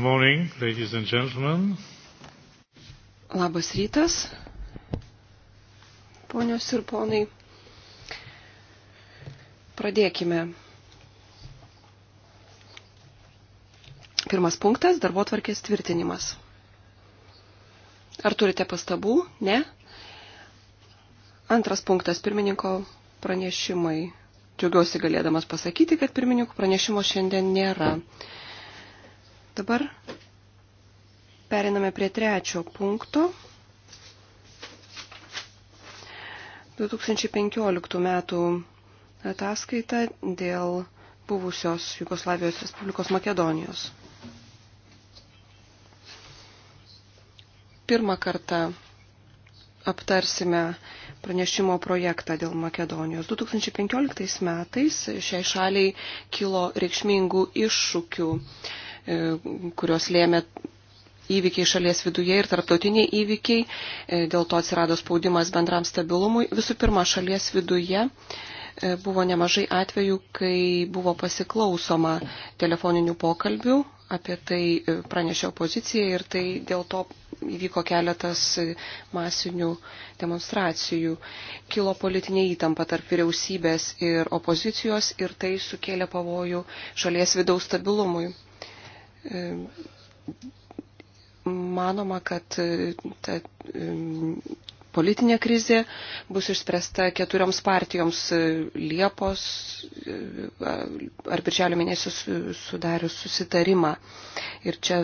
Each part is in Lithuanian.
Good morning, ladies and gentlemen. Labas rytas, ponios ir ponai. Pradėkime. Pirmas punktas - darbo tvarkės tvirtinimas. Ar turite pastabų? Ne. Antras punktas - pirmininko pranešimai. Džiaugiuosi galėdamas pasakyti, kad pirmininkų pranešimo šiandien nėra. Mm. Dabar periname prie trečio punkto. 2015 metų ataskaita dėl buvusios Jugoslavijos Respublikos Makedonijos. Pirmą kartą aptarsime pranešimo projektą dėl Makedonijos. 2015 metais šiai šaliai kilo reikšmingų iššūkių E, kurios lėmė įvykiai šalies viduje ir tarptautiniai įvykiai, e, dėl to atsirado spaudimas bendram stabilumui. Visų pirma, šalies viduje e, buvo nemažai atvejų, kai buvo pasiklausoma telefoninių pokalbių, apie tai pranešė opozicija ir tai dėl to įvyko keletas masinių demonstracijų. Kilo politinė įtampa tarp vyriausybės ir opozicijos ir tai sukėlė pavojų šalies vidaus stabilumui manoma, kad e, ta e, politinė krizė bus išspręsta keturioms partijoms e, Liepos ar birželio mėnesį sudarius susitarimą. Ir čia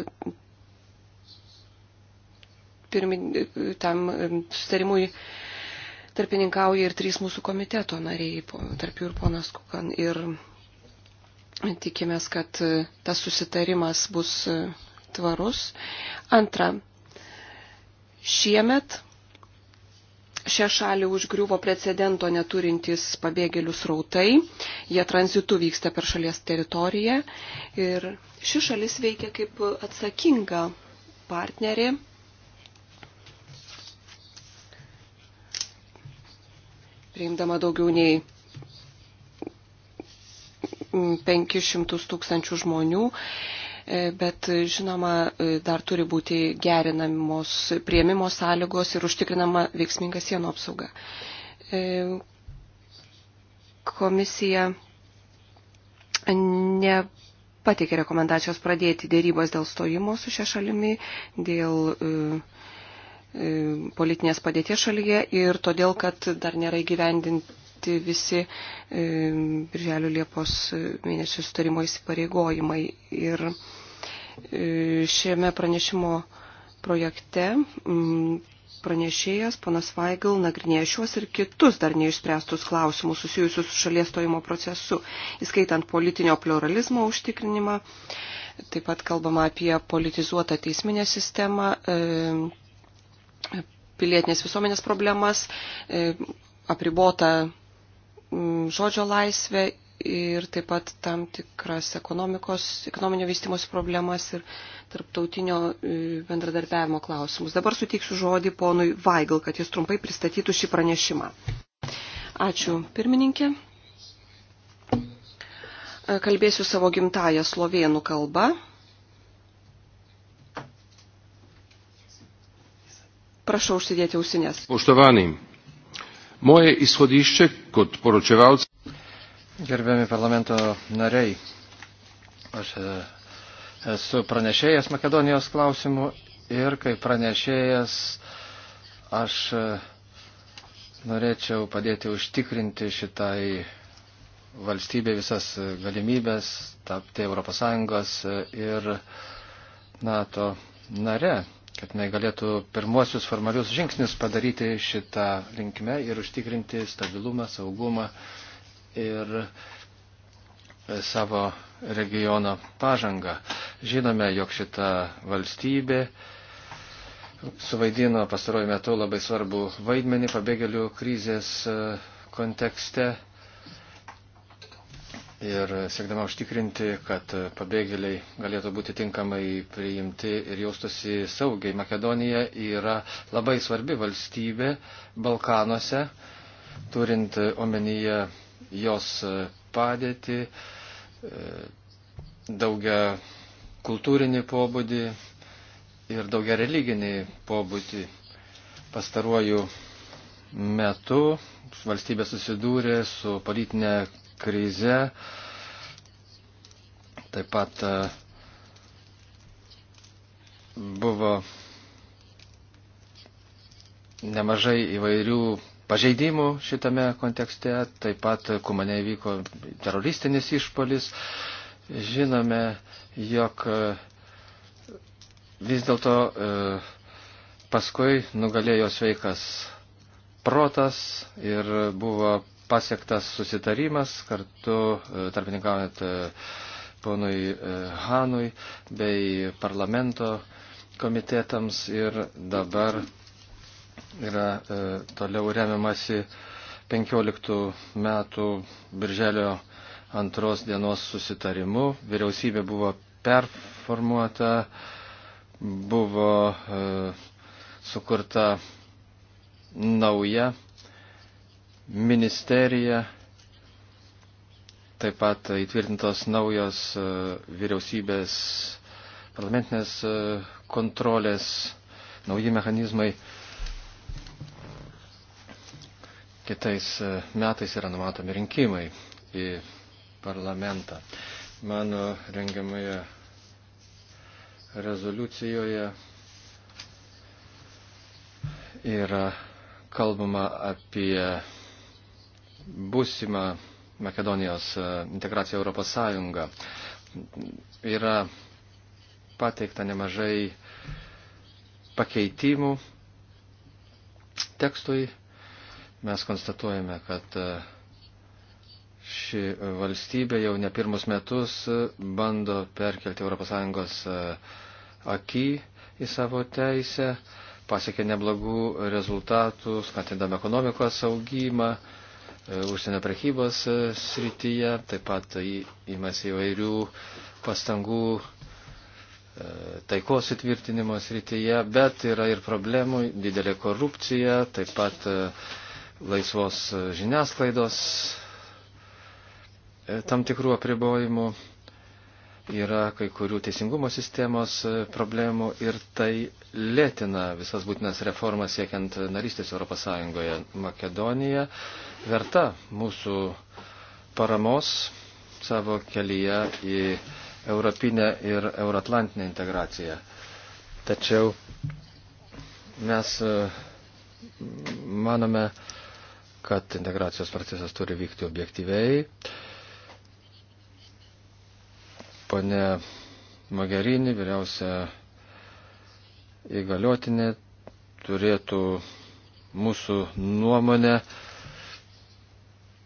pirmin, tam susitarimui tarpininkauja ir trys mūsų komiteto nariai, tarp jų ir ponas Kukan. Ir Tikimės, kad e, tas susitarimas bus e, tvarus. Antra, šiemet šią šalį užgriuvo precedento neturintys pabėgėlių srautai. Jie tranzitu vyksta per šalies teritoriją. Ir ši šalis veikia kaip atsakinga partnerė. Priimdama daugiau nei 500 tūkstančių žmonių. E, bet žinoma, e, dar turi būti gerinamos prieimimo sąlygos ir užtikrinama veiksminga sienų apsauga. E, komisija ne pateikė rekomendacijos pradėti dėrybas dėl stojimo su šia šalimi, dėl politinės padėties šalyje ir todėl, kad dar nėra įgyvendinti įgyvendinti visi e, Birželio Liepos mėnesio sutarimo įsipareigojimai. Ir e, šiame pranešimo projekte mm, pranešėjas ponas Vaigl nagrinėja šiuos ir kitus dar neišspręstus klausimus susijusius su šalies stojimo procesu, įskaitant politinio pluralizmo užtikrinimą. Taip pat kalbama apie politizuotą teisminę sistemą, e, pilietinės visuomenės problemas, apribota Mm, žodžio laisvę ir taip pat tam tikras ekonomikos, ekonominio vystimosi problemas ir tarptautinio e, bendradarbiavimo klausimus. Dabar suteiksiu žodį ponui Vaigl, kad jis trumpai pristatytų šį pranešimą. Ačiū, pirmininkė. E, kalbėsiu savo gimtają slovėnų kalbą. Prašau užsidėti ausinės. Poštovanim. Moje izhodišče kot poročevalc. Gerbiami parlamento nariai, aš e, esu pranešėjas Makedonijos klausimų ir kaip pranešėjas aš e, norėčiau padėti užtikrinti šitai valstybė visas e, galimybės tapti ES ir NATO nare kad jinai galėtų pirmuosius formalius žingsnius padaryti šitą linkme ir užtikrinti stabilumą, saugumą ir e, savo regiono pažangą. Žinome, jog šita valstybė suvaidino pastaruoju metu labai svarbu vaidmenį pabėgėlių krizės e, kontekste ir siekdama užtikrinti, kad pabėgėliai galėtų būti tinkamai priimti ir jaustusi saugiai. Makedonija yra labai svarbi valstybė Balkanuose, turint omenyje jos padėtį, daugia kultūrinį pobūdį ir daugia religinį pobūdį. Pastaruoju metu valstybė susidūrė su politinė krize, taip pat e, buvo nemažai įvairių pažeidimų šitame kontekste, taip pat e, kumane vyko teroristinis išpolis. Žinome, jog e, vis dėlto paskui nugalėjo sveikas protas ir buvo pasiektas susitarimas kartu e, tarpininkaujant e, ponui e, Hanui bei parlamento komitetams ir dabar yra toliau remiamasi 15 metų birželio antros dienos susitarimu. Vyriausybė buvo performuota, buvo e, sukurta nauja ministerija, taip pat įtvirtintos naujos e, vyriausybės parlamentinės e, kontrolės, nauji mechanizmai. Kitais e, metais yra numatomi rinkimai į parlamentą. Mano rengiamoje rezoliucijoje yra kalbama apie būsimą Makedonijos e, integraciją Europos Sąjungą. Yra pateikta nemažai pakeitimų tekstui. Mes konstatuojame, kad e, ši valstybė jau ne pirmus metus e, bando perkelti ES akį į savo teisę, pasiekė neblagų rezultatų, skatindama ekonomikos augimą, E, užsienio prekybos e, srityje, taip pat įmasi įvairių pastangų e, taikos įtvirtinimo srityje, bet yra ir problemų, didelė korupcija, taip pat laisvos žiniasklaidos tam tikrų apribojimų yra kai kurių teisingumo sistemos e, problemų ir tai lėtina visas būtinas reformas siekiant narystės Europos Sąjungoje. Makedonija verta mūsų paramos savo kelyje į europinę ir euroatlantinę integraciją. Tačiau mes e, manome, kad integracijos procesas turi vykti objektyviai Pane Magarinį, vyriausia įgaliotinė, turėtų mūsų nuomonę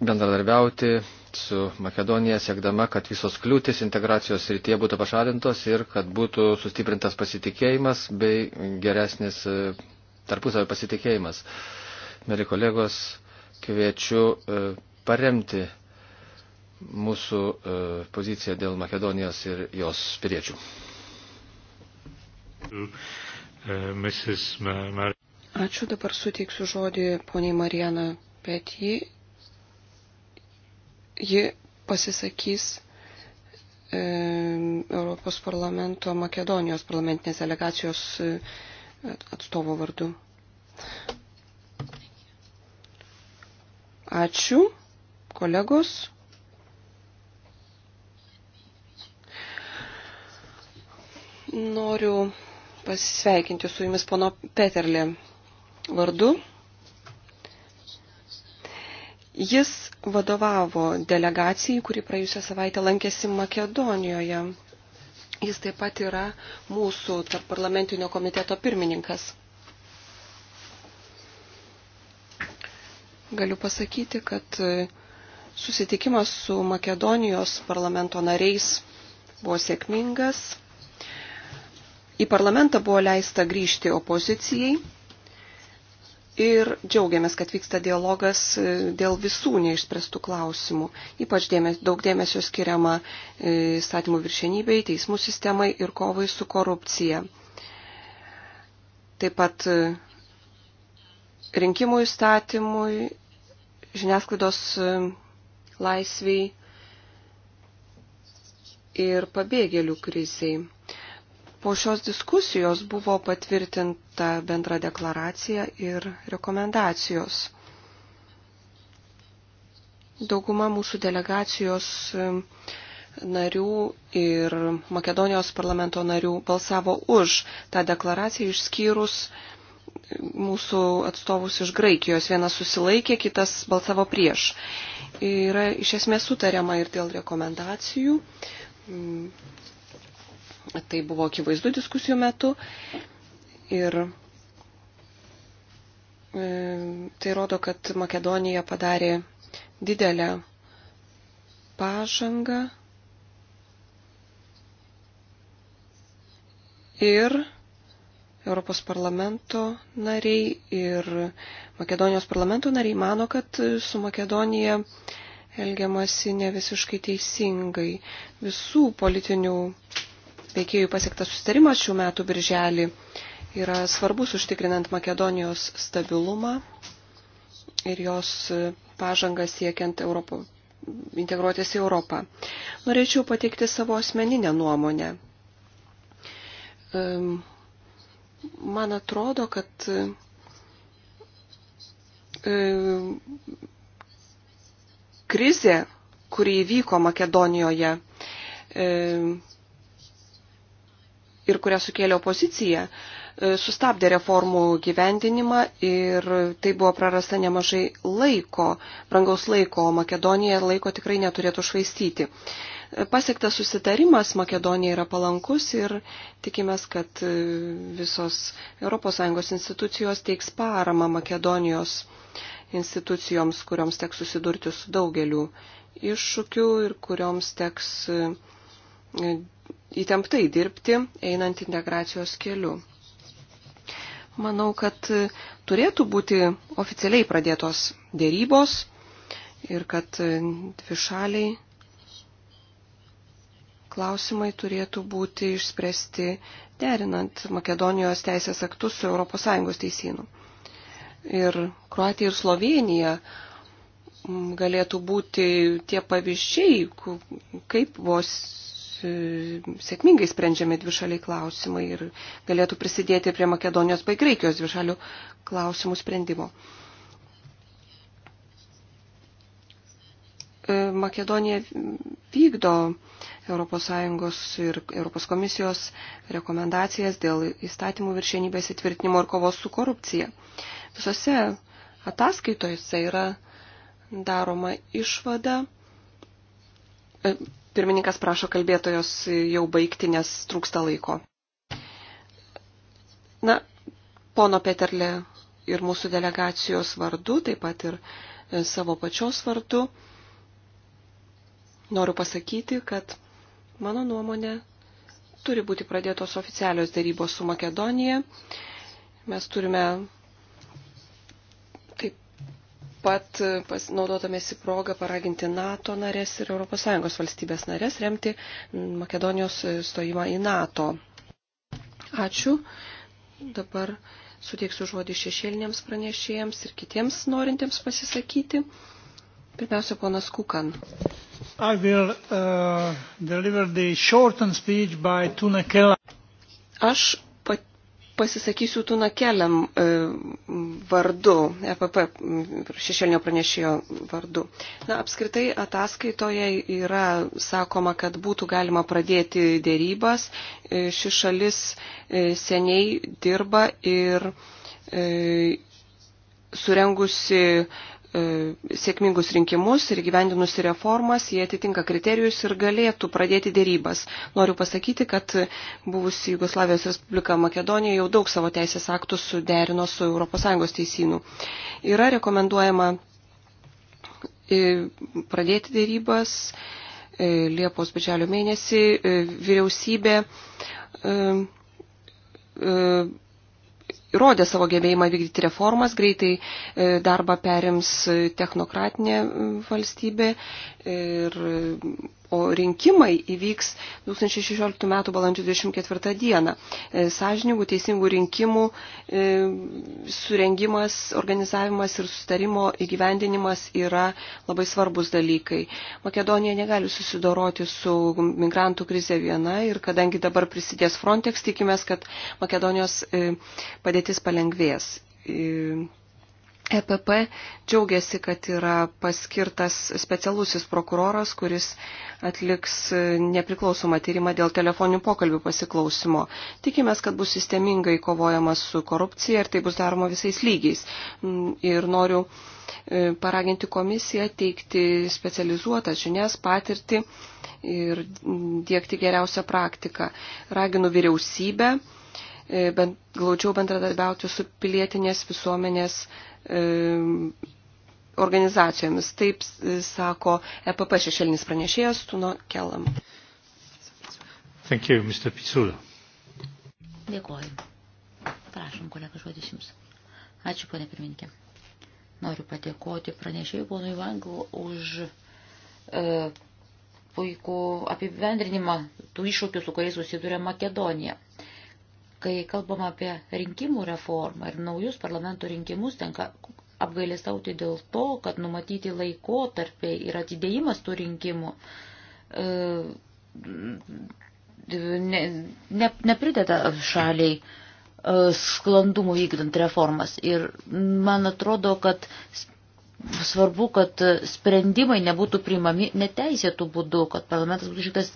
bendradarbiauti su Makedonija, siekdama, kad visos kliūtis integracijos rytie būtų pašalintos ir kad būtų sustiprintas pasitikėjimas bei geresnis e, tarpusavio pasitikėjimas. Mėly kolegos, kviečiu e, paremti mūsų e, poziciją dėl Makedonijos ir jos piliečių. Ačiū, dabar suteiksiu žodį poniai Marijaną, bet ji, ji pasisakys e, Europos parlamento Makedonijos parlamentinės delegacijos e, atstovo vardu. Ačiū, kolegos. Noriu pasisveikinti su jumis pono Peterlė vardu. Jis vadovavo delegacijai, kuri praėjusią savaitę lankėsi Makedonijoje. Jis taip pat yra mūsų tarp parlamentinio komiteto pirmininkas. Galiu pasakyti, kad e, susitikimas su Makedonijos parlamento nariais buvo sėkmingas Į parlamentą buvo leista grįžti opozicijai ir džiaugiamės, kad vyksta dialogas e, dėl visų neišspręstų klausimų. Ypač dėmes, daug dėmesio skiriama e, įstatymų viršenybei, teismų sistemai ir kovai su korupcija. Taip pat e, rinkimų įstatymui, žiniasklaidos laisviai ir pabėgėlių kriziai po šios diskusijos buvo patvirtinta bendra deklaracija ir rekomendacijos. Dauguma mūsų delegacijos um, narių ir Makedonijos parlamento narių balsavo už tą deklaraciją išskyrus um, mūsų atstovus iš Graikijos. Vienas susilaikė, kitas balsavo prieš. Yra iš esmės sutariama ir dėl rekomendacijų. Um, Tai buvo akivaizdu diskusijų metu. Ir e, tai rodo, kad Makedonija padarė didelę pažangą. Ir Europos parlamento nariai ir Makedonijos parlamento nariai mano, kad su Makedonija elgiamasi ne visiškai teisingai. Visų politinių veikėjų pasiektas sustarimas šių metų birželį yra svarbus užtikrinant Makedonijos stabilumą ir jos pažangą siekiant Europo, integruotis į Europą. Norėčiau pateikti savo asmeninę nuomonę. Man atrodo, kad krizė, kuri įvyko Makedonijoje, ir kurią sukėlė opozicija, e, sustabdė reformų gyvendinimą ir tai buvo prarasta nemažai laiko, brangaus laiko, o Makedonija laiko tikrai neturėtų švaistyti. E, pasiektas susitarimas Makedonija yra palankus ir tikimės, kad e, visos ES institucijos teiks paramą Makedonijos institucijoms, kurioms teks susidurti su daugeliu iššūkių ir kurioms teks įtemptai dirbti, einant integracijos keliu. Manau, kad turėtų būti oficialiai pradėtos dėrybos ir kad dvišaliai klausimai turėtų būti išspręsti derinant Makedonijos teisės aktus su ES teisynu. Ir Kroatija ir Slovenija galėtų būti tie pavyzdžiai, kaip buvo E, sėkmingai sprendžiami dvišaliai klausimai ir galėtų prisidėti prie Makedonijos bei Graikijos dvišalių klausimų sprendimo. E, Makedonija vykdo ES ir ES komisijos rekomendacijas dėl įstatymų viršienybės įtvirtinimo ir kovos su korupcija. Visose ataskaitojose yra daroma išvada, e, Pirmininkas prašo kalbėtojos jau baigti, nes trūksta laiko. Na, pono Peterle ir mūsų delegacijos vardu, taip pat ir e, savo pačios vardu, noriu pasakyti, kad mano nuomonė turi būti pradėtos oficialios dėrybos su Makedonija. Mes turime pat e, pasinaudotamėsi progą paraginti NATO narės ir ES valstybės narės remti Makedonijos e, stojimą į NATO. Ačiū. Dabar suteiksiu žodį šešėlinėms pranešėjams ir kitiems norintiems pasisakyti. Pirmiausia, ponas Kukan. I will, uh, Aš pasisakysiu Tuna Keliam e, vardu, EPP šešėlinio pranešėjo vardu. Na, apskritai ataskaitoje yra sakoma, kad būtų galima pradėti dėrybas. E, ši šalis e, seniai dirba ir surengusi E, sėkmingus rinkimus ir gyvendinus reformas, jie atitinka kriterijus ir galėtų pradėti dėrybas. Noriu pasakyti, kad buvusi Jugoslavijos Respublika Makedonija jau daug savo teisės aktų suderino su ES teisynu. Yra rekomenduojama e, pradėti dėrybas e, Liepos birželio mėnesį vyriausybė įrodė savo gebėjimą vykdyti reformas, greitai e, darbą perims technokratinė valstybė ir o rinkimai įvyks 2016 m. balandžio 24 d. Sažiningų teisingų rinkimų e, surengimas, organizavimas ir sustarimo įgyvendinimas yra labai svarbus dalykai. Makedonija negali susidoroti su migrantų krize viena ir kadangi dabar prisidės Frontex, tikimės, kad Makedonijos e, padėtis palengvės e, EPP džiaugiasi, kad yra paskirtas specialusis prokuroras, kuris atliks nepriklausomą tyrimą dėl telefoninių pokalbių pasiklausimo. Tikimės, kad bus sistemingai kovojama su korupcija ir tai bus daroma visais lygiais. Ir noriu e, paraginti komisiją teikti specializuotas žinias, patirtį ir dėkti geriausią praktiką. Raginu vyriausybę e, bent glaudžiau bendradarbiauti su pilietinės visuomenės E, organizacijomis. Taip sako EPP šešėlinis pranešėjas Tuno Kelam. Thank you, Mr. Pisula. Dėkuoju. Prašom, kolega, žodis jums. Ačiū, ponė pirmininkė. Noriu padėkoti pranešėjui ponui Vanglu už e, puikų apibendrinimą tų iššūkių, su kuriais susiduria Makedonija. E, Kai kalbam apie rinkimų reformą ir naujus parlamento rinkimus, tenka apgailestauti dėl to, kad numatyti laikotarpiai ir atidėjimas tų rinkimų e, ne, ne, neprideda šaliai e, sklandumų vykdant reformas. Ir man atrodo, kad svarbu, kad sprendimai nebūtų priimami neteisėtų būdu, kad parlamentas būtų šitas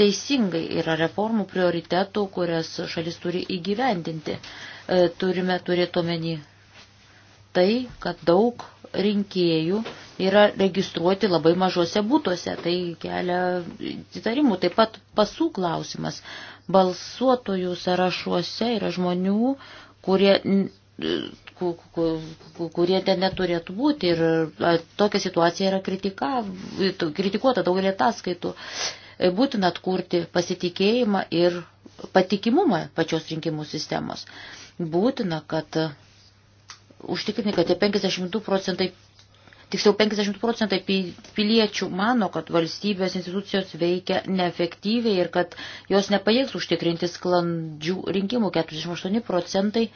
teisingai yra reformų prioritetų, kurias šalis turi įgyvendinti. E, turime turėti omeny tai, kad daug rinkėjų yra registruoti labai mažose būtuose. Tai kelia įtarimų. Taip pat pasų klausimas. Balsuotojų sąrašuose yra žmonių, kurie kurie ten neturėtų būti. Ir tokia situacija yra kritika, kritikuota daugelį ataskaitų. skaitų E, būtina atkurti pasitikėjimą ir patikimumą pačios rinkimų sistemos. Būtina, kad e, užtikrinti, kad tie 52 procentai, tiksliau 50 procentai piliečių mano, kad valstybės institucijos veikia neefektyviai ir kad jos nepajėgs užtikrinti sklandžių rinkimų. 48 procentai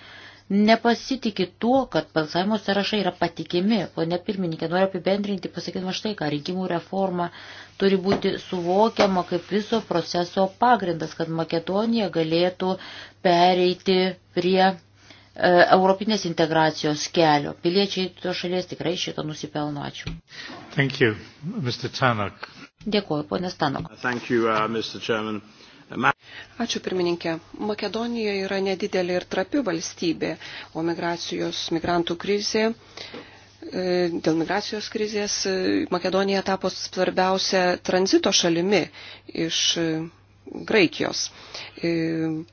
nepasitikė tuo, kad balsavimo sąrašai yra patikimi. Pone pirmininkė, noriu apibendrinti, pasakydama štai, ką rinkimų reforma turi būti suvokiama kaip viso proceso pagrindas, kad Makedonija galėtų pereiti prie e, europinės integracijos kelio. Piliečiai to šalies tikrai šito nusipelno. Ačiū. Thank you, Mr. Tanak. Dėkuoju, ponė Stanok. Thank you, uh, Mr. Chairman. Ačiū pirmininkė. Makedonija yra nedidelė ir trapi valstybė, o migracijos migrantų krizė e, dėl migracijos krizės e, Makedonija tapo svarbiausia tranzito šalimi iš e, Graikijos.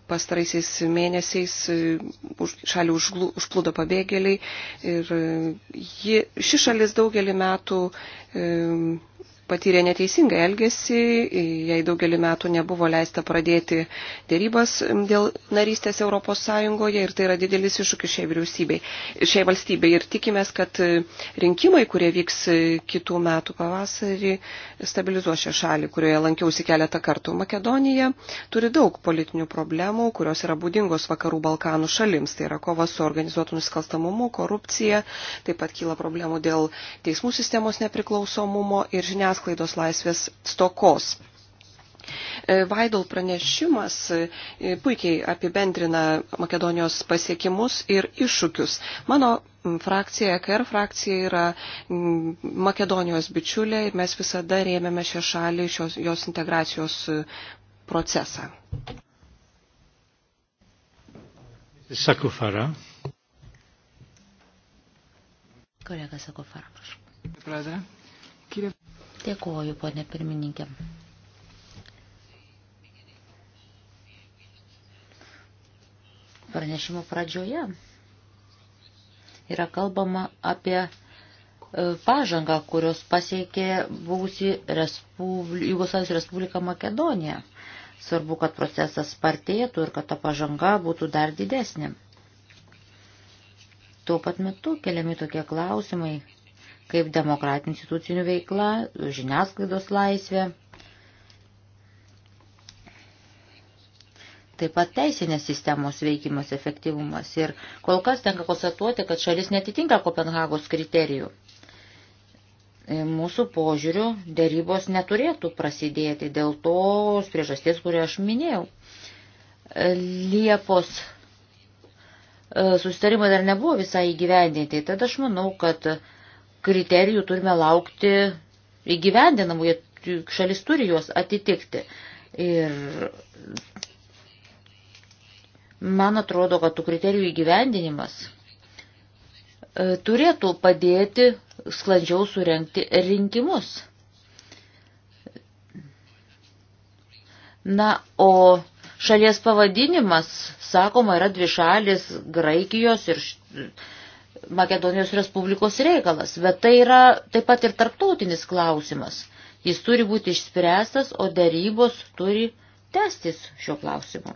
Pastaraisiais mėnesiais šalį užplūdo pabėgėliai ir ji, ši šalis daugelį metų patyrė neteisingą elgesį, jai daugelį metų nebuvo leista pradėti dėrybas dėl narystės ES ir tai yra didelis iššūkis šiai vyriausybei, šiai valstybei. Ir tikimės, kad rinkimai, kurie vyks kitų metų pavasarį, stabilizuos šią šalį, kurioje lankiausi keletą kartų. Makedonija turi daug politinių problemų, kurios yra būdingos vakarų Balkanų šalims. Tai yra kova su organizuotų nusikalstamumu, korupcija, taip pat kyla problemų dėl teismų sistemos nepriklausomumo ir žiniasklaidos žiniasklaidos laisvės stokos. E, Vaidol pranešimas e, puikiai apibendrina Makedonijos pasiekimus ir iššūkius. Mano frakcija, EKR frakcija yra Makedonijos bičiulė ir mes visada rėmėme šią šalį šios, jos integracijos e, procesą. Sakufara. Kolega Sakufara, prašau. Dėkoju, ponė pirmininkė. Pranešimo pradžioje yra kalbama apie e, pažangą, kurios pasiekė buvusi Respubli... Jugoslavijos Respublika Makedonija. Svarbu, kad procesas spartėtų ir kad ta pažanga būtų dar didesnė. Tuo pat metu keliami tokie klausimai, kaip demokratinių institucijų veikla, žiniasklaidos laisvė, taip pat teisinės sistemos veikimas efektyvumas. Ir kol kas tenka konstatuoti, kad šalis netitinka Kopenhagos kriterijų. E, mūsų požiūrių dėrybos neturėtų prasidėti dėl tos priežasties, kurią aš minėjau. E, Liepos e, susitarimai dar nebuvo visai įgyvendinti, tad aš manau, kad kriterijų turime laukti įgyvendinamų, šalis turi juos atitikti. Ir man atrodo, kad tų kriterijų įgyvendinimas e, turėtų padėti sklandžiau surenkti rinkimus. Na, o šalies pavadinimas, sakoma, yra dvišalis Graikijos ir Makedonijos Respublikos reikalas, bet tai yra taip pat ir tarptautinis klausimas. Jis turi būti išspręstas, o darybos turi tęstis šio klausimu.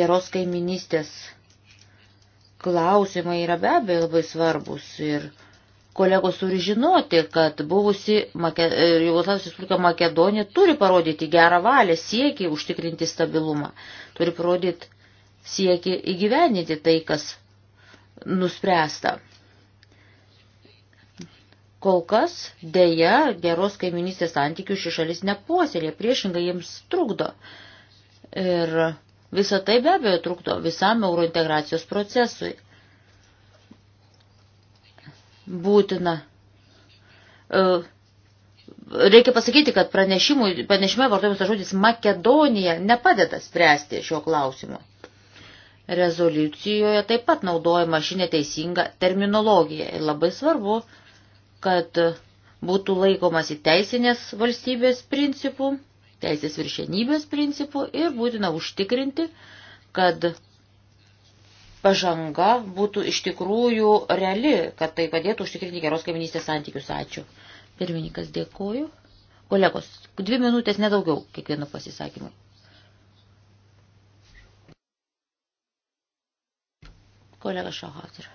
Geros kaiminystės klausimai yra be abejo labai svarbus ir kolegos turi žinoti, kad buvusi Make... E, Jugoslavijos Respublika Makedonija turi parodyti gerą valią, siekį užtikrinti stabilumą, turi parodyti siekia įgyveninti tai, kas nuspręsta. Kol kas dėja geros kaiminystės santykių ši šalis nepuoselė, priešingai jiems trukdo. Ir visa tai be abejo trukdo visam eurointegracijos procesui. Būtina. E, reikia pasakyti, kad pranešime vartojamas žodis Makedonija nepadeda spręsti šio klausimo rezoliucijoje taip pat naudojama ši neteisinga terminologija. Ir labai svarbu, kad būtų laikomasi teisinės valstybės principų, teisės viršenybės principų ir būtina užtikrinti, kad pažanga būtų iš tikrųjų reali, kad tai padėtų užtikrinti geros kaiminystės santykius. Ačiū. Pirmininkas dėkoju. Kolegos, dvi minutės nedaugiau kiekvieno pasisakymui. Kolega Šahatur.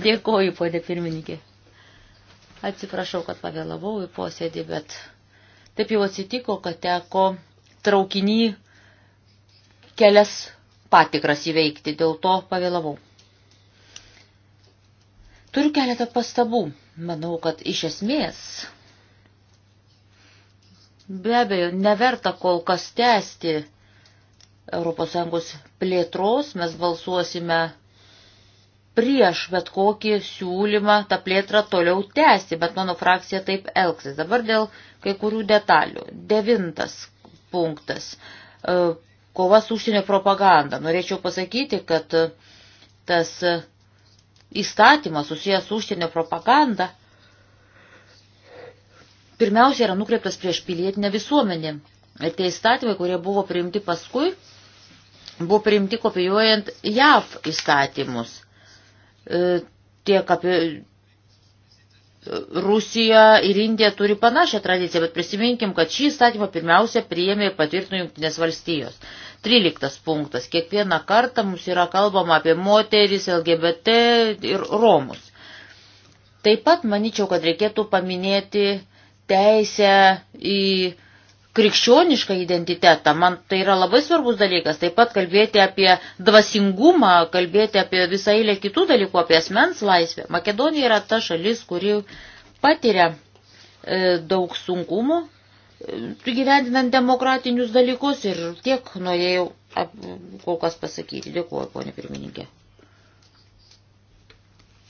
Dėkoju, ponė pirmininkė. Atsiprašau, kad pavėlavau į posėdį, bet taip jau atsitiko, kad teko traukinį kelias patikras įveikti, dėl to pavėlavau. Turiu keletą pastabų. Manau, kad iš esmės be abejo neverta kol kas tęsti ES plėtros, mes balsuosime prieš bet kokį siūlymą tą plėtrą toliau tęsti, bet mano frakcija taip elgsis. Dabar dėl kai kurių detalių. Devintas punktas. E, kova su užsienio propaganda. Norėčiau pasakyti, kad tas įstatymas susijęs su užsienio propaganda pirmiausia yra nukreiptas prieš pilietinę visuomenį. Ir tie įstatymai, kurie buvo priimti paskui, buvo priimti kopijuojant JAV įstatymus. E, tiek apie e, Rusija ir Indija turi panašią tradiciją, bet prisiminkim, kad šį įstatymą pirmiausia priėmė ir patvirtino Junktinės valstijos. 13 punktas. Kiekvieną kartą mums yra kalbama apie moteris, LGBT ir Romus. Taip pat manyčiau, kad reikėtų paminėti teisę į krikščionišką identitetą. Man tai yra labai svarbus dalykas. Taip pat kalbėti apie dvasingumą, kalbėti apie visą eilę kitų dalykų, apie asmens laisvę. Makedonija yra ta šalis, kuri patiria e, daug sunkumų e, gyvendinant demokratinius dalykus ir tiek norėjau ap, kol kas pasakyti. Dėkuoju, ponė pirmininkė.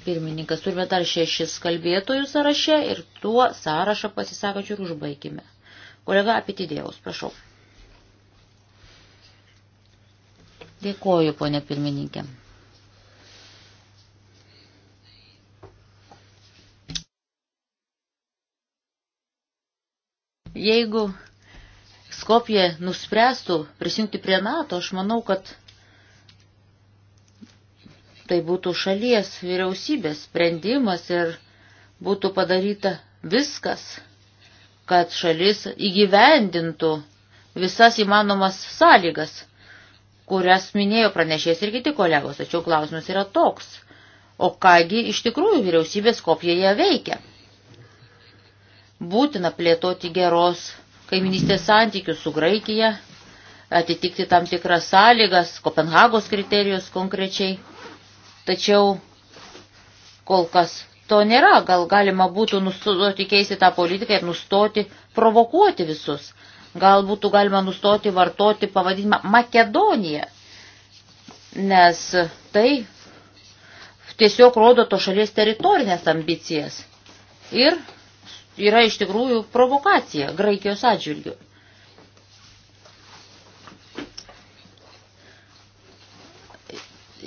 Pirmininkas, turime dar šešis kalbėtojų sąraše ir tuo sąrašą pasisakančių ir užbaigime. Kolega Apitidėjaus, prašau. Dėkoju, ponė pirmininkė. Jeigu Skopje nuspręstų prisijungti prie NATO, aš manau, kad tai būtų šalies vyriausybės sprendimas ir būtų padaryta viskas, kad šalis įgyvendintų visas įmanomas sąlygas, kurias minėjo pranešės ir kiti kolegos, tačiau klausimas yra toks, o kągi iš tikrųjų vyriausybės kopijoje veikia. Būtina plėtoti geros kaiminystės santykius su Graikija, atitikti tam tikras sąlygas, Kopenhagos kriterijus konkrečiai, tačiau kol kas to nėra. Gal galima būtų nustoti keisti tą politiką ir nustoti provokuoti visus. Gal būtų galima nustoti vartoti pavadinimą Makedonija, nes tai tiesiog rodo to šalies teritorinės ambicijas ir yra iš tikrųjų provokacija Graikijos atžvilgių.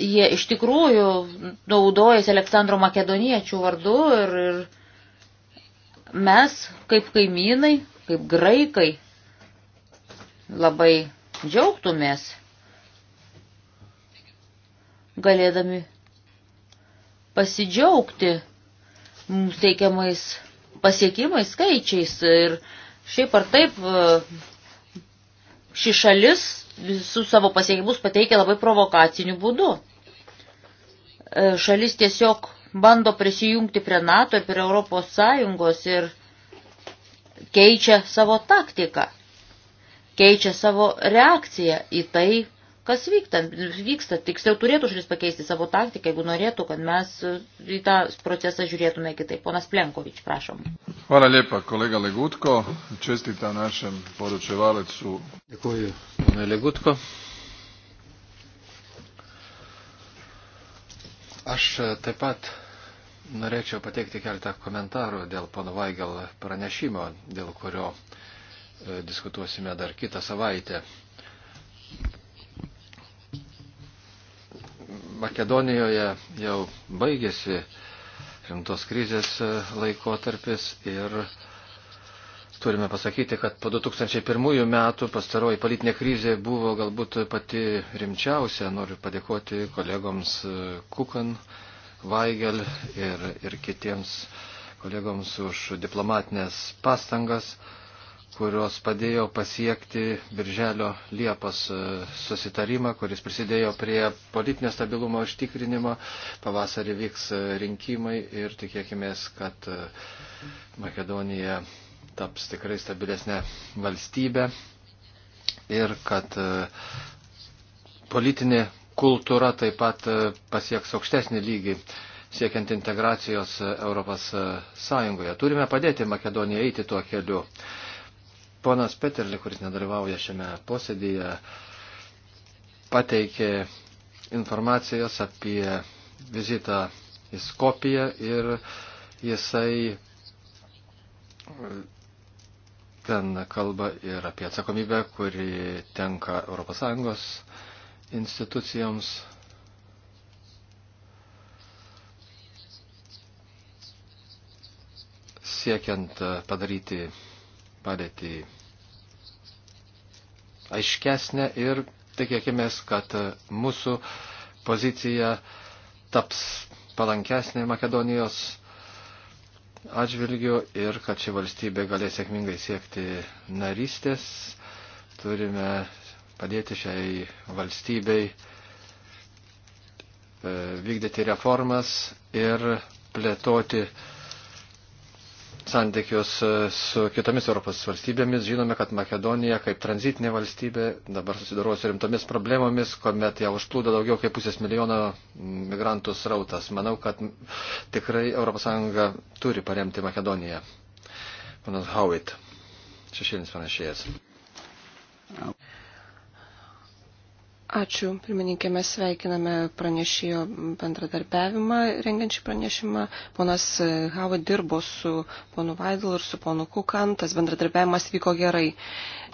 jie iš tikrųjų naudojasi Aleksandro makedoniečių vardu ir, ir mes kaip kaimynai, kaip graikai labai džiaugtumės galėdami pasidžiaugti mums teikiamais pasiekimais, skaičiais ir šiaip ar taip ši šalis visus savo pasiekimus pateikia labai provokaciniu būdu. E, šalis tiesiog bando prisijungti prie NATO ir prie Europos Sąjungos ir keičia savo taktiką, keičia savo reakciją į tai, kas vyksta. vyksta. Tiksliau turėtų šalis pakeisti savo taktiką, jeigu norėtų, kad mes į tą procesą žiūrėtume kitaip. Ponas Plenkovič, prašom. Hvala lijepa, kolega Legutko. Čestita našem poručevalecu. Dėkuoju, ponai Legutko. Aš e, taip pat norėčiau pateikti keletą komentarų dėl pono Vaigel pranešimo, dėl kurio e, diskutuosime dar kitą savaitę. Makedonijoje jau baigėsi rimtos krizės e, laikotarpis ir turime pasakyti, kad po 2001 metų pastaroji politinė krizė buvo galbūt pati rimčiausia. Noriu padėkoti kolegoms Kukan, Vaigel ir, ir kitiems kolegoms už diplomatinės pastangas, kurios padėjo pasiekti Birželio Liepos susitarimą, kuris prisidėjo prie politinio stabilumo užtikrinimo. Pavasarį vyks rinkimai ir tikėkime, kad Makedonija taps tikrai stabilesnė valstybė ir kad e, politinė kultūra taip pat e, pasieks aukštesnį lygį siekiant integracijos e, Europos Sąjungoje. Turime padėti Makedonijai eiti tuo keliu. Ponas Peterli, kuris nedalyvauja šiame posėdėje, pateikė informacijos apie vizitą į Skopiją ir jisai Ten kalba ir apie atsakomybę, kuri tenka ES institucijoms. Siekiant padaryti padėtį aiškesnę ir tikėkime, kad mūsų pozicija taps palankesnė Makedonijos atžvilgiu ir kad ši valstybė galės sėkmingai siekti narystės. Turime padėti šiai valstybei e, vykdyti reformas ir plėtoti uh, santykius e, su kitomis Europos valstybėmis. Žinome, kad Makedonija kaip tranzitinė valstybė dabar susidaro su rimtomis problemomis, kuomet ją užplūdo daugiau kaip pusės milijono migrantų srautas. Manau, kad tikrai ES turi paremti Makedoniją. Panas Howitt, šešėlinis pranešėjas. Ačiū, pirmininkė, mes sveikiname pranešėjo bendradarbiavimą rengiančią pranešimą. Ponas e, Hava dirbo su ponu Vaidl ir su ponu Kukan, tas bendradarbiavimas vyko gerai.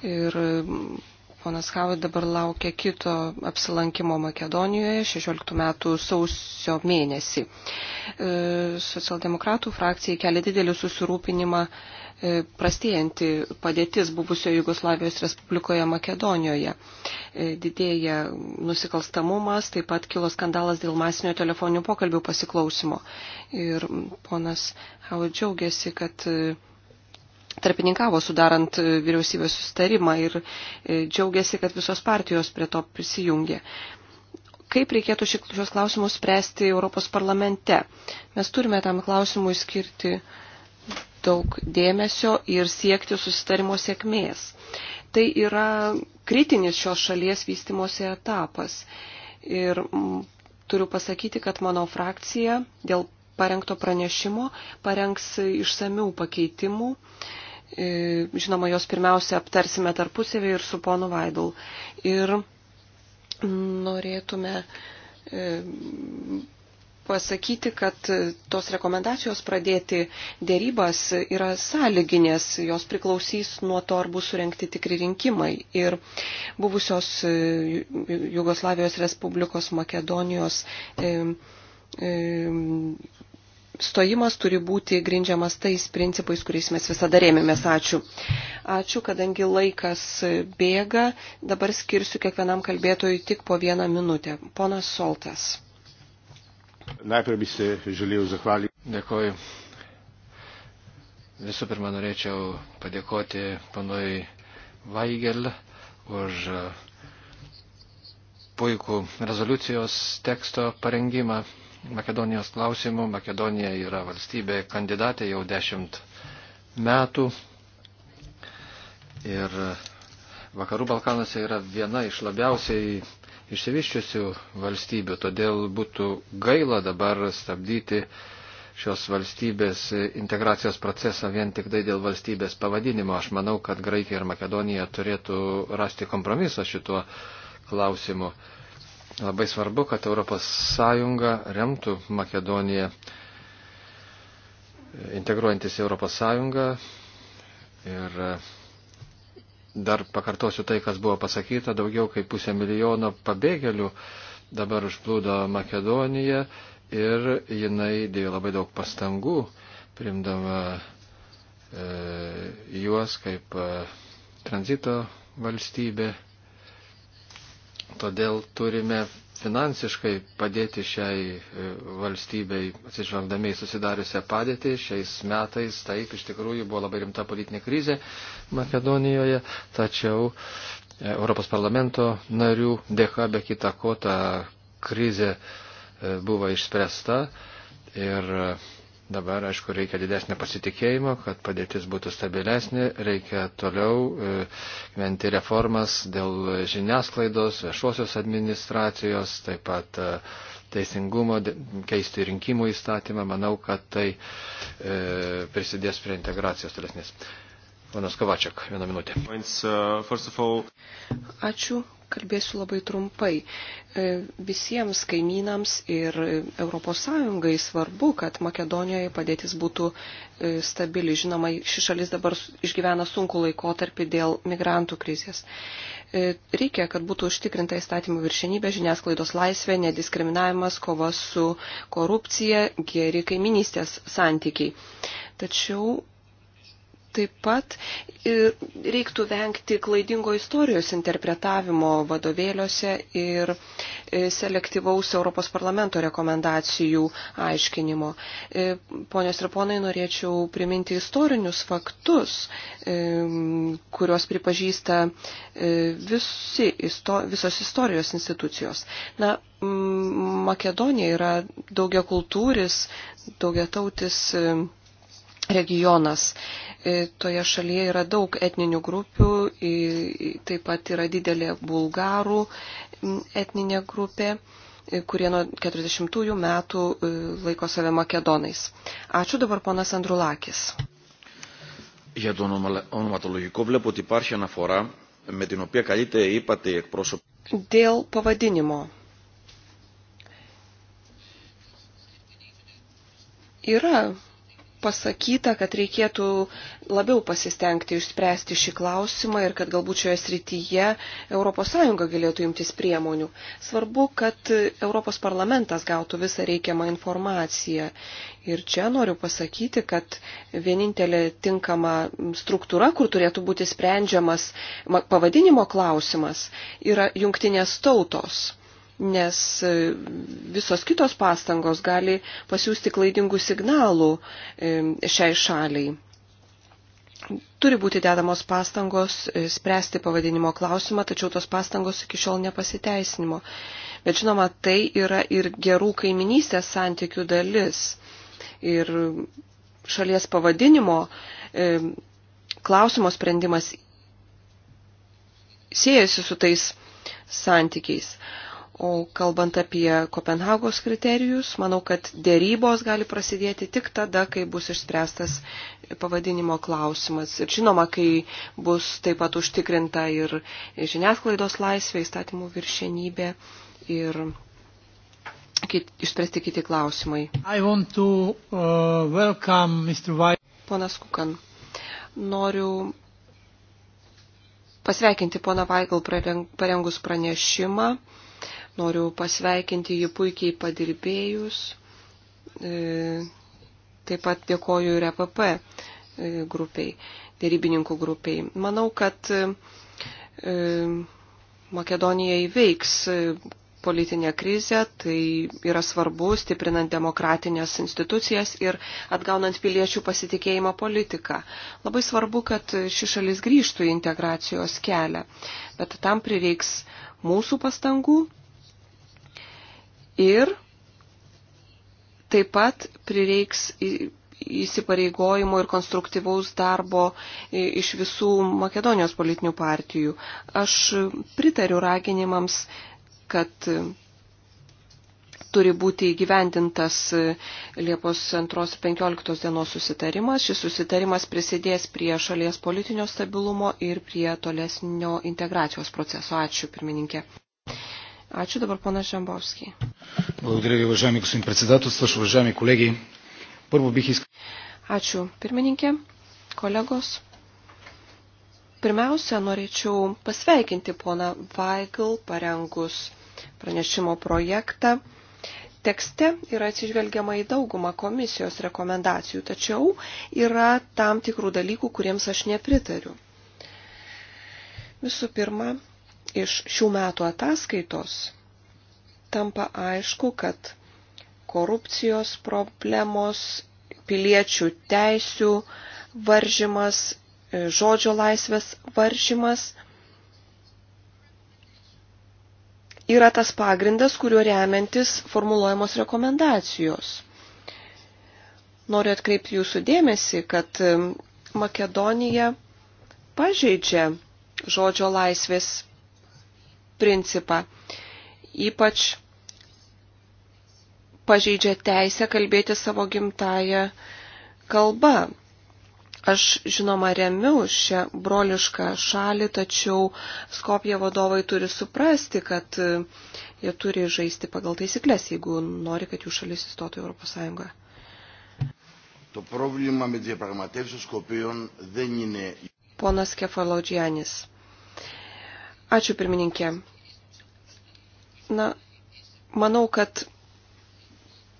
Ir mm, ponas Hava dabar laukia kito apsilankimo Makedonijoje 16 metų sausio mėnesį. E, socialdemokratų frakcijai kelia didelį susirūpinimą E, prastėjanti padėtis buvusio Jugoslavijos Respublikoje Makedonijoje. E, didėja nusikalstamumas, taip pat kilo skandalas dėl masinio telefoninių pokalbių pasiklausimo. Ir ponas Hau džiaugiasi, kad e, tarpininkavo sudarant vyriausybės sustarimą ir džiaugiasi, kad visos partijos prie to prisijungė kaip reikėtų šios klausimus spręsti Europos parlamente. Mes turime tam klausimui skirti daug dėmesio ir siekti susitarimo sėkmės. Tai yra kritinis šios šalies vystimosi etapas. Ir mm, turiu pasakyti, kad mano frakcija dėl parengto pranešimo parengs išsamių pakeitimų. E, žinoma, jos pirmiausia aptarsime tarpusavį ir su ponu Vaidul. Ir mm, norėtume e, pasakyti, kad tos rekomendacijos pradėti dėrybas yra sąlyginės, jos priklausys nuo to, ar bus surenkti tikri rinkimai. Ir buvusios e, Jugoslavijos Respublikos Makedonijos e, e, stojimas turi būti grindžiamas tais principais, kuriais mes visada rėmėmės. Ačiū. Ačiū, kadangi laikas bėga, dabar skirsiu kiekvienam kalbėtojui tik po vieną minutę. Ponas Soltas. Najprej bi se želel zahvaliti. Dėkoju. Visų pirma, norėčiau padėkoti panui Vaigel už e, puikų rezoliucijos teksto parengimą Makedonijos klausimų. Makedonija yra valstybė kandidatė jau dešimt metų. Ir Vakarų Balkanose yra viena iš labiausiai išsivyščiusių valstybių, todėl būtų gaila dabar stabdyti šios valstybės integracijos procesą vien tik tai dėl valstybės pavadinimo. Aš manau, kad Graikija ir Makedonija turėtų rasti kompromisą šituo klausimu. Labai svarbu, kad ES remtų Makedoniją integruojantis į ES ir dar pakartosiu tai, kas buvo pasakyta, daugiau kaip pusę milijono pabėgėlių dabar užplūdo Makedoniją ir jinai dėjo labai daug pastangų, primdama e, juos kaip e, tranzito valstybė. Todėl turime finansiškai padėti šiai e, valstybei, atsižvelgdami į susidariusią padėtį. Šiais metais taip iš tikrųjų buvo labai rimta politinė krizė Makedonijoje, tačiau e, Europos parlamento narių dėka be kita ko ta krizė e, buvo išspręsta ir Dabar, aišku, reikia didesnio pasitikėjimo, kad padėtis būtų stabilesnė, reikia toliau e, gyventi reformas dėl žiniasklaidos, viešosios administracijos, taip pat e, teisingumo, keisti rinkimų įstatymą. Manau, kad tai e, prisidės prie integracijos tolesnės. Ponas Kovačiak, vieną minutę. Uh, Ačiū kalbėsiu labai trumpai. E, visiems kaimynams ir ES svarbu, kad Makedonijoje padėtis būtų e, stabili. Žinoma, ši šalis dabar išgyvena sunku laikotarpį dėl migrantų krizės. E, reikia, kad būtų užtikrinta įstatymų viršenybė, žiniasklaidos laisvė, nediskriminavimas, kova su korupcija, geri kaiminystės santykiai. Tačiau Taip pat reiktų vengti klaidingo istorijos interpretavimo vadovėliuose ir e, selektyvaus Europos parlamento rekomendacijų aiškinimo. E, ponios ir ponai, norėčiau priminti istorinius faktus, e, kuriuos pripažįsta visi, isto, visos istorijos institucijos. Na, Makedonija yra daugia kultūris, daugia tautis regionas. E, toje šalyje yra daug etninių grupių, taip pat yra didelė bulgarų etninė grupė, e, kurie nuo 40-ųjų metų e, laiko save makedonais. Ačiū dabar ponas Andrulakis. Για το ονοματολογικό βλέπω ότι υπάρχει αναφορά με την οποία καλείται είπατε η εκπρόσωπη. Dėl pavadinimo. Yra pasakyta, kad reikėtų labiau pasistengti išspręsti šį klausimą ir kad galbūt šioje srityje ES galėtų imtis priemonių. Svarbu, kad Europos parlamentas gautų visą reikiamą informaciją. Ir čia noriu pasakyti, kad vienintelė tinkama struktūra, kur turėtų būti sprendžiamas pavadinimo klausimas, yra jungtinės tautos nes visos kitos pastangos gali pasiūsti klaidingų signalų šiai šaliai. Turi būti dedamos pastangos e, spręsti pavadinimo klausimą, tačiau tos pastangos iki šiol nepasiteisinimo. Bet žinoma, tai yra ir gerų kaiminystės santykių dalis. Ir šalies pavadinimo e, klausimo sprendimas siejasi su tais santykiais. E, O kalbant apie Kopenhagos kriterijus, manau, kad dėrybos gali prasidėti tik tada, kai bus išspręstas pavadinimo klausimas. Ir žinoma, kai bus taip pat užtikrinta ir žiniasklaidos laisvė, įstatymų viršenybė ir kit, išspręsti kiti klausimai. To, uh, Ponas Kukan, noriu pasveikinti poną Vaigal parengus pranešimą Noriu pasveikinti jį puikiai padirbėjus. E, taip pat dėkoju ir EPP e, grupiai, dėrybininkų grupiai. Manau, kad e, Makedonija įveiks politinę krizę, tai yra svarbu stiprinant demokratinės institucijas ir atgaunant piliečių pasitikėjimą politiką. Labai svarbu, kad ši šalis grįžtų į integracijos kelią, bet tam prireiks mūsų pastangų ir taip pat prireiks įsipareigojimo ir konstruktyvaus darbo iš visų Makedonijos politinių partijų. Aš pritariu raginimams, kad turi būti įgyvendintas Liepos 2.15 dienos susitarimas. Šis susitarimas prisidės prie šalies politinio stabilumo ir prie tolesnio integracijos proceso. Ačiū, pirmininkė. Ačiū dabar pana Šambovskį. Благодаря ви, уважаеми господин председателстваш, уважаеми колеги. Първо бих искал. Ačiū, pirmininkė, kolegos. Pirmiausia, norėčiau pasveikinti poną Vaigl parengus pranešimo projektą. Tekste yra atsižvelgiama į daugumą komisijos rekomendacijų, tačiau yra tam tikrų dalykų, kuriems aš nepritariu. Visų pirma, iš šių metų ataskaitos tampa aišku, kad korupcijos problemos, piliečių teisių varžymas, e, žodžio laisvės varžymas yra tas pagrindas, kuriuo remiantis formuluojamos rekomendacijos. Noriu atkreipti jūsų dėmesį, kad e, Makedonija pažeidžia žodžio laisvės principą. Ypač pažeidžia teisę kalbėti savo gimtają kalbą. Aš žinoma remiu šią brolišką šalį, tačiau Skopje vadovai turi suprasti, kad e, jie turi žaisti pagal taisyklės, jeigu nori, kad jų šalis įstotų į Europos Sąjungą. Το πρόβλημα με τις διαπραγματεύσεις των Σκοπίων δεν είναι... Ponas Kefalodžianis. Ačiū pirmininkė. Na, manau, kad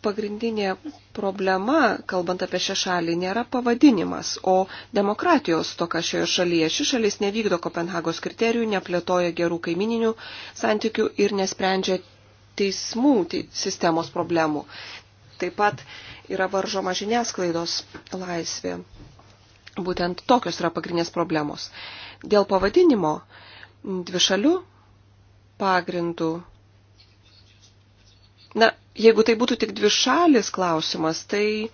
pagrindinė problema, kalbant apie šią šalį, nėra pavadinimas, o demokratijos toka šioje šalyje. Ši šalis nevykdo Kopenhagos kriterijų, neplėtoja gerų kaimininių santykių ir nesprendžia teismų tai, sistemos problemų. Taip pat yra varžoma žiniasklaidos laisvė. Būtent tokios yra pagrindinės problemos. Dėl pavadinimo dvišalių pagrindų. Na, jeigu tai būtų tik dvišalis klausimas, tai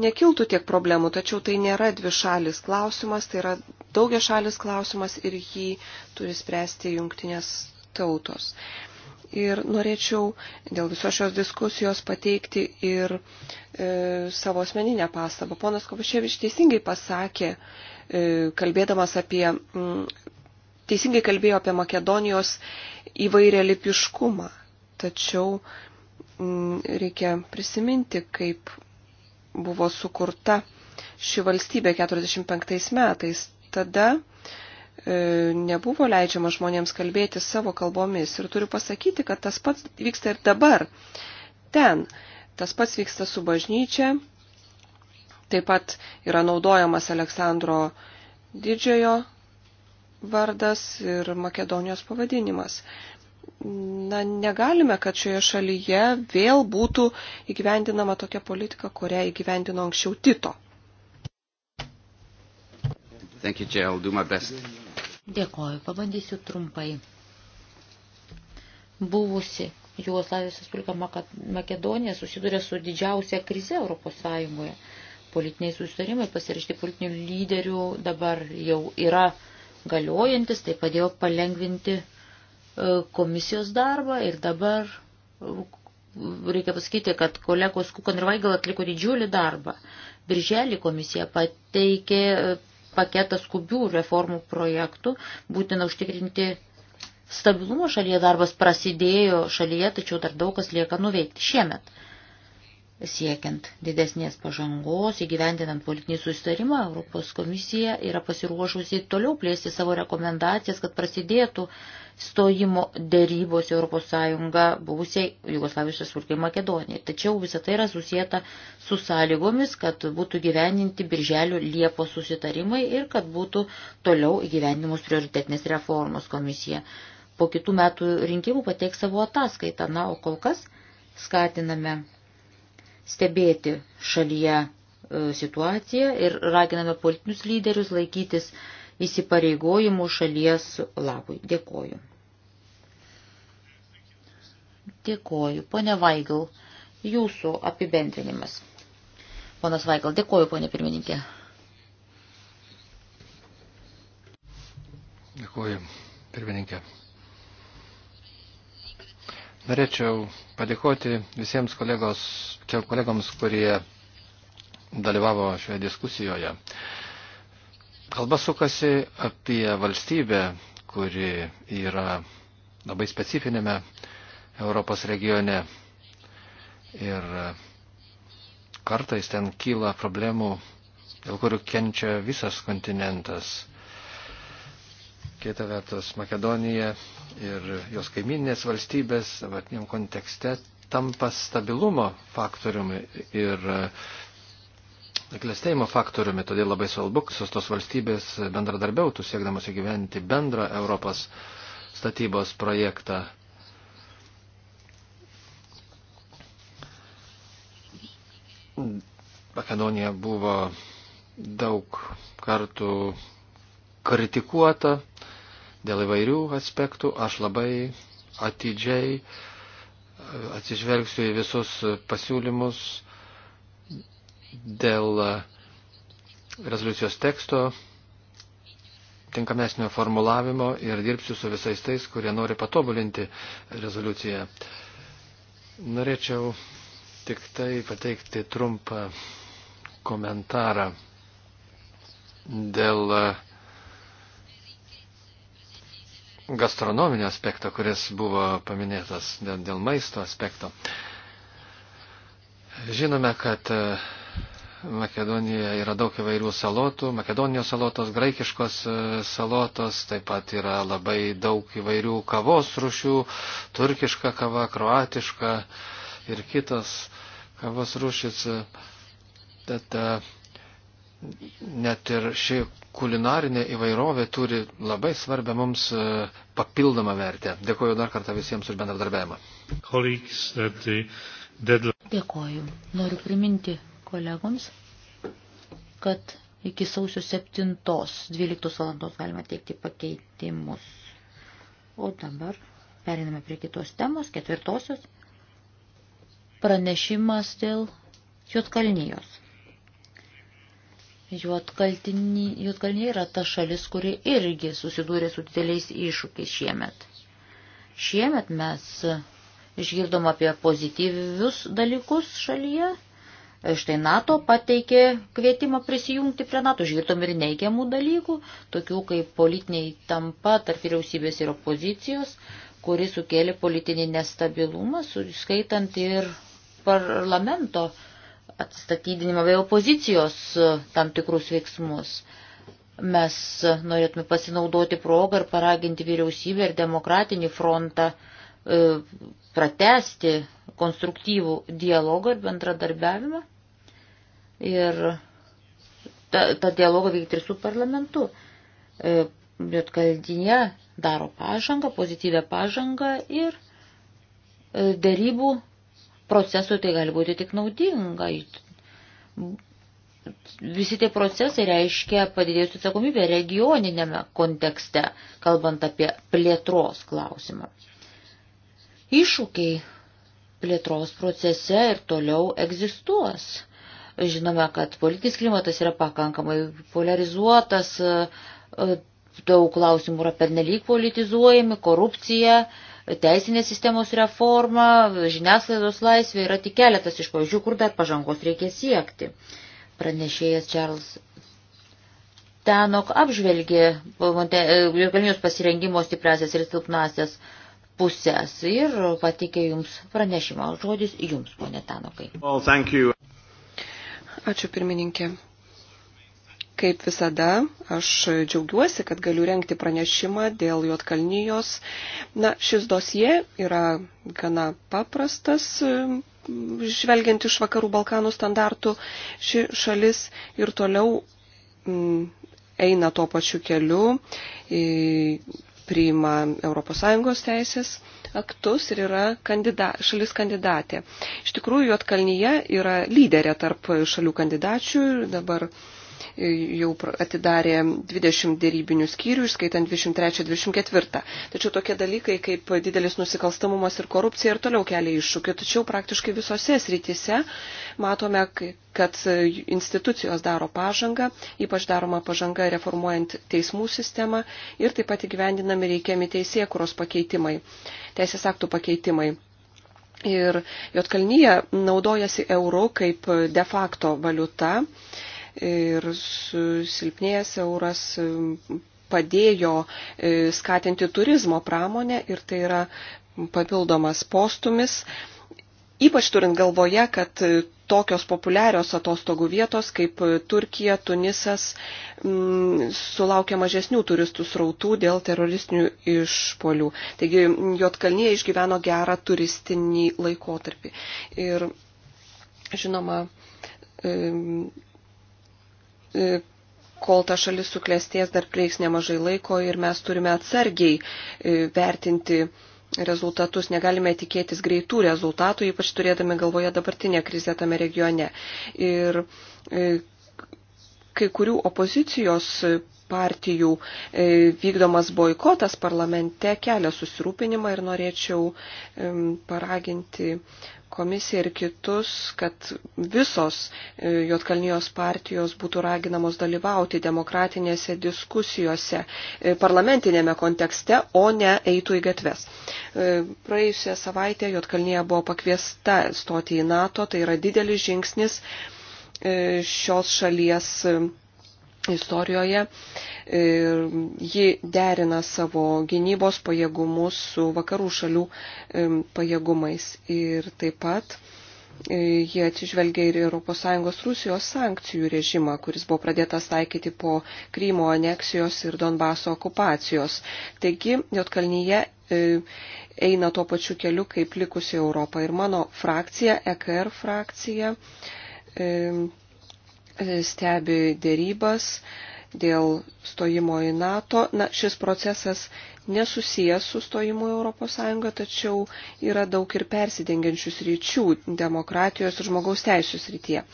nekiltų tiek problemų, tačiau tai nėra dvišalis klausimas, tai yra daugia šalis klausimas ir jį turi spręsti jungtinės tautos. Ir norėčiau dėl visos šios diskusijos pateikti ir e, savo asmeninę pastabą. Ponas Kovaševič teisingai pasakė, e, kalbėdamas apie m, teisingai kalbėjo apie Makedonijos įvairią lipiškumą. Tačiau m, mm, reikia prisiminti, kaip buvo sukurta ši valstybė 45 metais. Tada e, nebuvo leidžiama žmonėms kalbėti savo kalbomis. Ir turiu pasakyti, kad tas pats vyksta ir dabar. Ten tas pats vyksta su bažnyčia. Taip pat yra naudojamas Aleksandro didžiojo vardas ir Makedonijos pavadinimas. Na, negalime, kad šioje šalyje vėl būtų įgyvendinama tokia politika, kurią įgyvendino anksčiau Tito. Thank you, Jill. Do my best. Dėkoju, pabandysiu trumpai. Buvusi Jugoslavijos Respublika Makedonija susiduria su didžiausia krize Europos Sąjungoje. Politiniai susitarimai pasirašti politinių lyderių dabar jau yra galiojantis, tai padėjo palengvinti e, komisijos darbą ir dabar e, reikia pasakyti, kad kolegos Kukan ir Vaigal atliko didžiulį darbą. Birželį komisija pateikė e, paketą skubių reformų projektų, būtina užtikrinti stabilumo šalyje darbas prasidėjo šalyje, tačiau dar daug kas lieka nuveikti šiemet siekiant didesnės pažangos, įgyvendinant politinį susitarimą, Europos komisija yra pasiruošusi toliau plėsti savo rekomendacijas, kad prasidėtų stojimo dėrybos Europos Sąjunga buvusiai Jugoslavijos Respublikai Makedonijai. Tačiau visa tai yra susijęta su sąlygomis, kad būtų gyveninti Birželio Liepos susitarimai ir kad būtų toliau įgyvendimos prioritetinės reformos komisija. Po kitų metų rinkimų pateiks savo ataskaitą, na, o kol kas skatiname stebėti šalyje e, situaciją ir raginame politinius lyderius laikytis įsipareigojimų šalies labui. Dėkoju. Dėkoju. Pone Vaigal, jūsų apibendrinimas. Ponas Vaigal, dėkoju, ponė pirmininkė. Dėkoju, pirmininkė. Norėčiau padėkoti visiems kolegos, kolegoms, kurie dalyvavo šioje diskusijoje. Kalba sukasi apie valstybę, kuri yra labai specifinėme Europos regione ir kartais ten kyla problemų, dėl kurių kenčia visas kontinentas. Kita vertus, Makedonija ir jos kaiminės valstybės dabartiniam kontekste tampa stabilumo faktoriumi ir e, klestėjimo faktoriumi, todėl labai svarbu, kad tos valstybės bendradarbiautų siekdamas įgyventi bendrą Europos statybos projektą. Makedonija buvo daug kartų kritikuota dėl įvairių aspektų. Aš labai atidžiai e, atsižvelgsiu į visus pasiūlymus dėl e, rezoliucijos teksto tinkamesnio formulavimo ir dirbsiu su visais tais, kurie nori patobulinti rezoliuciją. Norėčiau tik tai pateikti trumpą komentarą dėl uh, gastronominio aspekto, kuris buvo paminėtas dėl, dėl maisto aspekto. Žinome, kad e, Makedonijoje yra daug įvairių salotų, Makedonijos salotos, graikiškos e, salotos, taip pat yra labai daug įvairių kavos rušių, turkiška kava, kroatiška ir kitos kavos rušys. Tad e, net ir ši kulinarinė įvairovė turi labai svarbę mums e, papildomą vertę. Dėkuoju dar kartą visiems už bendradarbiavimą. Uh, Dėkuoju. Noriu priminti kolegoms, kad iki sausio 7.12 valandos galima teikti pakeitimus. O dabar periname prie kitos temos, ketvirtosios. Pranešimas dėl Jotkalnyjos. Juotkalnė yra ta šalis, kuri irgi susidūrė su dideliais iššūkiais šiemet. Šiemet mes išgirdom apie pozityvius dalykus šalyje. Štai NATO pateikė kvietimą prisijungti prie NATO, išgirdom ir neigiamų dalykų, tokių kaip politiniai tampa tarp vyriausybės ir opozicijos, kuri sukėlė politinį nestabilumą, skaitant ir parlamento atstatydinimą bei opozicijos e, tam tikrus veiksmus. Mes e, norėtume pasinaudoti progą ir paraginti vyriausybę ir demokratinį frontą e, pratesti konstruktyvų dialogą ir bendradarbiavimą ir tą, tą dialogą vykti ir su parlamentu. Lietkaldinė daro pažangą, pozityvę pažangą ir dėrybų procesui tai gali būti tik naudinga. Visi tie procesai reiškia padidėjusią atsakomybę regioninėme kontekste, kalbant apie plėtros klausimą. Iššūkiai plėtros procese ir toliau egzistuos. Žinome, kad politinis klimatas yra pakankamai polarizuotas, daug klausimų yra pernelyg politizuojami, korupcija, teisinės sistemos reforma, žiniasklaidos laisvė yra tik keletas iš pavyzdžių, kur dar pažangos reikia siekti. Pranešėjas Charles Tenok apžvelgė Jurgalinijos pasirengimo stipresias ir silpnasias pusės ir patikė jums pranešimą. Žodis jums, ponė Tanokai. Well, Ačiū pirmininkė. Kaip visada, aš džiaugiuosi, kad galiu renkti pranešimą dėl Juotkalnyjos. Na, šis dosie yra gana paprastas, žvelgiant iš vakarų Balkanų standartų, ši šalis ir toliau m, mm, eina tuo pačiu keliu, priima ES teisės aktus ir yra kandida, šalis kandidatė. Iš tikrųjų, Juotkalnyje yra lyderė tarp šalių kandidačių ir dabar jau atidarė 20 dėrybinių skyrių, išskaitant 23-24. Tačiau tokie dalykai kaip didelis nusikalstamumas ir korupcija ir toliau kelia iššūkių. Tačiau praktiškai visose srityse matome, kad institucijos daro pažangą, ypač daroma pažanga reformuojant teismų sistemą ir taip pat įgyvendinami reikiami teisėkuros pakeitimai, teisės aktų pakeitimai. Ir Jotkalnyje naudojasi eurų kaip de facto valiuta ir susilpnėjęs euras padėjo e, skatinti turizmo pramonę ir tai yra papildomas postumis. Ypač turint galvoje, kad tokios populiarios atostogų vietos kaip Turkija, Tunisas m, mm, sulaukia mažesnių turistų srautų dėl teroristinių išpolių. Taigi Jotkalnie išgyveno gerą turistinį laikotarpį. Ir žinoma, m, E, kol ta šalis suklestės, dar prieiks nemažai laiko ir mes turime atsargiai e, vertinti rezultatus, negalime tikėtis greitų rezultatų, ypač turėdami galvoje dabartinę krizę tame regione. Ir e, kai kurių opozicijos partijų vykdomas boikotas parlamente kelia susirūpinimą ir norėčiau paraginti komisiją ir kitus, kad visos e, Jotkalnijos partijos būtų raginamos dalyvauti demokratinėse diskusijose e, parlamentinėme kontekste, o ne eitų į gatves. E, praėjusią savaitę Jotkalnyje buvo pakviesta stoti į NATO, tai yra didelis žingsnis šios šalies istorijoje. Ji derina savo gynybos pajėgumus su vakarų šalių pajėgumais. Ir taip pat e, jie atsižvelgia ir ES Rusijos sankcijų režimą, kuris buvo pradėtas taikyti po Krymo aneksijos ir Donbaso okupacijos. Taigi, Jotkalnyje e, eina tuo pačiu keliu kaip likusi Europa. Ir mano frakcija, EKR frakcija, stebi dėrybas dėl stojimo į NATO. Na, šis procesas nesusijęs su stojimu į ES, tačiau yra daug ir persidengiančių sričių demokratijos ir žmogaus teisų srityje.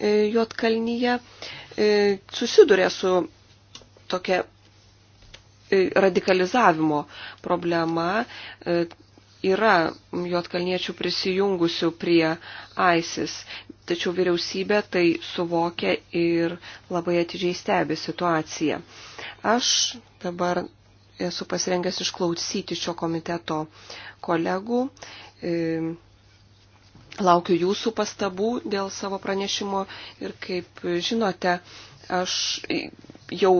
E, Jotkalnyje e, susiduria su tokia e, radikalizavimo problema yra juotkalniečių prisijungusių prie ISIS, tačiau vyriausybė tai suvokia ir labai atidžiai stebi situaciją. Aš dabar esu pasirengęs išklausyti šio komiteto kolegų. E, laukiu jūsų pastabų dėl savo pranešimo ir kaip žinote, aš jau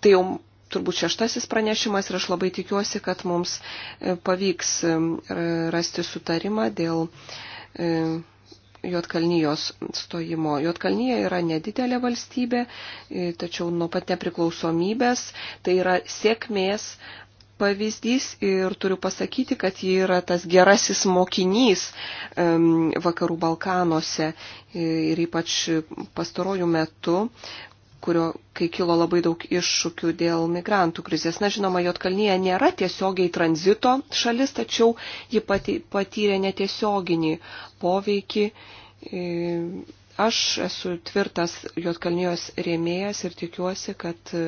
tai jau turbūt šeštasis pranešimas ir aš labai tikiuosi, kad mums e, pavyks e, rasti sutarimą dėl e, Jotkalnyjos stojimo. Jotkalnyje yra nedidelė valstybė, tačiau nuo pat nepriklausomybės tai yra sėkmės pavyzdys ir turiu pasakyti, kad ji yra tas gerasis mokinys vakarų Balkanuose ir ypač pastarojų metų kurio, kai kilo labai daug iššūkių dėl migrantų krizės. Na, žinoma, Jotkalnyje nėra tiesiogiai tranzito šalis, tačiau ji pati, patyrė netiesioginį poveikį. E, aš esu tvirtas Jotkalnyjos rėmėjas ir tikiuosi, kad e,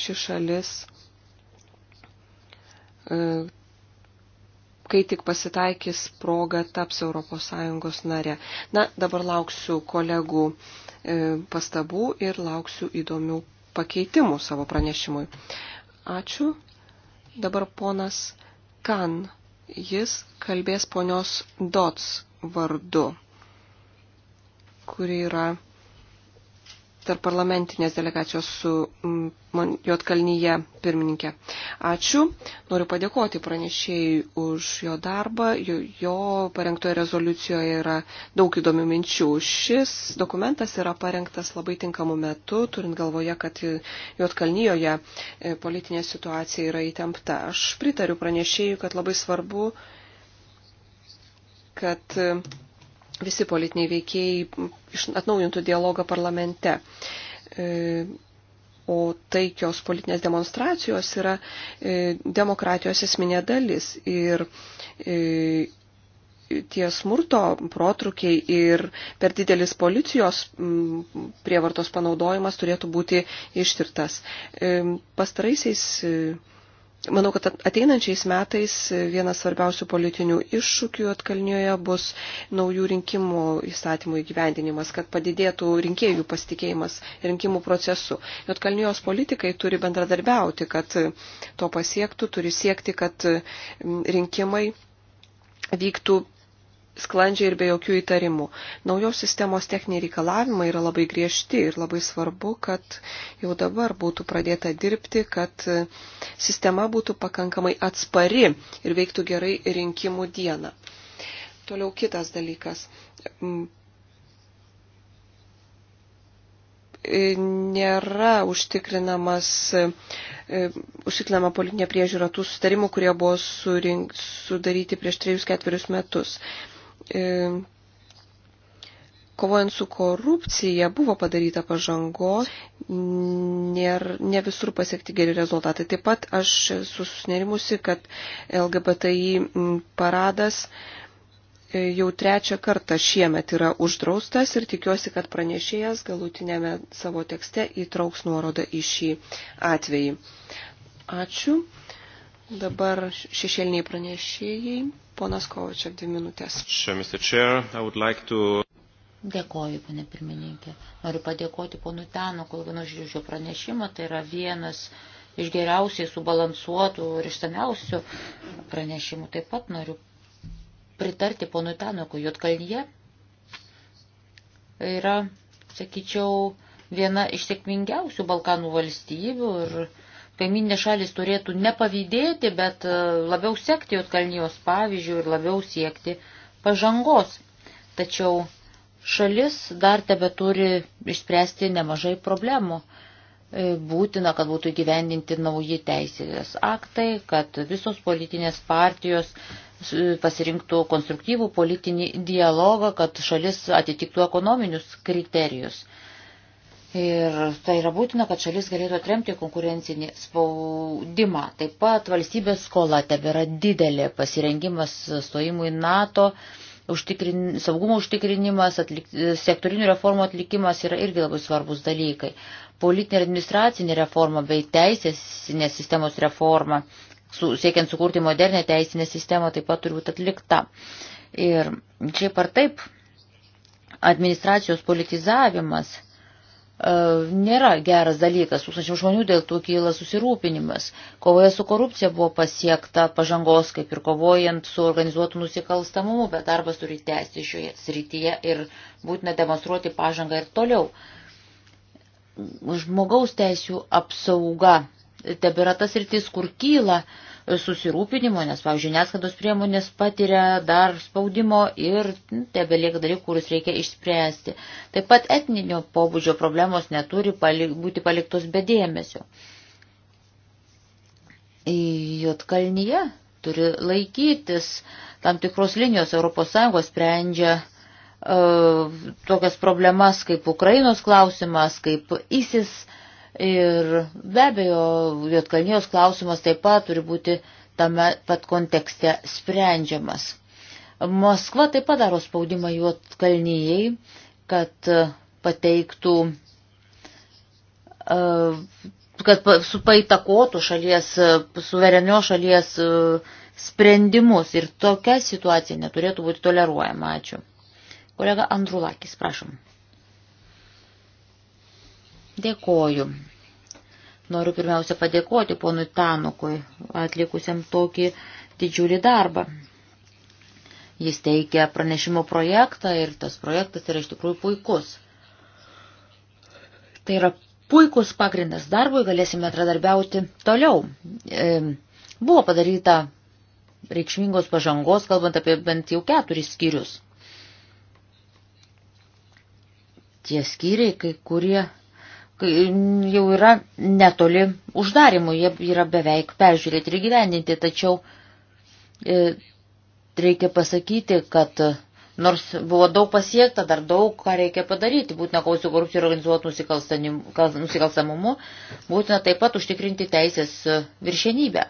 ši šalis, e, kai tik pasitaikys proga, taps ES nare. Na, dabar lauksiu kolegų E, pastabų ir lauksiu įdomių pakeitimų savo pranešimui. Ačiū. Dabar ponas Kan. Jis kalbės ponios Dots vardu, kuri yra tarp parlamentinės delegacijos su mm, Jotkalnyje pirmininkė. Ačiū. Noriu padėkoti pranešėjai už jo darbą. Jo, jo parengtoje rezoliucijoje yra daug įdomių minčių. Šis dokumentas yra parengtas labai tinkamu metu, turint galvoje, kad Jotkalnyjoje e, politinė situacija yra įtempta. Aš pritariu pranešėjai, kad labai svarbu, kad visi politiniai veikėjai atnaujintų dialogą parlamente. E, o taikios politinės demonstracijos yra e, demokratijos esminė dalis. Ir e, tie smurto protrukiai ir per didelis policijos prievartos panaudojimas turėtų būti ištirtas. Pastaraisiais Manau, kad ateinančiais metais vienas svarbiausių politinių iššūkių atkalnioje bus naujų rinkimų įstatymų įgyvendinimas, kad padidėtų rinkėjų pasitikėjimas rinkimų procesu. Jotkalnijos politikai turi bendradarbiauti, kad to pasiektų, turi siekti, kad mm, rinkimai vyktų sklandžiai ir be jokių įtarimų. Naujos sistemos techniniai reikalavimai yra labai griežti ir labai svarbu, kad jau dabar būtų pradėta dirbti, kad sistema būtų pakankamai atspari ir veiktų gerai rinkimų dieną. Toliau kitas dalykas. Mm. Nėra užtikrinamas, e, užtikrinama politinė priežiūra tų sustarimų, kurie buvo surink, sudaryti prieš 3-4 metus. E, kovojant su korupcija buvo padaryta pažangos, nėra, ne visur pasiekti geri rezultatai. Taip pat aš susinerimusi, kad LGBTI paradas e, jau trečią kartą šiemet yra uždraustas ir tikiuosi, kad pranešėjas galutinėme savo tekste įtrauks nuorodą į šį atvejį. Ačiū. Dabar šešėliniai pranešėjai. Ponas Kovačiak, dvi minutės. Dėkoju, pane pirmininkė. Noriu padėkoti ponu Tanu, kol vienu žiūriu pranešimą, tai yra vienas iš geriausiai subalansuotų ir išsameusių pranešimų. Taip pat noriu pritarti ponu Tanu, kad Jotkalnyje yra, sakyčiau, viena iš sėkmingiausių Balkanų valstybių ir kaiminė šalis turėtų nepavydėti, bet e, labiau sekti Jotkalnijos pavyzdžių ir labiau siekti pažangos. Tačiau šalis dar tebe turi išspręsti nemažai problemų. E, būtina, kad būtų gyvendinti nauji teisės aktai, kad visos politinės partijos e, pasirinktų konstruktyvų politinį dialogą, kad šalis atitiktų ekonominius kriterijus. Ir tai yra būtina, kad šalis galėtų atremti konkurencinį spaudimą. Taip pat valstybės skola tebėra didelė, pasirengimas stojimui NATO, užtikrin, saugumo užtikrinimas, atlik, sektorinių reformų atlikimas yra irgi labai svarbus dalykai. Politinė ir administracinė reforma bei teisėsinės sistemos reforma, su, siekiant sukurti modernę teisinę sistemą, taip pat turi būti atlikta. Ir šiaip ar taip, administracijos politizavimas – E, nėra geras dalykas. Tūkstančių žmonių dėl to kyla susirūpinimas. Kovoje su korupcija buvo pasiekta pažangos, kaip ir kovojant su organizuotu nusikalstamumu, bet darbas turi tęsti šioje srityje ir būtina demonstruoti pažangą ir toliau. Žmogaus teisų apsauga tebėra tas rytis, kur kyla uh, susirūpinimo, nes, pavyzdžiui, neskados priemonės patiria dar spaudimo ir tebe lieka dalykų, kurius reikia išspręsti. Taip pat etninio pobūdžio problemos neturi palik, būti paliktos bedėmesio. Jotkalnyje turi laikytis tam tikros linijos ES sprendžia e, tokias problemas kaip Ukrainos klausimas, kaip ISIS klausimas Ir be abejo, Jotkalnijos klausimas taip pat turi būti tame pat kontekste sprendžiamas. Maskva taip pat daro spaudimą Jotkalnijai, kad e, pateiktų, e, kad supaitakotų šalies, e, suverenio šalies sprendimus. Ir tokia situacija neturėtų būti toleruojama. Ačiū. Kolega Andrulakis, prašom. Dėkoju. Noriu pirmiausia padėkoti ponui Tanukui, atlikusiam tokį didžiulį darbą. Jis teikia pranešimo projektą ir tas projektas yra iš tikrųjų puikus. Tai yra puikus pagrindas darbui, galėsime atradarbiauti toliau. E, buvo padaryta reikšmingos pažangos, kalbant apie bent jau keturis skyrius. Tie skyriai, kai kurie jau yra netoli uždarimų, jie yra beveik peržiūrėti ir gyveninti, tačiau e, reikia pasakyti, kad e, nors buvo daug pasiekta, dar daug ką reikia padaryti, būtina kovoti su korupcija ir organizuotų nusikalstamumu, būtina taip pat užtikrinti teisės e, viršenybę.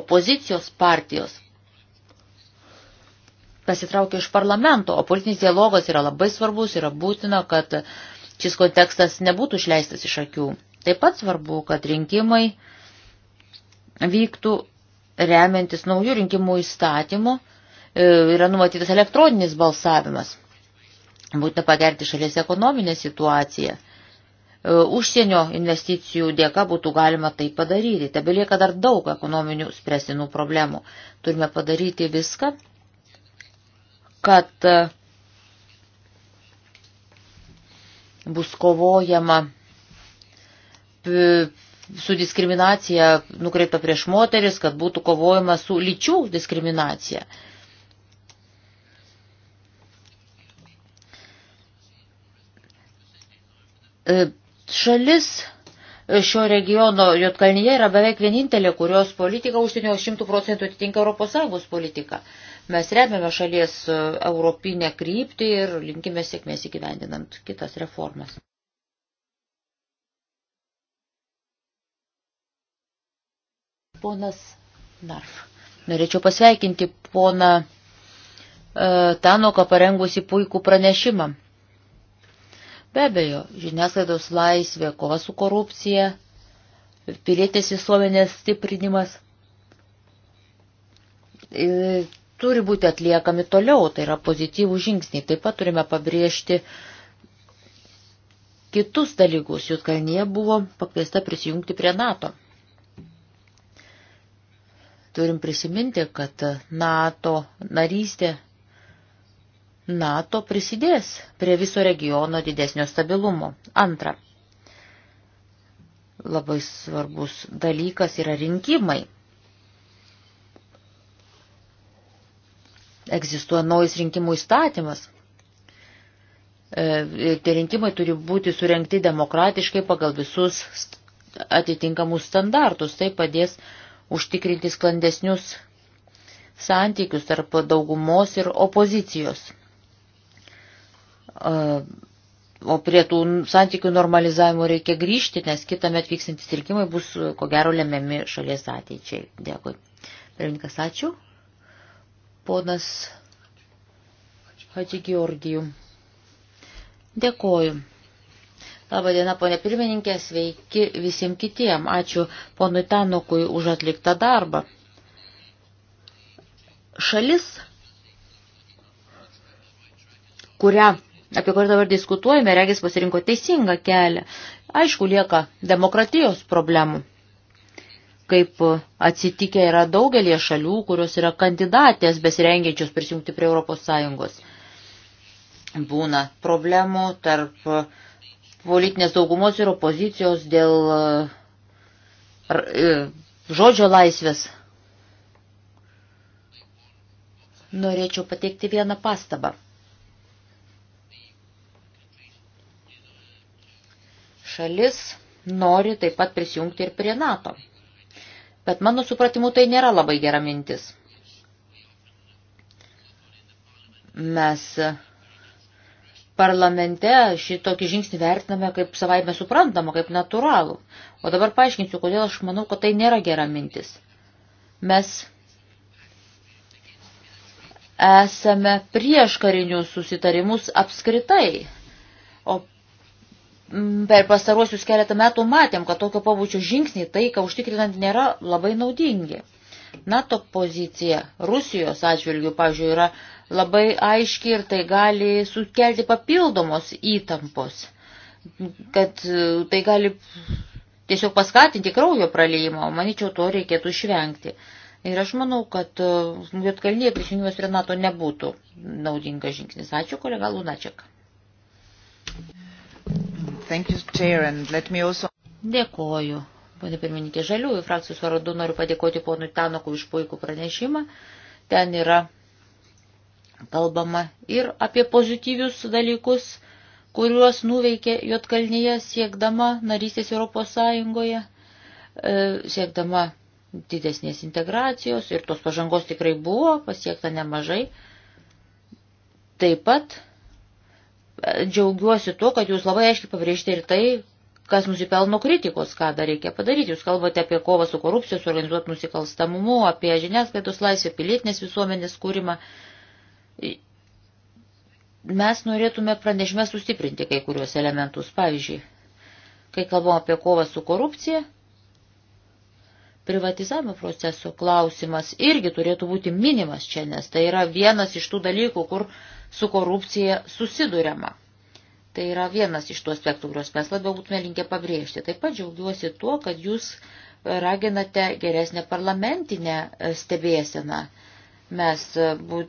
Opozicijos partijos pasitraukė iš parlamento, o politinis dialogas yra labai svarbus, yra būtina, kad šis kontekstas nebūtų išleistas iš akių. Taip pat svarbu, kad rinkimai vyktų remiantis naujų rinkimų įstatymų, e, yra numatytas elektroninis balsavimas. Būtina pagerti šalies ekonominę situaciją. E, užsienio investicijų dėka būtų galima tai padaryti. Tebelieka dar daug ekonominių spresinų problemų. Turime padaryti viską, kad e, bus kovojama su diskriminacija nukreipta prieš moteris, kad būtų kovojama su lyčių diskriminacija. E, šalis šio regiono Jotkalnyje yra beveik vienintelė, kurios politika užsienio 100 procentų atitinka ES politiką. Mes remiame šalies e, europinę kryptį ir linkime sėkmės įgyvendinant kitas reformas. Ponas Narf. Norėčiau pasveikinti poną e, Tanoką parengusi puikų pranešimą. Be abejo, žiniasklaidos laisvė, kova su korupcija, pilietės visuomenės stiprinimas. E, turi būti atliekami toliau, tai yra pozityvų žingsniai. Taip pat turime pabrėžti kitus dalykus. Jutkalnyje buvo pakviesta prisijungti prie NATO. Turim prisiminti, kad NATO narystė NATO prisidės prie viso regiono didesnio stabilumo. Antra, labai svarbus dalykas yra rinkimai egzistuoja naujas rinkimų įstatymas. E, tie rinkimai turi būti surenkti demokratiškai pagal visus atitinkamus standartus. Tai padės užtikrinti sklandesnius santykius tarp daugumos ir opozicijos. E, o prie tų santykių normalizavimo reikia grįžti, nes kitame atvyksantis rinkimai bus ko gero lemiami šalies ateičiai. Dėkui. Pirmininkas, ačiū. Ponas Hadži Georgijų. Dėkoju. Labą dieną, ponė pirmininkė, sveiki visiems kitiem. Ačiū ponui Tanukui už atliktą darbą. Šalis, kurią, apie kurią dabar diskutuojame, regis pasirinko teisingą kelią. Aišku, lieka demokratijos problemų kaip atsitikę yra daugelie šalių, kurios yra kandidatės besirengiančios prisijungti prie Europos Sąjungos. Būna problemų tarp politinės daugumos ir opozicijos dėl e, žodžio laisvės. Norėčiau pateikti vieną pastabą. Šalis nori taip pat prisijungti ir prie NATO. Bet mano supratimu tai nėra labai gera mintis. Mes parlamente šitokį žingsnį vertiname kaip savaime suprantama, kaip natūralų. O dabar paaiškinsiu, kodėl aš manau, kad tai nėra gera mintis. Mes esame prieš karinius susitarimus apskritai per pastaruosius keletą metų matėm, kad tokio pabučio žingsniai taiką užtikrinant nėra labai naudingi. NATO pozicija Rusijos atžvilgių, pažiūrėjau, yra labai aiški ir tai gali sukelti papildomos įtampos, kad e, tai gali tiesiog paskatinti kraujo praleimą, o manyčiau, to reikėtų išvengti. Ir aš manau, kad e, Jotkalnyje prisijungimas prie NATO nebūtų naudingas žingsnis. Ačiū, kolega Lunačiak. Thank you, Chair, and let me also... Dėkoju, ponė pirmininkė Žaliųjų frakcijos vardu noriu padėkoti ponui Tanokui už puikų pranešimą. Ten yra kalbama ir apie pozityvius dalykus, kuriuos nuveikė Jotkalnyje siekdama narystės Europos Sąjungoje, e, siekdama didesnės integracijos ir tos pažangos tikrai buvo pasiekta nemažai. Taip pat džiaugiuosi tuo, kad jūs labai aiškiai pabrėžti ir tai, kas nusipelno kritikos, ką dar reikia padaryti. Jūs kalbate apie kovą su korupcijos, organizuotų nusikalstamumu, apie žiniasklaidos laisvę, pilietinės visuomenės kūrimą. Mes norėtume pranešime sustiprinti kai kurios elementus. Pavyzdžiui, kai kalbam apie kovą su korupcija, privatizavimo proceso klausimas irgi turėtų būti minimas čia, nes tai yra vienas iš tų dalykų, kur su korupcija susidurėma. Tai yra vienas iš tų aspektų, kuriuos mes labiau būtume linkę pabrėžti. Taip pat džiaugiuosi tuo, kad jūs raginate geresnę parlamentinę stebėseną. Mes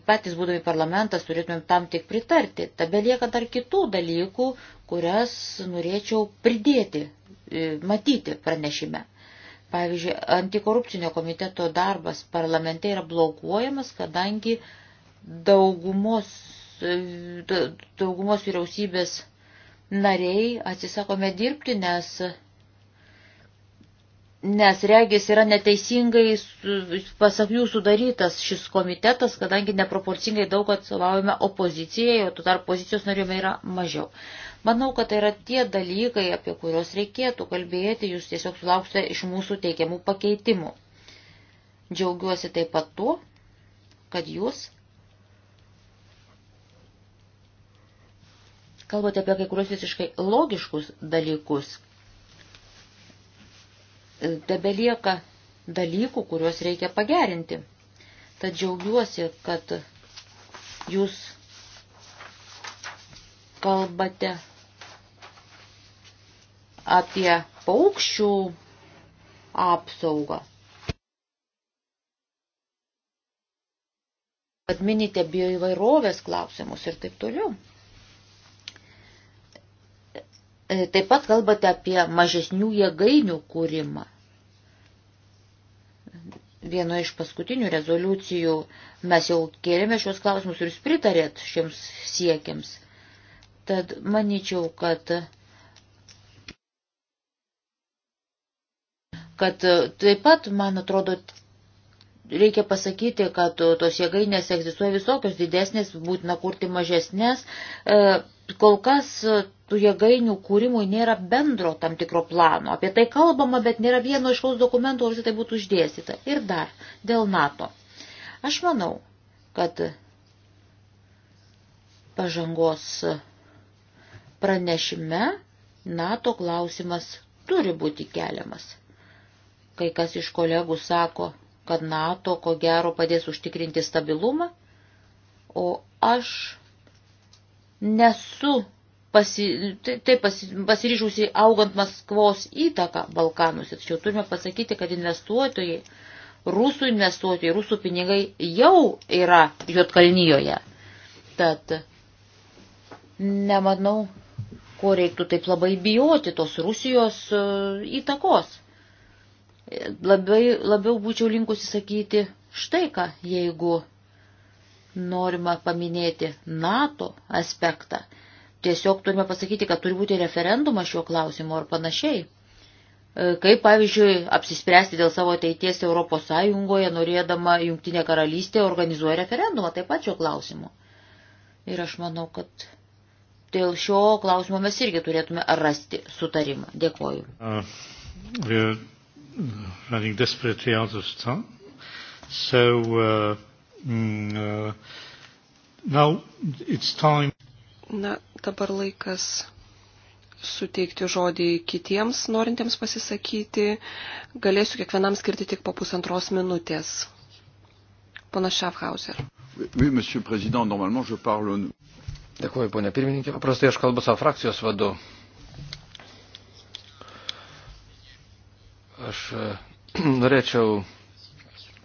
patys būdami parlamentas turėtumėm tam tik pritarti. Ta belieka dar kitų dalykų, kurias norėčiau pridėti, e, matyti pranešime. Pavyzdžiui, antikorupcinio komiteto darbas parlamente yra blokuojamas, kadangi daugumos daugumos vyriausybės nariai atsisakome dirbti, nes, nes regis yra neteisingai, pasak jų, sudarytas šis komitetas, kadangi neproporcingai daug atstovaujame opozicijai, o tu dar pozicijos norėjome yra mažiau. Manau, kad tai yra tie dalykai, apie kuriuos reikėtų kalbėti, jūs tiesiog sulauksite iš mūsų teikiamų pakeitimų. Džiaugiuosi taip pat tuo, kad jūs kalbate apie kai kurios visiškai logiškus dalykus. E, tebelieka dalykų, kuriuos reikia pagerinti. Tad džiaugiuosi, kad jūs kalbate apie paukščių apsaugą. Kad minite bioįvairovės klausimus ir taip toliau. E, taip pat kalbate apie mažesnių jėgainių kūrimą. Vieno iš paskutinių rezoliucijų mes jau kėlėme šios klausimus ir jūs pritarėt šiems siekiams. Tad manyčiau, kad, kad taip pat, man atrodo, reikia pasakyti, kad tos jėgainės egzistuoja visokios didesnės, būtina kurti mažesnės. E, kol kas tų jėgainių kūrimui nėra bendro tam tikro plano. Apie tai kalbama, bet nėra vieno iškaus dokumento, visą tai būtų uždėstyta. Ir dar dėl NATO. Aš manau, kad pažangos pranešime NATO klausimas turi būti keliamas. Kai kas iš kolegų sako, kad NATO ko gero padės užtikrinti stabilumą, o aš nesu pasi, taip tai pasi, pasiryžusi augant Maskvos įtaką Balkanuose. Tačiau turime pasakyti, kad investuotojai, rusų investuotojai, rusų pinigai jau yra Jotkalnyjoje. Tad nemanau, ko reiktų taip labai bijoti tos Rusijos e, įtakos. Labai, labiau būčiau linkusi sakyti štai ką, jeigu norima paminėti NATO aspektą tiesiog turime pasakyti, kad turi būti referendumas šiuo klausimu ar panašiai. E, kaip, pavyzdžiui, apsispręsti dėl savo ateities Europos Sąjungoje, norėdama Jungtinė karalystė organizuoja referendumą taip pat šiuo klausimu. Ir aš manau, kad dėl šio klausimo mes irgi turėtume rasti sutarimą. Dėkoju. Uh, so, uh, mm, uh, now it's time. Na, dabar laikas suteikti žodį kitiems norintiems pasisakyti. Galėsiu kiekvienam skirti tik po pusantros minutės. Pana Schaffhauser. Oui, monsieur président, normalement je parle. Dėkuoju, ponė pirmininkė. Paprastai aš kalbu savo frakcijos vadu. Aš eh, norėčiau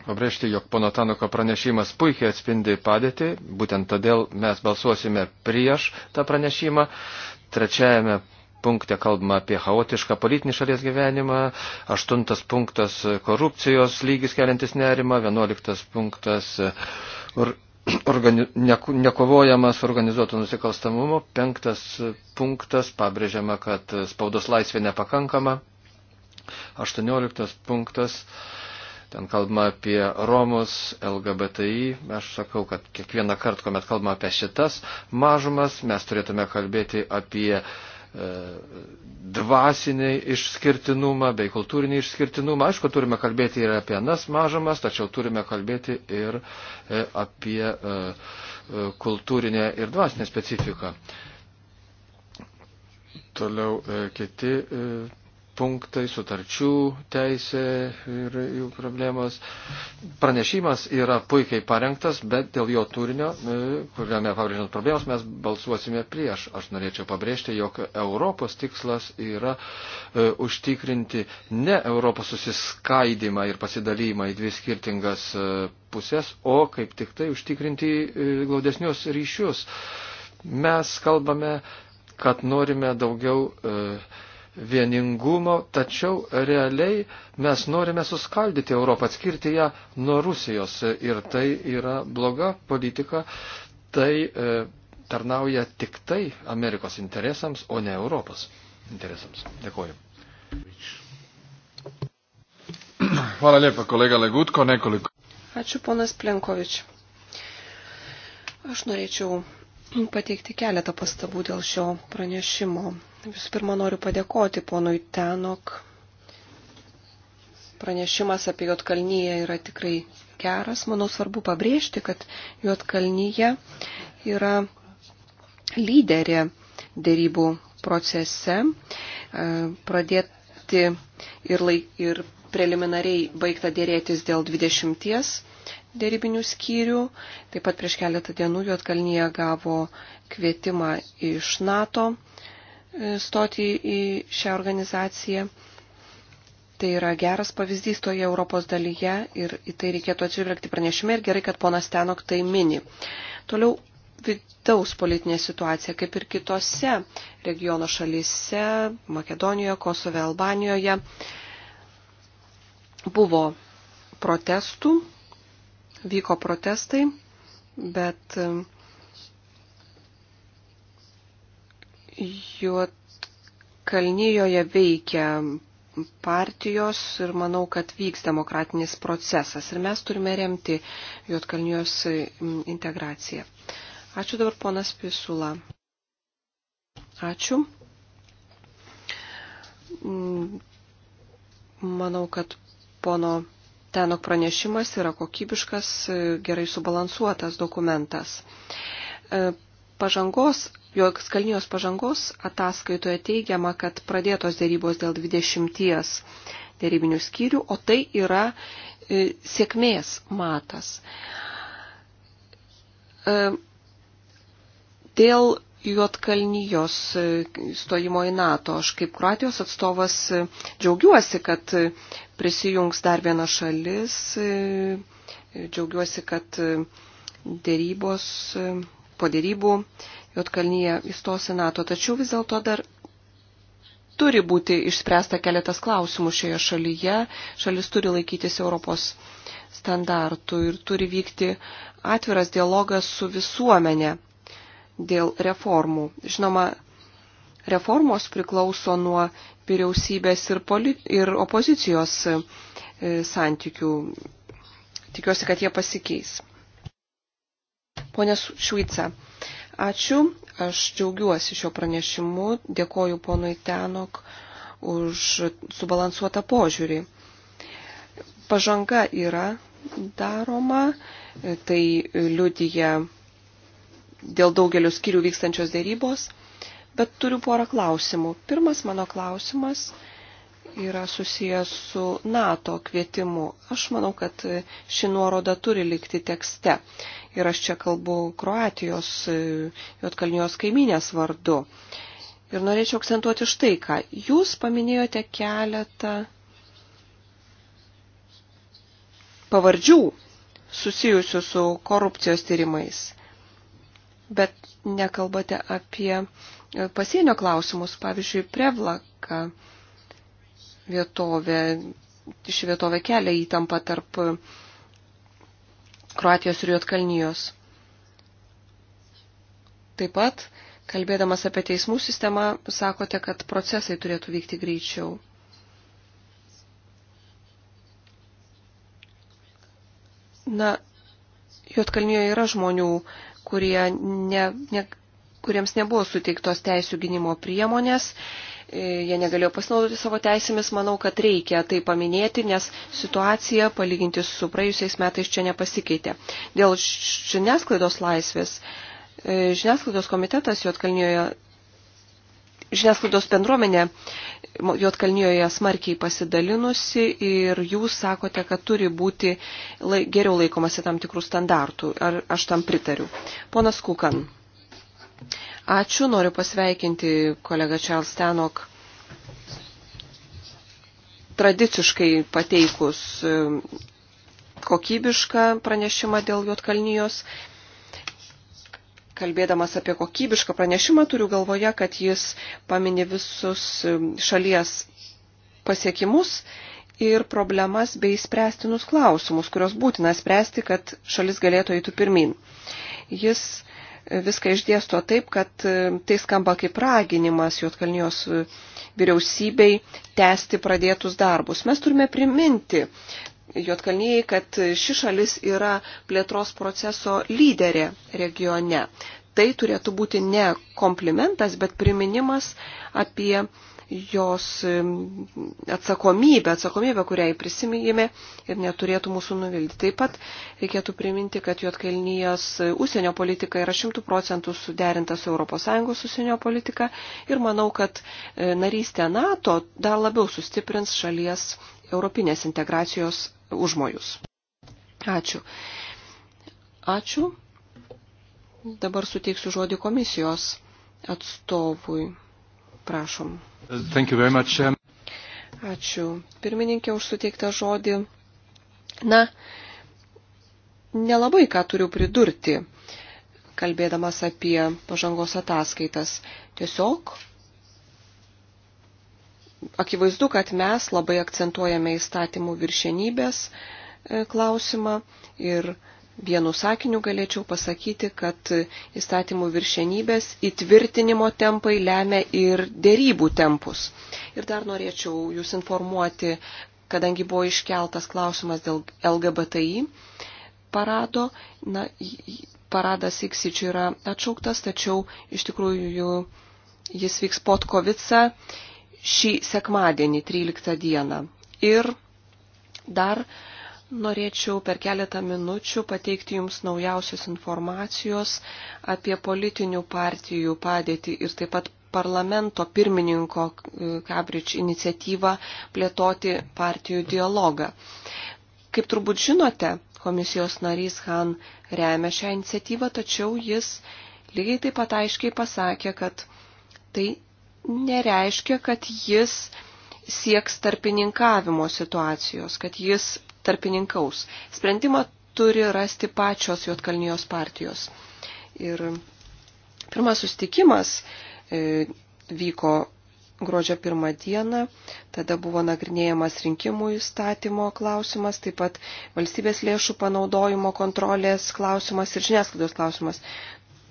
pabrėžti, jog pono Tanuko pranešimas puikiai atspindi padėtį, būtent todėl mes balsuosime prieš tą pranešimą. Trečiajame punkte kalbama apie chaotišką politinį šalies gyvenimą, aštuntas punktas korupcijos lygis keliantis nerimą, vienuoliktas punktas or, organi, neko, nekovojamas organizuoto nusikalstamumo, penktas punktas pabrėžiama, kad spaudos laisvė nepakankama, aštuonioliktas punktas. Uh, ten kalbama apie Romus, LGBTI. Aš sakau, kad kiekvieną kartą, kuomet kalbama apie šitas mažumas, mes turėtume kalbėti apie e, dvasinį išskirtinumą bei kultūrinį išskirtinumą. Aišku, turime kalbėti ir apie nas mažumas, tačiau turime kalbėti ir e, apie e, e, kultūrinę ir dvasinę specifiką. Toliau e, kiti e, punktai, sutarčių teisė ir jų problemos. Pranešimas yra puikiai parengtas, bet dėl jo turinio, e, kuriame pabrėžiant problemos, mes balsuosime prieš. Aš norėčiau pabrėžti, jog Europos tikslas yra e, užtikrinti ne Europos susiskaidimą ir pasidalymą į dvi skirtingas e, pusės, o kaip tik tai užtikrinti e, glaudesnius ryšius. Mes kalbame, kad norime daugiau e, vieningumo, tačiau realiai mes norime suskaldyti Europą, atskirti ją nuo Rusijos ir tai yra bloga politika, tai e, tarnauja tik tai Amerikos interesams, o ne Europos interesams. Dėkuoju. Hvala lijepa kolega Legutko, nekoliko. Ačiū ponas Plenkovič. Aš norėčiau pateikti keletą pastabų dėl šio pranešimo. Visų pirma, noriu padėkoti ponui Tenok. Pranešimas apie Jotkalnyje yra tikrai geras. Manau, svarbu pabrėžti, kad Jotkalnyje yra lyderė dėrybų procese. E, pradėti ir, laik, ir preliminariai baigta dėrėtis dėl 20 dėrybinių skyrių. Taip pat prieš keletą dienų Juotkalnyje gavo kvietimą iš NATO e, stoti į šią organizaciją. Tai yra geras pavyzdys toje Europos dalyje ir į tai reikėtų atsižvelgti pranešime ir gerai, kad ponas Tenok tai mini. Toliau vidaus politinė situacija, kaip ir kitose regiono šalyse, Makedonijoje, Kosove, Albanijoje, buvo protestų vyko protestai, bet Juotkalnyjoje veikia partijos ir manau, kad vyks demokratinis procesas ir mes turime remti Juotkalnyjos integraciją. Ačiū dabar ponas Pisula. Ačiū. Manau, kad pono Tenok pranešimas yra kokybiškas, gerai subalansuotas dokumentas. E, pažangos, jo ekskalnijos pažangos ataskaitoje teigiama, kad pradėtos dėrybos dėl 20 dėrybinių skyrių, o tai yra e, sėkmės matas. E, dėl Juotkalnyjos stojimo į NATO. Aš kaip Kroatijos atstovas džiaugiuosi, kad prisijungs dar viena šalis. Džiaugiuosi, kad dėrybos, po dėrybų Juotkalnyje įstos į NATO. Tačiau vis dėlto dar turi būti išspręsta keletas klausimų šioje šalyje. Šalis turi laikytis Europos standartų ir turi vykti atviras dialogas su visuomenė dėl reformų. Žinoma, reformos priklauso nuo vyriausybės ir, ir opozicijos e, santykių. Tikiuosi, kad jie pasikeis. Pone Šuica, ačiū, aš džiaugiuosi šio pranešimu, dėkoju ponui Tenok už subalansuotą požiūrį. Pažanga yra daroma, tai liudyje dėl daugelio skyrių vykstančios dėrybos, bet turiu porą klausimų. Pirmas mano klausimas yra susijęs su NATO kvietimu. Aš manau, kad ši nuoroda turi likti tekste. Ir aš čia kalbu Kroatijos, e, Jotkalnijos kaiminės vardu. Ir norėčiau akcentuoti štai ką. Jūs paminėjote keletą pavardžių susijusių su korupcijos tyrimais bet nekalbate apie e, pasienio klausimus, pavyzdžiui, Prevlaka vietovė, ši vietovė kelia įtampą tarp Kroatijos ir Jotkalnijos. Taip pat, kalbėdamas apie teismų sistemą, sakote, kad procesai turėtų vykti greičiau. Na, Jotkalnijoje yra žmonių, kurie ne, ne, kuriems nebuvo suteiktos teisų gynimo priemonės, e, jie negalėjo pasinaudoti savo teisėmis, manau, kad reikia tai paminėti, nes situacija palyginti su praėjusiais metais čia nepasikeitė. Dėl žiniasklaidos laisvės. E, žiniasklaidos komitetas Jotkalnijoje žiniasklaidos bendruomenė Jotkalnijoje smarkiai pasidalinusi ir jūs sakote, kad turi būti lai, geriau laikomasi tam tikrų standartų. Ar aš tam pritariu? Ponas Kukan. Ačiū, noriu pasveikinti kolegą Charles Tenok tradiciškai pateikus e, kokybišką pranešimą dėl Jotkalnijos. Kalbėdamas apie kokybišką pranešimą turiu galvoje, kad jis paminė visus um, šalies pasiekimus ir problemas bei spręstinus klausimus, kurios būtina spręsti, kad šalis galėtų eitų pirmin. Jis uh, viską išdėsto taip, kad um, tai skamba kaip raginimas Jotkalnijos uh, vyriausybei tęsti pradėtus darbus. Mes turime priminti Juotkalnyjai, kad ši šalis yra plėtros proceso lyderė regione. Tai turėtų būti ne komplimentas, bet priminimas apie jos atsakomybę, atsakomybę, kurią prisimėjame ir neturėtų mūsų nuvilti. Taip pat reikėtų priminti, kad Juotkalnyjos užsienio politika yra šimtų procentų suderinta su ES užsienio politika ir manau, kad e, narystė NATO dar labiau sustiprins šalies europinės integracijos užmojus. Ačiū. Ačiū. Dabar suteiksiu žodį komisijos atstovui. Prašom. Ačiū. Pirmininkė už suteiktą žodį. Na, nelabai ką turiu pridurti, kalbėdamas apie pažangos ataskaitas. Tiesiog akivaizdu, kad mes labai akcentuojame įstatymų viršenybės e, klausimą ir vienu sakiniu galėčiau pasakyti, kad įstatymų viršenybės įtvirtinimo tempai lemia ir dėrybų tempus. Ir dar norėčiau jūs informuoti, kadangi buvo iškeltas klausimas dėl LGBTI parado. Na, paradas Iksičių yra atšauktas, tačiau iš tikrųjų jis vyks pod Kovica šį sekmadienį, 13 dieną. Ir dar norėčiau per keletą minučių pateikti Jums naujausios informacijos apie politinių partijų padėtį ir taip pat parlamento pirmininko e, Kabrič iniciatyvą plėtoti partijų dialogą. Kaip turbūt žinote, komisijos narys Han remia šią iniciatyvą, tačiau jis lygiai taip pat aiškiai pasakė, kad tai nereiškia, kad jis sieks tarpininkavimo situacijos, kad jis tarpininkaus. Sprendimą turi rasti pačios Juotkalnijos partijos. Ir pirmas sustikimas e, vyko gruodžio pirmą dieną, tada buvo nagrinėjamas rinkimų įstatymo klausimas, taip pat valstybės lėšų panaudojimo kontrolės klausimas ir žiniasklaidos klausimas.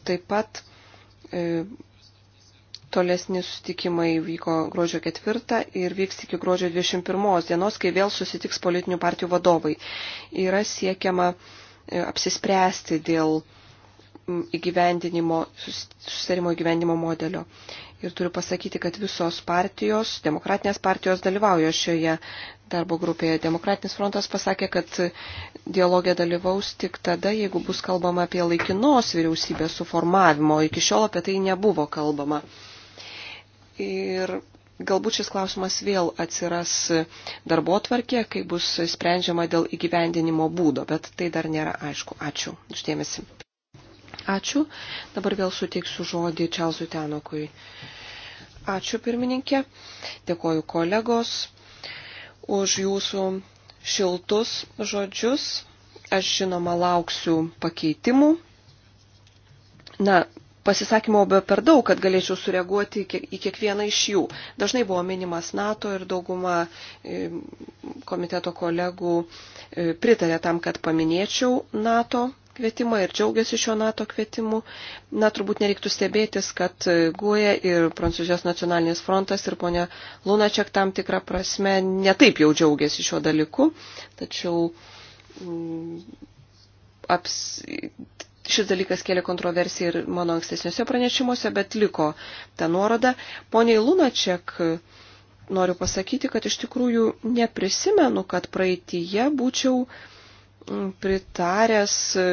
Taip pat e, Tolesni sustikimai vyko gruodžio 4 ir vyks iki gruodžio 21 dienos, kai vėl susitiks politinių partijų vadovai. Yra siekiama e, apsispręsti dėl įgyvendinimo, susitarimo įgyvendinimo modelio. Ir turiu pasakyti, kad visos partijos, demokratinės partijos dalyvauja šioje darbo grupėje. Demokratinis frontas pasakė, kad dialogė dalyvaus tik tada, jeigu bus kalbama apie laikinos vyriausybės suformavimo. Iki šiol apie tai nebuvo kalbama. Ir galbūt šis klausimas vėl atsiras darbo tvarkė, kai bus sprendžiama dėl įgyvendinimo būdo, bet tai dar nėra aišku. Ačiū. Uždėmesi. Ačiū. Dabar vėl suteiksiu žodį Čelzui Tenokui. Ačiū pirmininkė. Dėkoju kolegos už jūsų šiltus žodžius. Aš žinoma lauksiu pakeitimų. Na, pasisakymų be per daug, kad galėčiau sureaguoti į kiekvieną iš jų. Dažnai buvo minimas NATO ir dauguma e, komiteto kolegų e, pritarė tam, kad paminėčiau NATO kvietimą ir džiaugiasi šio NATO kvietimu. Na, turbūt nereiktų stebėtis, kad e, Guoja ir Prancūzijos nacionalinis frontas ir ponia Lunačiak tam tikrą prasme netaip jau džiaugiasi šiuo dalyku, tačiau mm, aps, šis dalykas kėlė kontroversiją ir mano ankstesniuose pranešimuose, bet liko ta nuoroda. Poniai Lunačiak noriu pasakyti, kad iš tikrųjų neprisimenu, kad praeitįje būčiau mm, pritaręs e,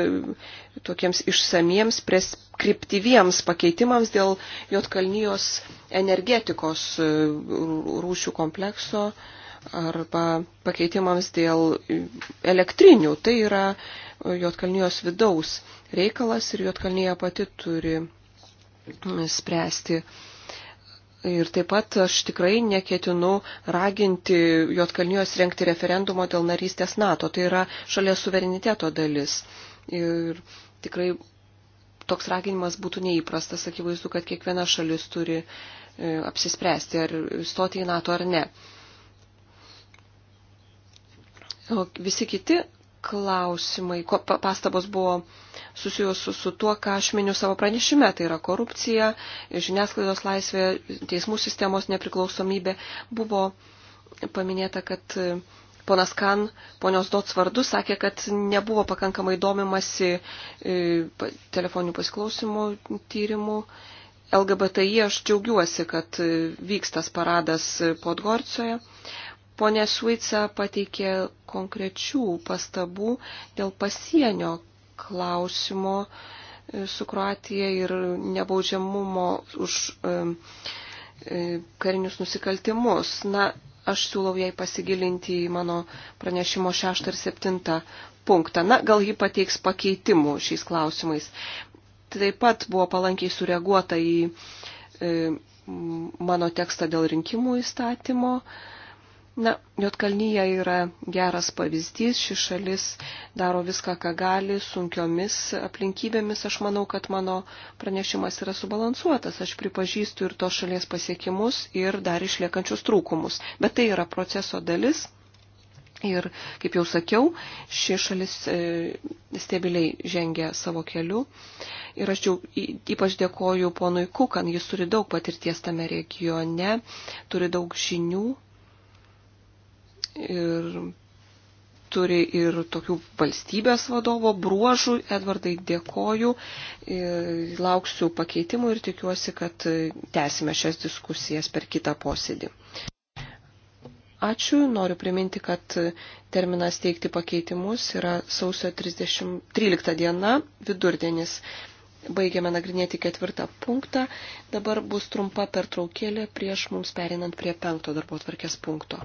tokiems išsamiems preskriptyviems pakeitimams dėl Jotkalnyjos energetikos e, rūšių komplekso arba pakeitimams dėl e, elektrinių. Tai yra Jotkalnijos vidaus reikalas ir Jotkalnyje pati turi spręsti. Ir taip pat aš tikrai neketinu raginti Jotkalnijos renkti referendumo dėl narystės NATO. Tai yra šalies suvereniteto dalis. Ir tikrai toks raginimas būtų neįprastas. Akivaizdu, kad kiekviena šalis turi e, apsispręsti, ar stoti į NATO ar ne. O visi kiti klausimai, pastabos buvo susijusiu su tuo, ką aš miniu savo pranešime, tai yra korupcija, žiniasklaidos laisvė, teismų sistemos nepriklausomybė. Buvo paminėta, kad e, ponas Kan, ponios Dots vardu, sakė, kad nebuvo pakankamai domimasi e, telefoninių pasiklausimų tyrimų. LGBTI aš džiaugiuosi, kad e, vyksta paradas Podgorcijoje. Pone Suica pateikė konkrečių pastabų dėl pasienio klausimo e, su Kroatija ir nebaudžiamumo už e, e, karinius nusikaltimus. Na, aš siūlau jai pasigilinti į mano pranešimo 6 ir 7 punktą. Na, gal ji pateiks pakeitimų šiais klausimais. Taip pat buvo palankiai sureaguota į mano tekstą dėl rinkimų įstatymo. E, Na, Jotkalnyje yra geras pavyzdys, ši šalis daro viską, ką gali, sunkiomis aplinkybėmis. Aš manau, kad mano pranešimas yra subalansuotas. Aš pripažįstu ir tos šalies pasiekimus, ir dar išliekančius trūkumus. Bet tai yra proceso dalis. Ir, kaip jau sakiau, ši šalis e, stabiliai žengia savo keliu. Ir aš džiaug, ypač dėkoju ponui Kukan, jis turi daug patirties tame regione, turi daug žinių ir turi ir tokių valstybės vadovo bruožų. Edvardai, dėkoju, lauksiu pakeitimų ir tikiuosi, kad tęsime šias diskusijas per kitą posėdį. Ačiū, noriu priminti, kad terminas teikti pakeitimus yra sausio 30, 13 diena, vidurdienis. Baigiame nagrinėti ketvirtą punktą. Dabar bus trumpa pertraukėlė prieš mums perinant prie penkto darbo tvarkės punkto.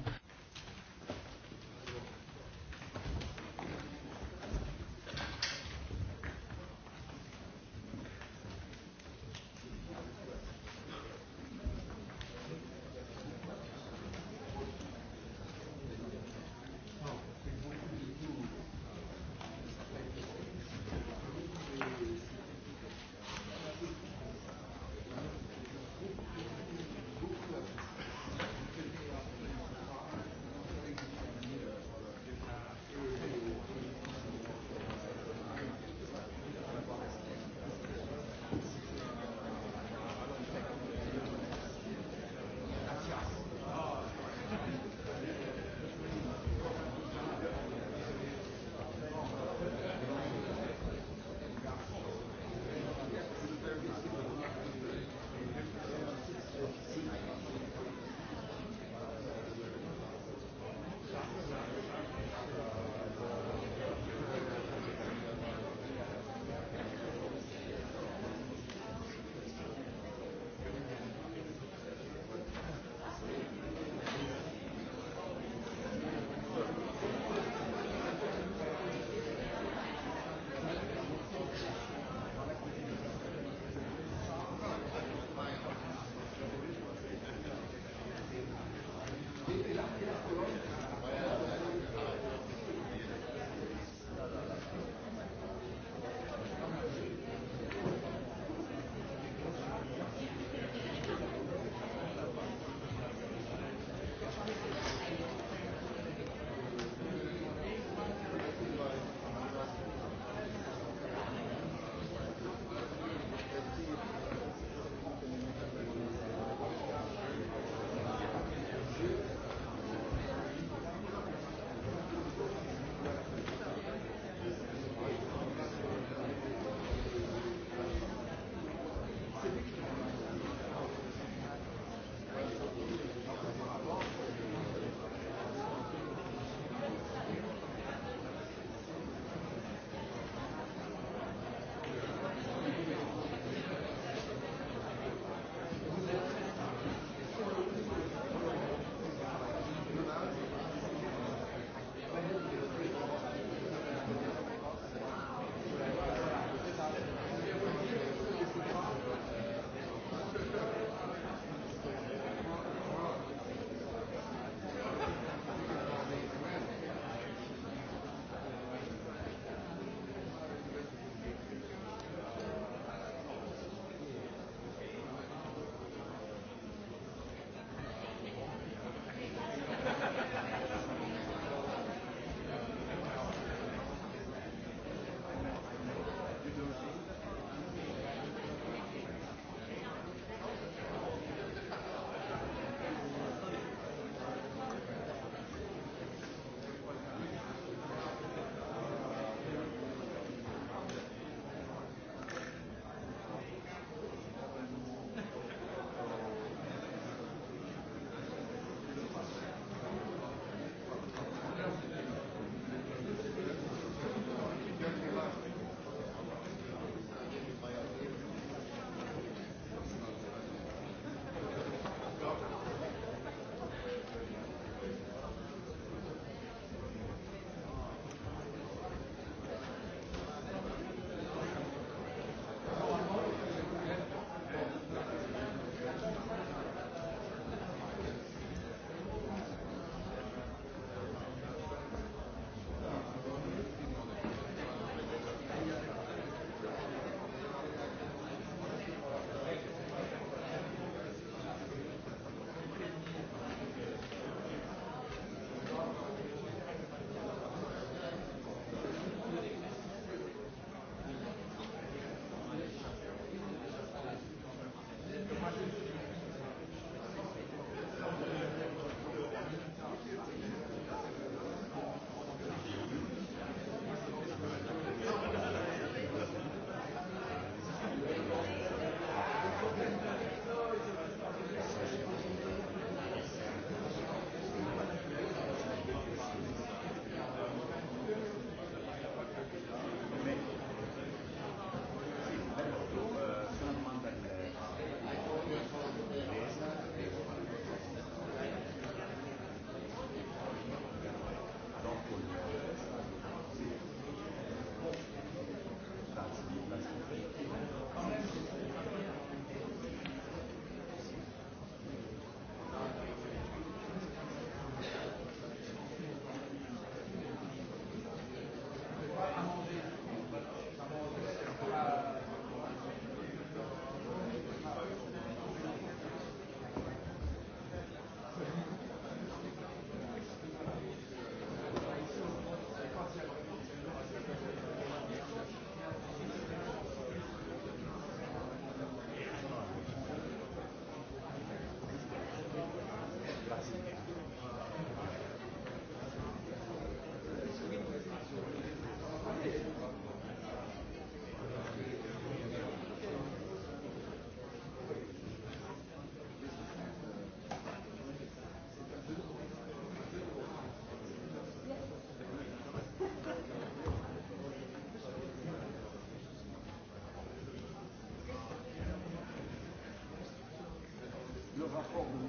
problem.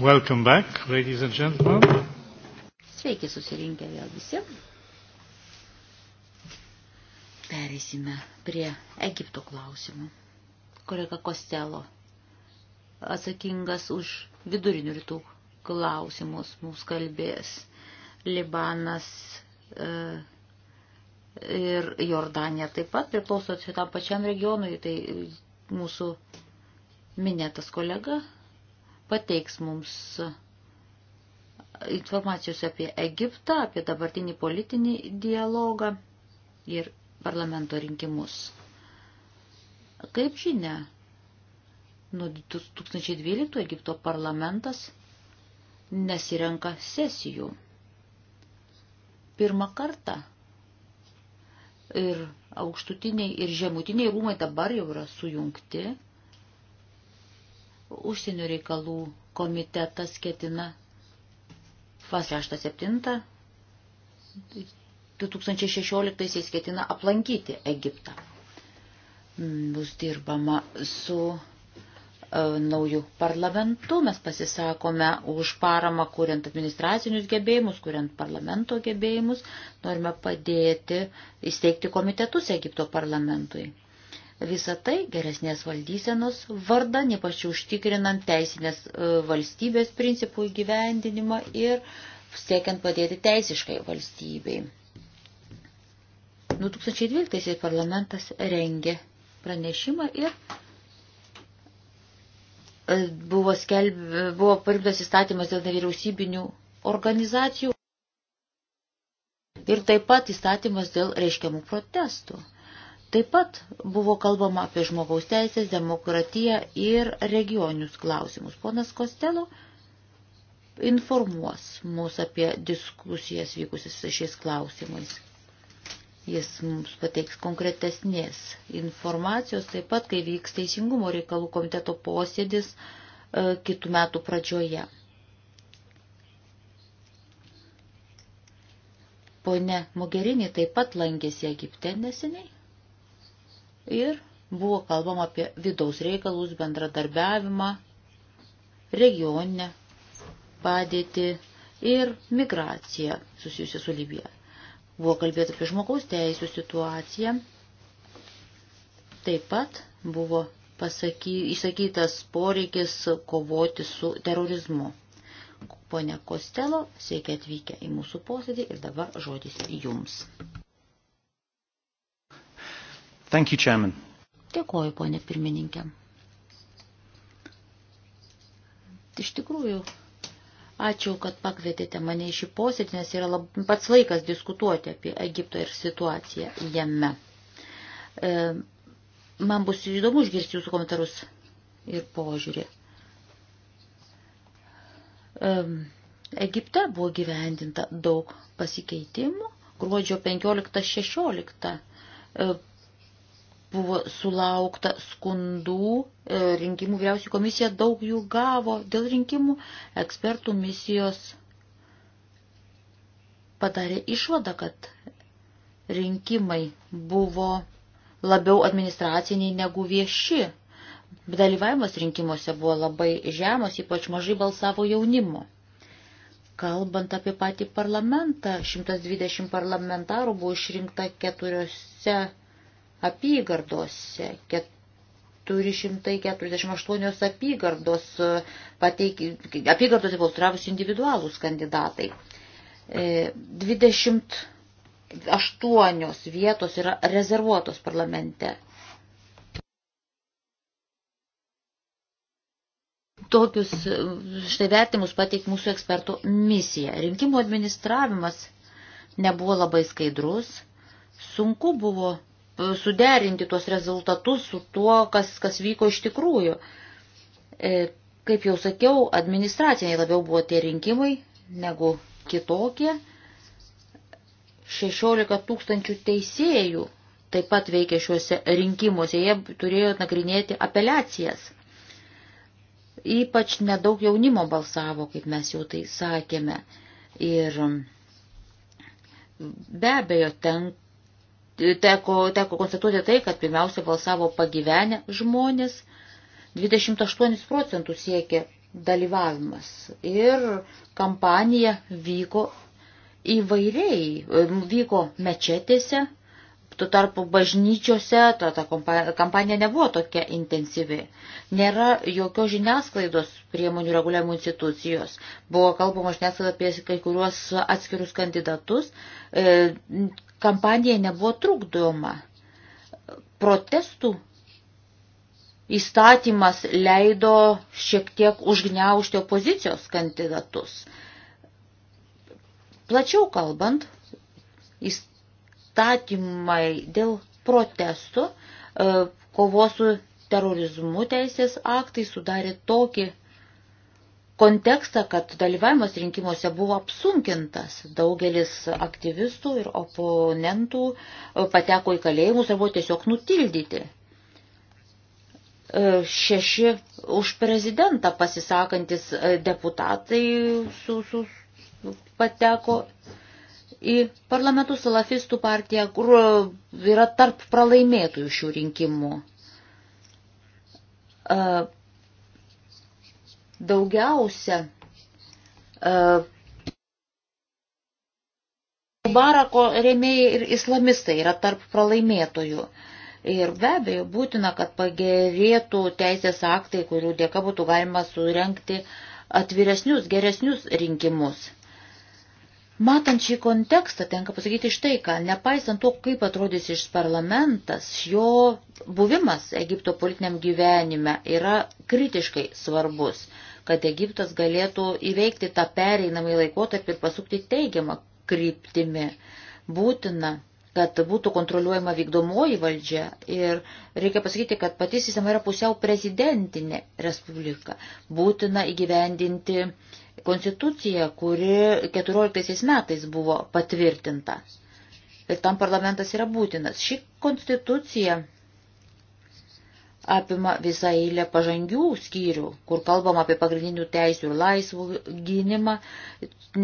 Welcome back, ladies and gentlemen. Sveiki susirinkę vėl visi. Pereisime prie Egipto klausimų. Kolega Kostelo, atsakingas už vidurinių rytų klausimus, mūsų kalbės Libanas e, ir Jordanija taip pat priklauso šitam pačiam regionui, tai mūsų minėtas kolega pateiks mums informacijos apie Egiptą, apie dabartinį politinį dialogą ir parlamento rinkimus. Kaip žinia, nuo 2012 Egipto parlamentas nesirenka sesijų. Pirmą kartą ir aukštutiniai ir žemutiniai rūmai dabar jau yra sujungti Užsienio reikalų komitetas ketina vas 6-7 2016 ketina aplankyti Egiptą. Bus dirbama su e, naujų parlamentų, mes pasisakome už paramą, kuriant administracinius gebėjimus, kuriant parlamento gebėjimus, norime padėti įsteigti komitetus Egipto parlamentui. Visą tai geresnės valdysenos vardan, ypač užtikrinant teisinės e, valstybės principų įgyvendinimą ir siekiant padėti teisiškai valstybei. 2012 nu, parlamentas rengė pranešimą ir e, buvo, skelb... buvo paribdas įstatymas dėl nevyriausybinių organizacijų ir taip pat įstatymas dėl reiškiamų protestų. Taip pat buvo kalbama apie žmogaus teisės, demokratiją ir regionius klausimus. Ponas Kostelo informuos mus apie diskusijas vykusis šiais klausimais. Jis mums pateiks konkretesnės informacijos, taip pat, kai vyks Teisingumo reikalų komiteto posėdis e, kitų metų pradžioje. Pone Mogerinė taip pat lankėsi Egipte neseniai ir buvo kalbama apie vidaus reikalus, bendradarbiavimą, regioninę padėtį ir migraciją susijusią su Libija. Buvo kalbėta apie žmogaus teisų situaciją. Taip pat buvo pasaky, išsakytas poreikis kovoti su terorizmu. Pone Kostelo, sveiki atvykę į mūsų posėdį ir dabar žodis jums. Thank you, Chairman. Dėkoju, ponė pirmininkė. Iš tikrųjų, ačiū, kad pakvietėte mane į šį posėdį, nes yra lab, pats laikas diskutuoti apie Egipto ir situaciją jame. E, man bus įdomu išgirsti jūsų komentarus ir požiūrį. E, Egipte buvo gyvendinta daug pasikeitimų. Gruodžio 15-16 buvo sulaukta skundų, e, rinkimų vyriausių komisija daug jų gavo dėl rinkimų, ekspertų misijos padarė išvadą, kad rinkimai buvo labiau administraciniai negu vieši. Dalyvavimas rinkimuose buvo labai žemos, ypač mažai balsavo jaunimo. Kalbant apie patį parlamentą, 120 parlamentarų buvo išrinkta keturiose apygardose. 448 apygardos e, pateikė, apygardose balstravusi individualūs kandidatai. 28 e, vietos yra rezervuotos parlamente. tokius e, štai vertimus pateik mūsų ekspertų misija. Rinkimų administravimas nebuvo labai skaidrus, sunku buvo suderinti tuos rezultatus su tuo, kas, kas vyko iš tikrųjų. E, kaip jau sakiau, administraciniai labiau buvo tie rinkimai negu kitokie. 16 tūkstančių teisėjų taip pat veikė šiuose rinkimuose, jie turėjo nagrinėti apeliacijas. Ypač nedaug jaunimo balsavo, kaip mes jau tai sakėme. Ir be abejo, tenka teko, teko konstatuoti tai, kad pirmiausia balsavo pagyvenę žmonės, 28 procentų siekė dalyvavimas. Ir kampanija vyko įvairiai, vyko mečetėse, Tuo tarpu bažnyčiose ta, ta kampanija nebuvo tokia intensyvi. Nėra jokios žiniasklaidos priemonių reguliavimo institucijos. Buvo kalbama žiniasklaida apie kai kuriuos atskirus kandidatus. E, kampanija nebuvo trukdoma. Protestų įstatymas leido šiek tiek užgniaužti opozicijos kandidatus. Plačiau kalbant, įstatymai dėl protestų, e, kovos su terorizmu teisės aktai sudarė tokį kontekstą, kad dalyvavimas rinkimuose buvo apsunkintas. Daugelis aktyvistų ir oponentų e, pateko į kalėjimus ar buvo tiesiog nutildyti. E, šeši už prezidentą pasisakantis deputatai su, su, pateko į parlamentų salafistų partiją, kur e, yra tarp pralaimėtųjų šių rinkimų. E, daugiausia e, Barako rėmėjai ir islamistai yra tarp pralaimėtojų. Ir be abejo būtina, kad pagerėtų teisės aktai, kurių dėka būtų galima surenkti atviresnius, geresnius rinkimus. Matant šį kontekstą, tenka pasakyti štai ką, nepaisant to, kaip atrodys iš parlamentas, jo buvimas Egipto politiniam gyvenime yra kritiškai svarbus, kad Egiptas galėtų įveikti tą pereinamąjį laikotarpį ir pasukti teigiamą kryptimi. Būtina, kad būtų kontroliuojama vykdomoji valdžia ir reikia pasakyti, kad pati sistema yra pusiau prezidentinė respublika. Būtina įgyvendinti uh, Konstitucija, kuri 14 metais buvo patvirtinta. Ir tam parlamentas yra būtinas. Ši konstitucija apima visą eilę pažangių skyrių, kur kalbam apie pagrindinių teisių ir laisvų gynimą,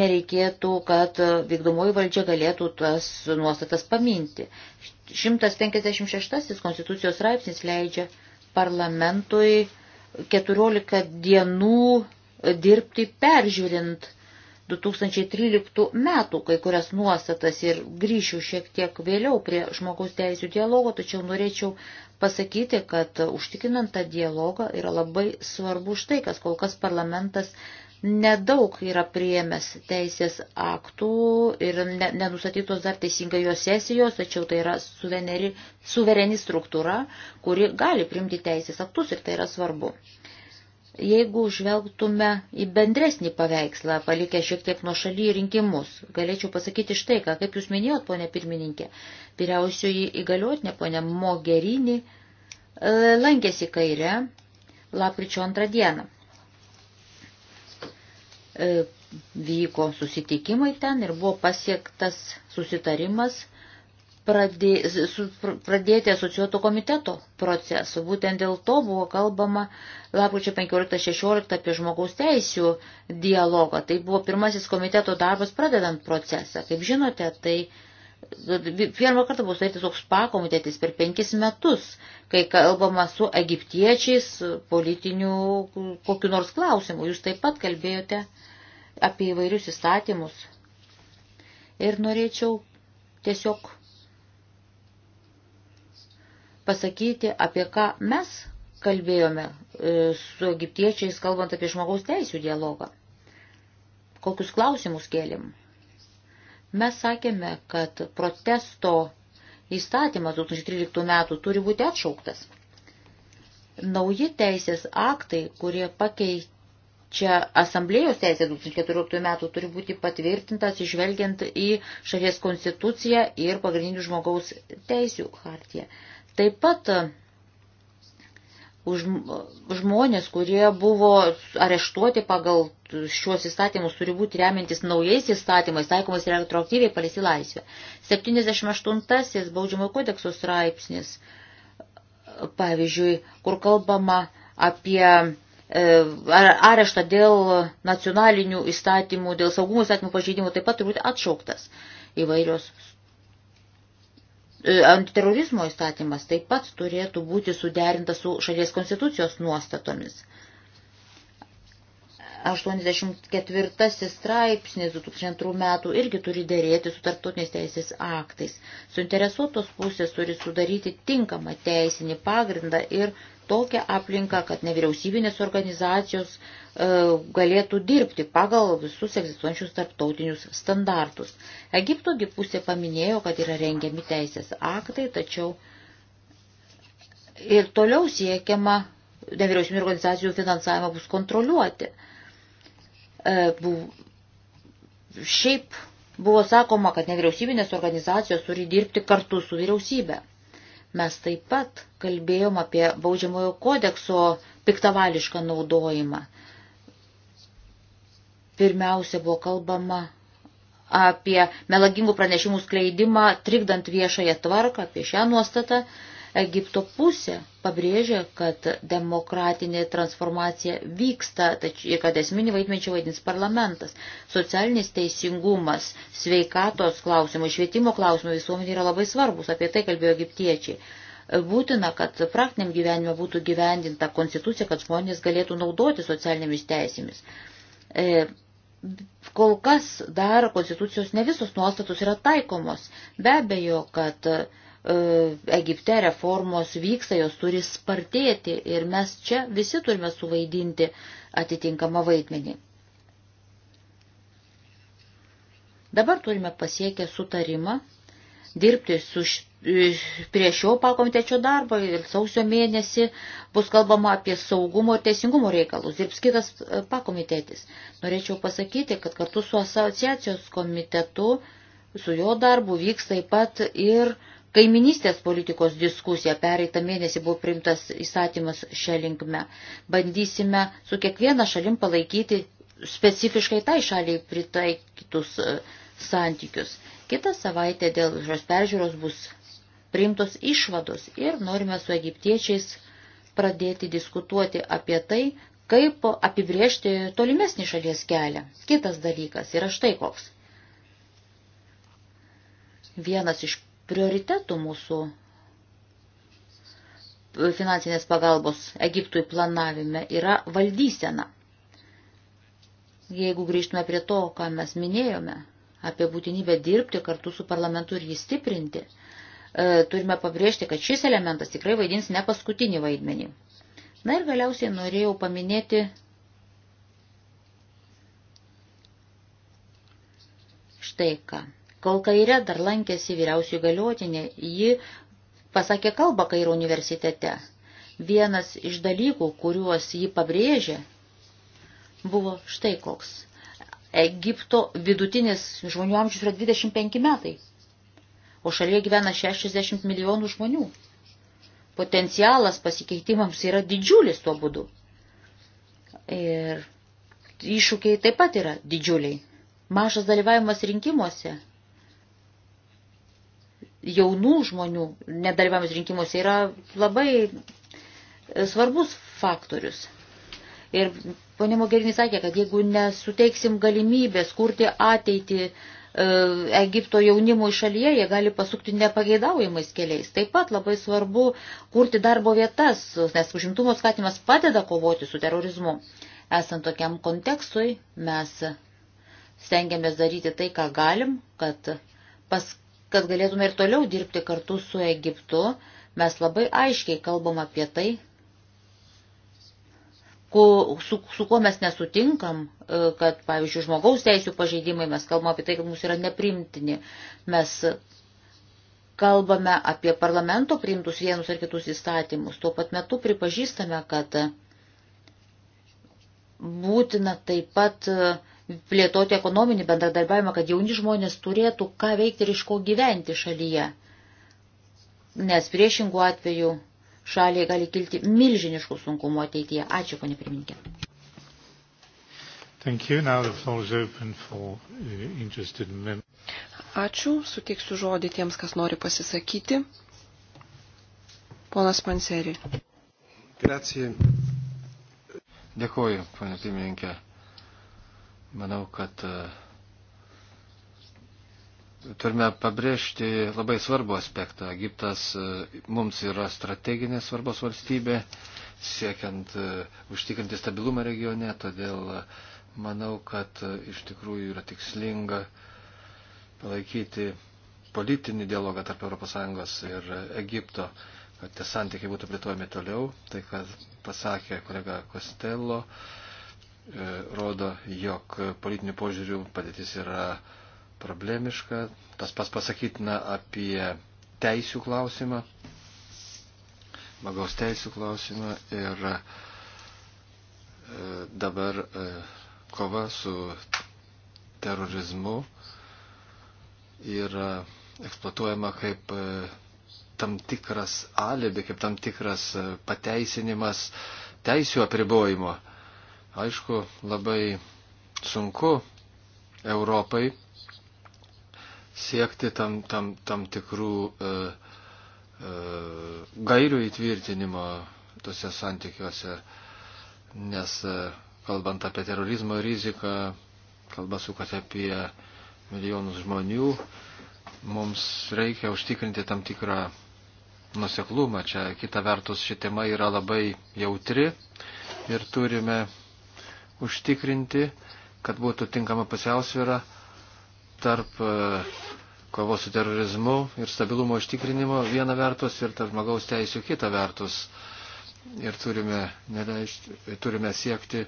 nereikėtų, kad vykdomoji valdžia galėtų tas nuostatas paminti. 156 konstitucijos straipsnis leidžia parlamentui 14 dienų dirbti peržiūrint 2013 metų kai kurias nuostatas ir grįšiu šiek tiek vėliau prie žmogaus teisų dialogo, tačiau norėčiau pasakyti, kad užtikinant tą dialogą yra labai svarbu štai, kas kol kas parlamentas nedaug yra priėmęs teisės aktų ir ne, nenusatytos dar teisingai jos sesijos, tačiau tai yra suvereni, suvereni struktūra, kuri gali priimti teisės aktus ir tai yra svarbu. Jeigu žvelgtume į bendresnį paveikslą, palikę šiek tiek nuo šaly rinkimus, galėčiau pasakyti štai ką, kaip jūs minėjot, ponė pirmininkė, vyriausioji įgaliotinė ponė Mogerinį e, lankėsi kairę lapkričio antrą dieną. E, vyko susitikimai ten ir buvo pasiektas susitarimas pradė, su, pradėti asociuoto komiteto procesu. Būtent dėl to buvo kalbama lapkričio 15-16 apie žmogaus teisių dialogą. Tai buvo pirmasis komiteto darbas pradedant procesą. Kaip žinote, tai pirmą kartą buvo sudarytas toks pakomitetis per penkis metus, kai kalbama su egiptiečiais politinių kokiu nors klausimu. Jūs taip pat kalbėjote apie įvairius įstatymus. Ir norėčiau tiesiog pasakyti, apie ką mes kalbėjome e, su egiptiečiais, kalbant apie žmogaus teisų dialogą. Kokius klausimus kėlim? Mes sakėme, kad protesto įstatymas 2013 metų turi būti atšauktas. Nauji teisės aktai, kurie pakeitė Čia asamblėjos teisė 2014 metų turi būti patvirtintas išvelgiant į šalies konstituciją ir pagrindinių žmogaus teisių hartiją. Taip pat e, už žmonės, kurie buvo areštuoti pagal šiuos įstatymus, turi būti remiantis naujais įstatymais, taikomas retroaktyviai palės į laisvę. 78-asis baudžiamo kodekso straipsnis, pavyzdžiui, kur kalbama apie e, areštą dėl nacionalinių įstatymų, dėl saugumo įstatymų pažeidimų, taip pat turi būti atšauktas. Įvairios E, antiterorizmo įstatymas taip pat turėtų būti suderintas su šalies konstitucijos nuostatomis. 84 straipsnis 2002 metų irgi turi dėrėti su tarptautinės teisės aktais. Suinteresuotos pusės turi sudaryti tinkamą teisinį pagrindą ir tokią aplinką, kad nevyriausybinės organizacijos e, galėtų dirbti pagal visus egzistuojančius tarptautinius standartus. Egipto pusė paminėjo, kad yra rengiami teisės aktai, tačiau ir toliau siekiama nevyriausybinio organizacijų finansavimą bus kontroliuoti. E, E, šiaip buvo sakoma, kad nevyriausybinės organizacijos turi dirbti kartu su vyriausybė. Mes taip pat kalbėjom apie baudžiamojo kodekso piktavališką naudojimą. Pirmiausia buvo kalbama apie melagingų pranešimų skleidimą, trikdant viešąją tvarką, apie šią nuostatą. Egipto pusė pabrėžia, kad demokratinė transformacija vyksta ir kad esminį vaidmenčią vaidins parlamentas. Socialinis teisingumas, sveikatos klausimai, švietimo klausimai visuomenė yra labai svarbus, apie tai kalbėjo egiptiečiai. Būtina, kad praktiniam gyvenime būtų gyvendinta konstitucija, kad žmonės galėtų naudoti socialinėmis teisėmis. E, kol kas dar konstitucijos ne visos nuostatos yra taikomos. Be abejo, kad e, Egipte reformos vyksta, jos turi spartėti ir mes čia visi turime suvaidinti atitinkamą vaidmenį. Dabar turime pasiekę sutarimą dirbti su prie šio pakomitečio darbo ir sausio mėnesį bus kalbama apie saugumo ir teisingumo reikalus, dirbs kitas e, pakomitetis. Norėčiau pasakyti, kad kartu su asociacijos komitetu, su jo darbu vyks taip pat ir uh, Kaiminystės politikos diskusija pereitą mėnesį buvo primtas įstatymas šią linkme. Bandysime su kiekviena šalim palaikyti specifiškai tai šaliai pritaikytus e, santykius. Kita savaitė dėl šios peržiūros bus priimtos išvados ir norime su egiptiečiais pradėti diskutuoti apie tai, kaip apibriežti tolimesnį šalies kelią. Kitas dalykas yra štai koks. Vienas iš prioritetų mūsų finansinės pagalbos Egiptui planavime yra valdysena. Jeigu grįžtume prie to, ką mes minėjome, apie būtinybę dirbti kartu su parlamentu ir jį stiprinti, e, turime pabrėžti, kad šis elementas tikrai vaidins ne paskutinį vaidmenį. Na ir galiausiai norėjau paminėti štai ką. Kol kairė dar lankėsi vyriausių galiotinė, ji pasakė kalbą Kairo universitete. Vienas iš dalykų, kuriuos ji pabrėžė, buvo štai koks. Egipto vidutinis žmonių amžius yra 25 metai, o šalyje gyvena 60 milijonų žmonių. Potencialas pasikeitimams yra didžiulis tuo būdu. Ir iššūkiai taip pat yra didžiuliai. Mažas dalyvavimas rinkimuose jaunų žmonių nedalyvavimas rinkimuose yra labai e, svarbus faktorius. Ir ponė Mogherini sakė, kad jeigu nesuteiksim galimybės kurti ateitį e, Egipto jaunimui šalyje, jie gali pasukti nepageidaujamais keliais. Taip pat labai svarbu kurti darbo vietas, nes užimtumo skatimas padeda kovoti su terorizmu. Esant tokiam kontekstui, mes stengiamės daryti tai, ką galim, kad pas kad galėtume ir toliau dirbti kartu su Egiptu, mes labai aiškiai kalbam apie tai, ku, su, su kuo mes nesutinkam, e, kad, pavyzdžiui, žmogaus teisų pažeidimai, mes kalbam apie tai, kad mums yra neprimtini. Mes kalbame apie parlamento priimtus vienus ar kitus įstatymus. Tuo pat metu pripažįstame, kad būtina taip pat uh, plėtoti ekonominį bendradarbiavimą, kad jauni žmonės turėtų ką veikti ir iš ko gyventi šalyje. Nes priešingų atveju šaliai gali kilti milžiniškų sunkumų ateityje. Ačiū, ponė pirmininkė. Uh, Ačiū, suteiksiu žodį tiems, kas nori pasisakyti. Ponas Panseri. Gracija. Dėkuoju, ponė pirmininkė. Manau, kad e, turime pabrėžti labai svarbų aspektą. Egiptas e, mums yra strateginė svarbos valstybė, siekiant e, užtikrinti stabilumą regione, todėl manau, kad iš tikrųjų yra tikslinga palaikyti politinį dialogą tarp ES ir Egipto, kad tie santykiai būtų plėtojami toliau. Tai, kad pasakė kolega Kostello, E, rodo, jog politinių požiūrių padėtis yra problemiška. Tas pas pasakytina apie teisų klausimą, magaus teisų klausimą ir e, dabar e, kova su terorizmu yra eksploatuojama kaip tam tikras alibi, kaip tam tikras pateisinimas teisų apribojimo. Aišku, labai sunku Europai siekti tam, tam, tam tikrų e, e, gairių įtvirtinimo tose santykiuose, nes e, kalbant apie terorizmo riziką, kalba sukasi apie milijonus žmonių, mums reikia užtikrinti tam tikrą nuseklumą. Čia kita vertus ši tema yra labai jautri ir turime užtikrinti, kad būtų tinkama pusiausvėra tarp e, kovos su terorizmu ir stabilumo užtikrinimo viena vertus ir tarp žmogaus teisų kita vertus. Ir turime, neleišti, turime siekti,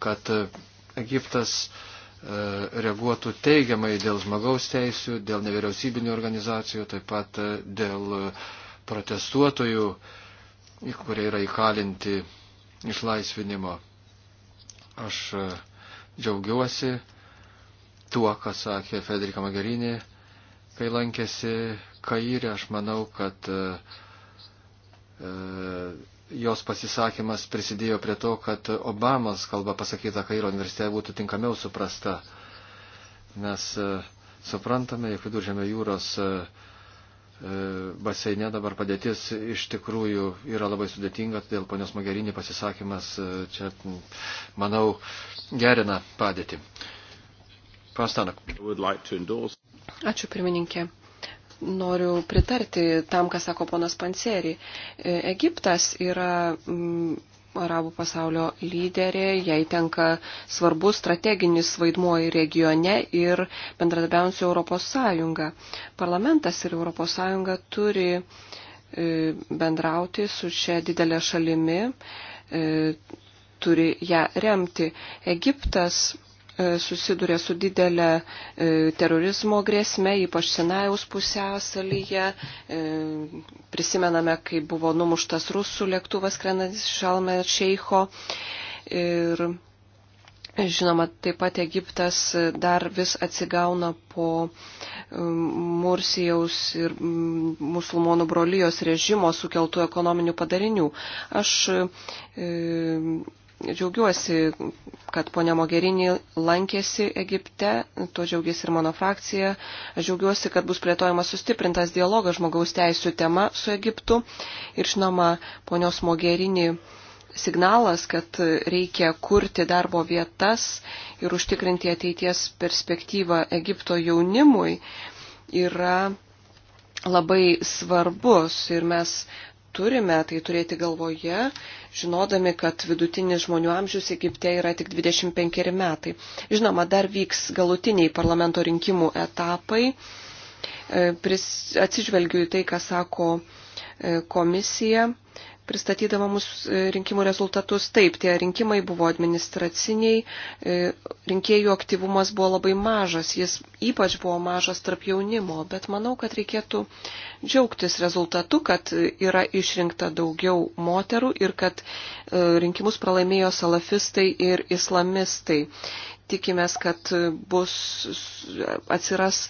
kad Egiptas e, reaguotų teigiamai dėl žmogaus teisų, dėl nevyriausybinių organizacijų, taip pat e, dėl protestuotojų, kurie yra įkalinti išlaisvinimo. Aš e, džiaugiuosi tuo, ką sakė Federika Magerinė, kai lankėsi Kairė. Aš manau, kad e, e, jos pasisakymas prisidėjo prie to, kad Obamos kalba pasakyta Kairio universitete būtų tinkamiau suprasta. Nes e, suprantame, jog viduržėme jūros e, E, baseine dabar padėtis iš tikrųjų yra labai sudėtinga, todėl ponios Magerinį pasisakymas e, čia, manau, gerina padėtį. Pastanak. Ačiū pirmininkė. Noriu pritarti tam, ką sako ponas Panseri. E, Egiptas yra arabų pasaulio lyderė, jai tenka svarbus strateginis vaidmuo ir regione ir bendradarbiaujant su ES. Parlamentas ir ES turi e, bendrauti su šia didelė šalimi, e, turi ją remti. Egiptas E, susiduria su didelė e, terorizmo grėsme, ypač Sinajaus pusėsalyje. E, prisimename, kai buvo numuštas rusų lėktuvas krenantis Šalme Šeiko. Ir žinoma, taip pat Egiptas dar vis atsigauna po Mursijaus ir mm, musulmonų brolyjos režimo sukeltų ekonominių padarinių. Aš džiaugiuosi, kad ponia Mogerinė lankėsi Egipte, tuo džiaugiasi ir mano frakcija. Aš džiaugiuosi, kad bus plėtojamas sustiprintas dialogas žmogaus teisų tema su Egiptu. Ir žinoma, ponios Mogerinė signalas, kad reikia kurti darbo vietas ir užtikrinti ateities perspektyvą Egipto jaunimui yra labai svarbus ir mes turime tai turėti galvoje, žinodami, kad vidutinis žmonių amžius Egipte yra tik 25 metai. Žinoma, dar vyks galutiniai parlamento rinkimų etapai. E, pris, atsižvelgiu į tai, ką sako e, komisija pristatydama mūsų e, rinkimų rezultatus. Taip, tie rinkimai buvo administraciniai, e, rinkėjų aktyvumas buvo labai mažas, jis ypač buvo mažas tarp jaunimo, bet manau, kad reikėtų džiaugtis rezultatu, kad yra išrinkta daugiau moterų ir kad e, rinkimus pralaimėjo salafistai ir islamistai. Tikimės, kad bus atsiras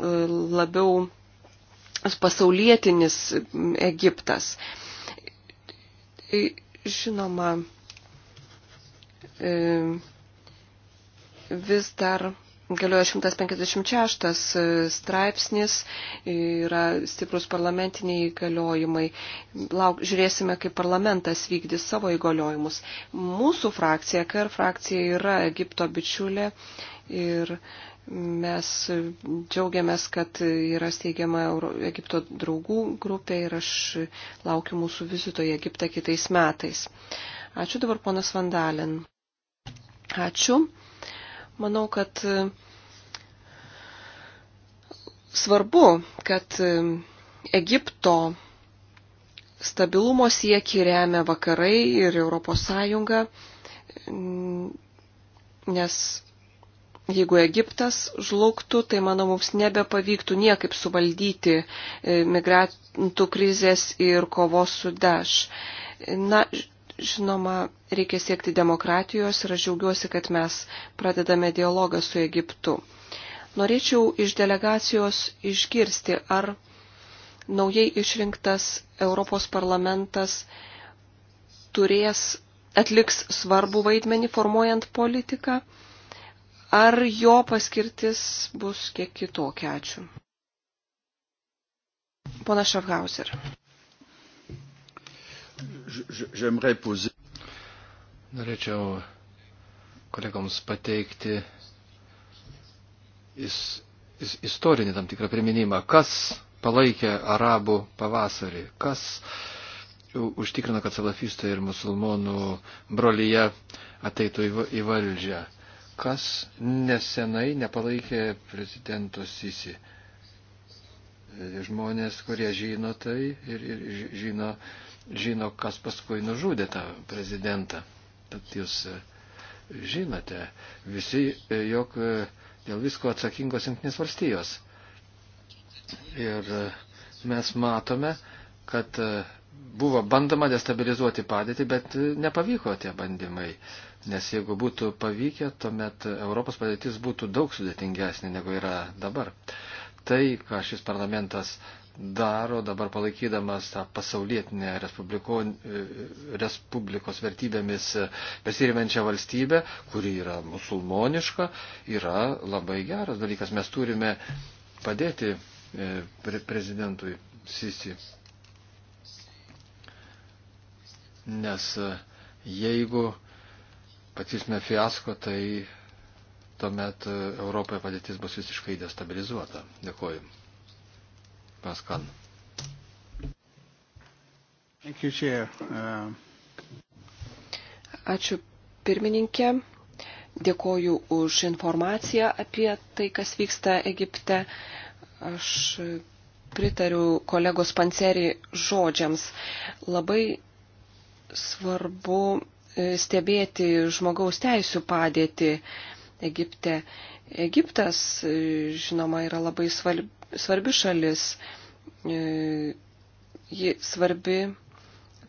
labiau pasaulietinis Egiptas. E, žinoma, e, vis dar galioja 156 e, straipsnis, yra stiprus parlamentiniai įgaliojimai. Lauk, žiūrėsime, kaip parlamentas vykdys savo įgaliojimus. Mūsų frakcija, KR frakcija yra Egipto bičiulė ir Mes džiaugiamės, kad yra steigiama Egipto draugų grupė ir aš laukiu mūsų vizito į Egiptą kitais metais. Ačiū dabar ponas Vandalin. Ačiū. Manau, kad e, svarbu, kad e, Egipto stabilumo siekį remia vakarai ir ES, nes Jeigu Egiptas žlugtų, tai manau mums nebepavyktų niekaip suvaldyti e, migrantų krizės ir kovos su deš. Na, žinoma, reikia siekti demokratijos ir aš džiaugiuosi, kad mes pradedame dialogą su Egiptu. Norėčiau iš delegacijos išgirsti, ar naujai išrinktas Europos parlamentas turės, atliks svarbų vaidmenį formuojant politiką ar jo paskirtis bus kiek kitokia. Ačiū. Pona Šafhauser. Norėčiau kolegoms pateikti is, is, istorinį tam tikrą priminimą, kas palaikė arabų pavasarį, kas užtikrino, kad salafistai ir musulmonų brolyje ateitų į, į valdžią kas nesenai nepalaikė prezidento Sisi. Žmonės, kurie žino tai ir, ir žino, žino, kas paskui nužudė tą prezidentą. Tad jūs e, žinote, visi, e, jog e, dėl visko atsakingos jungtinės valstijos. Ir mes matome, kad buvo bandoma destabilizuoti padėtį, bet nepavyko tie bandymai. Nes jeigu būtų pavykę, tuomet Europos padėtis būtų daug sudėtingesnė negu yra dabar. Tai, ką šis parlamentas daro dabar palaikydamas tą pasaulietinę Respublikos vertybėmis besirimenčią valstybę, kuri yra musulmoniška, yra labai geras dalykas. Mes turime padėti e, prezidentui Sisi. Nes e, jeigu patirsime fiasko, tai tuomet e, Europoje padėtis bus visiškai destabilizuota. Dėkuoju. Paskan. Uh, Ačiū pirmininkė. Dėkoju už informaciją apie tai, kas vyksta Egipte. Aš pritariu kolegos Panceri žodžiams. Labai svarbu stebėti žmogaus teisų padėtį Egipte. Egiptas, e, žinoma, yra labai svarbi, svarbi šalis. E, ji svarbi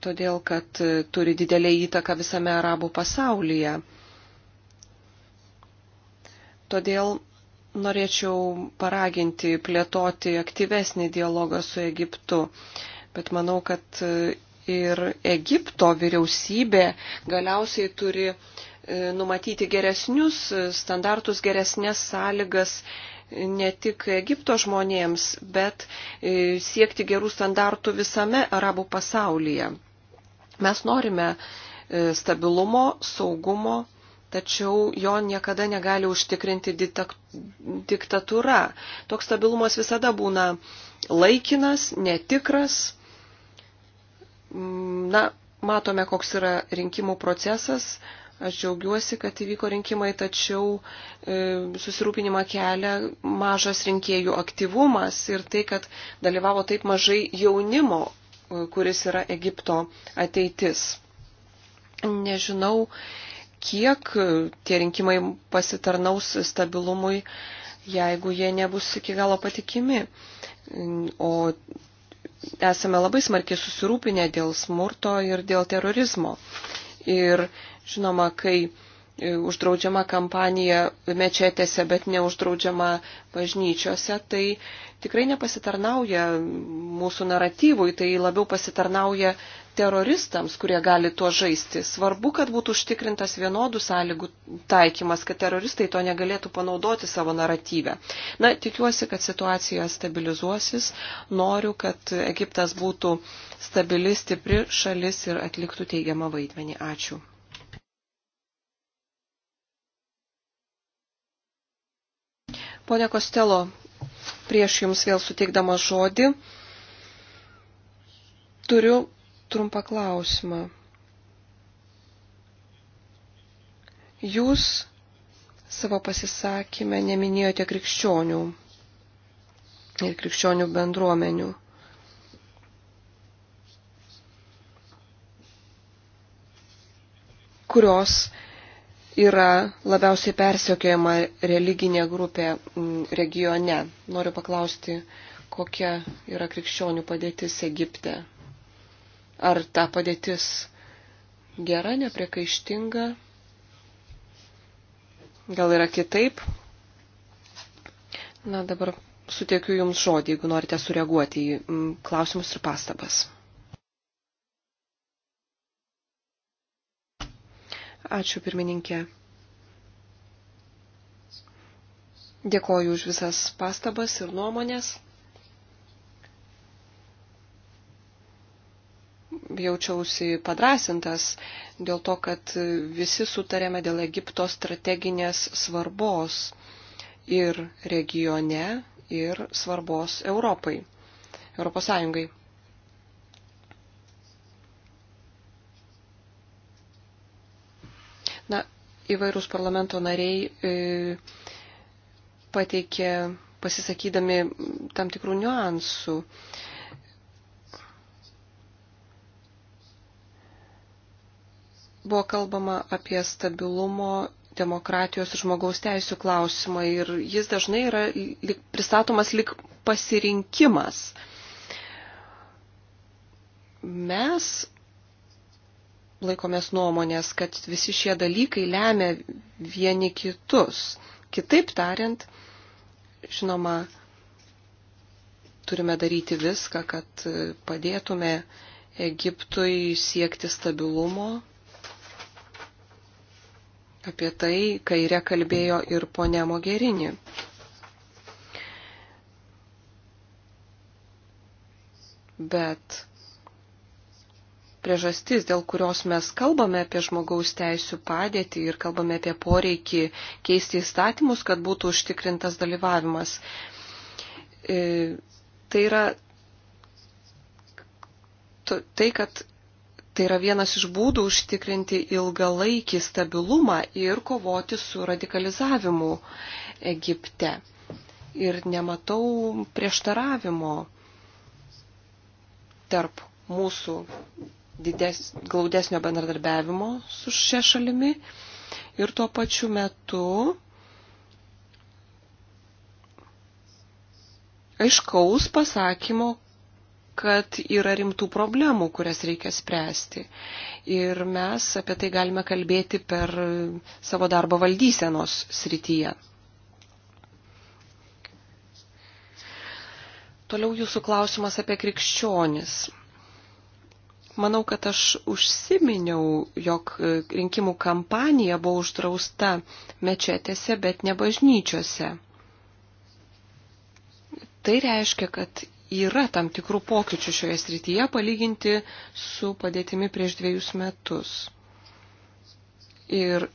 todėl, kad e, turi didelį įtaką visame arabų pasaulyje. Todėl norėčiau paraginti plėtoti aktyvesnį dialogą su Egiptu, bet manau, kad ir Egipto vyriausybė galiausiai turi e, numatyti geresnius e, standartus, geresnės sąlygas e, ne tik Egipto žmonėms, bet siekti gerų standartų visame arabų pasaulyje. Mes norime stabilumo, saugumo, tačiau jo niekada negali užtikrinti diktatūra. Toks stabilumas visada būna laikinas, netikras Mm, na, matome, koks yra rinkimų procesas. Aš džiaugiuosi, kad įvyko rinkimai, tačiau e, susirūpinimą kelia mažas rinkėjų aktyvumas ir tai, kad dalyvavo taip mažai jaunimo, e, kuris yra Egipto ateitis. Nežinau, kiek tie rinkimai pasitarnaus stabilumui, jeigu jie nebus iki galo patikimi. O esame labai smarkiai susirūpinę dėl smurto ir dėl terorizmo. Ir žinoma, kai e, uždraudžiama kampanija mečetėse, bet neuždraudžiama bažnyčiose, tai tikrai nepasitarnauja mūsų naratyvui, tai labiau pasitarnauja teroristams, kurie gali tuo žaisti. Svarbu, kad būtų užtikrintas vienodų sąlygų taikymas, kad teroristai to negalėtų panaudoti savo naratyvę. Na, tikiuosi, kad situacija stabilizuosis. Noriu, kad Egiptas būtų stabili, stipri šalis ir atliktų teigiamą vaidmenį. Ačiū. Pone Kostelo, prieš Jums vėl suteikdamas žodį, turiu trumpą klausimą. Jūs savo pasisakymę neminėjote krikščionių ir krikščionių bendruomenių. kurios yra labiausiai persiokiojama religinė grupė mm, regione. Noriu paklausti, kokia yra krikščionių padėtis Egipte ar ta padėtis gera, nepriekaištinga, gal yra kitaip. Na, dabar suteikiu Jums žodį, jeigu norite sureaguoti į mm, klausimus ir pastabas. Ačiū pirmininkė. Dėkoju už visas pastabas ir nuomonės. jaučiausi padrasintas dėl to, kad visi sutarėme dėl Egipto strateginės svarbos ir regione, ir svarbos Europai, Europos Sąjungai. Na, įvairūs parlamento nariai e, pateikė pasisakydami tam tikrų niuansų. E, Buvo kalbama apie stabilumo, demokratijos ir žmogaus teisų klausimą ir jis dažnai yra lik, pristatomas lik pasirinkimas. Mes laikomės nuomonės, kad visi šie dalykai lemia vieni kitus. Kitaip tariant, žinoma, turime daryti viską, kad padėtume Egiptui siekti stabilumo, Apie tai kairę kalbėjo ir ponė Mogerini. Bet priežastis, dėl kurios mes kalbame apie žmogaus teisų padėtį ir kalbame apie poreikį keisti įstatymus, kad būtų užtikrintas dalyvavimas. E, tai yra tai, kad Tai yra vienas iš būdų užtikrinti ilgalaikį stabilumą ir kovoti su radikalizavimu Egipte. Ir nematau prieštaravimo tarp mūsų dides, glaudesnio bendradarbiavimo su šia šalimi ir tuo pačiu metu aiškaus pasakymo, kad yra rimtų problemų, kurias reikia spręsti. Ir mes apie tai galime kalbėti per savo darbo valdysenos srityje. Toliau jūsų klausimas apie krikščionis. Manau, kad aš užsiminiau, jog rinkimų kampanija buvo uždrausta mečetėse, bet ne bažnyčiose. Tai reiškia, kad yra tam tikrų pokyčių šioje srityje palyginti su padėtimi prieš dviejus metus. Ir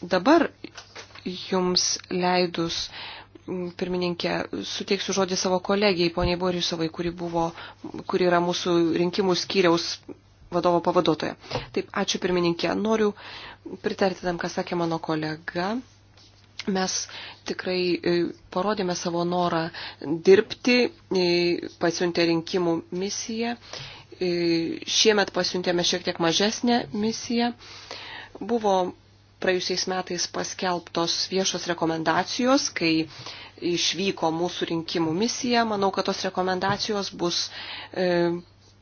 dabar jums leidus, pirmininkė, suteiksiu žodį savo kolegijai, poniai Borisovai, kuri, buvo, kuri yra mūsų rinkimų skyriaus vadovo pavaduotoja. Taip, ačiū pirmininkė. Noriu pritarti tam, ką sakė mano kolega mes tikrai e, parodėme savo norą dirbti, e, pasiuntė rinkimų misiją. E, šiemet pasiuntėme šiek tiek mažesnę misiją. Buvo praėjusiais metais paskelbtos viešos rekomendacijos, kai išvyko mūsų rinkimų misija. Manau, kad tos rekomendacijos bus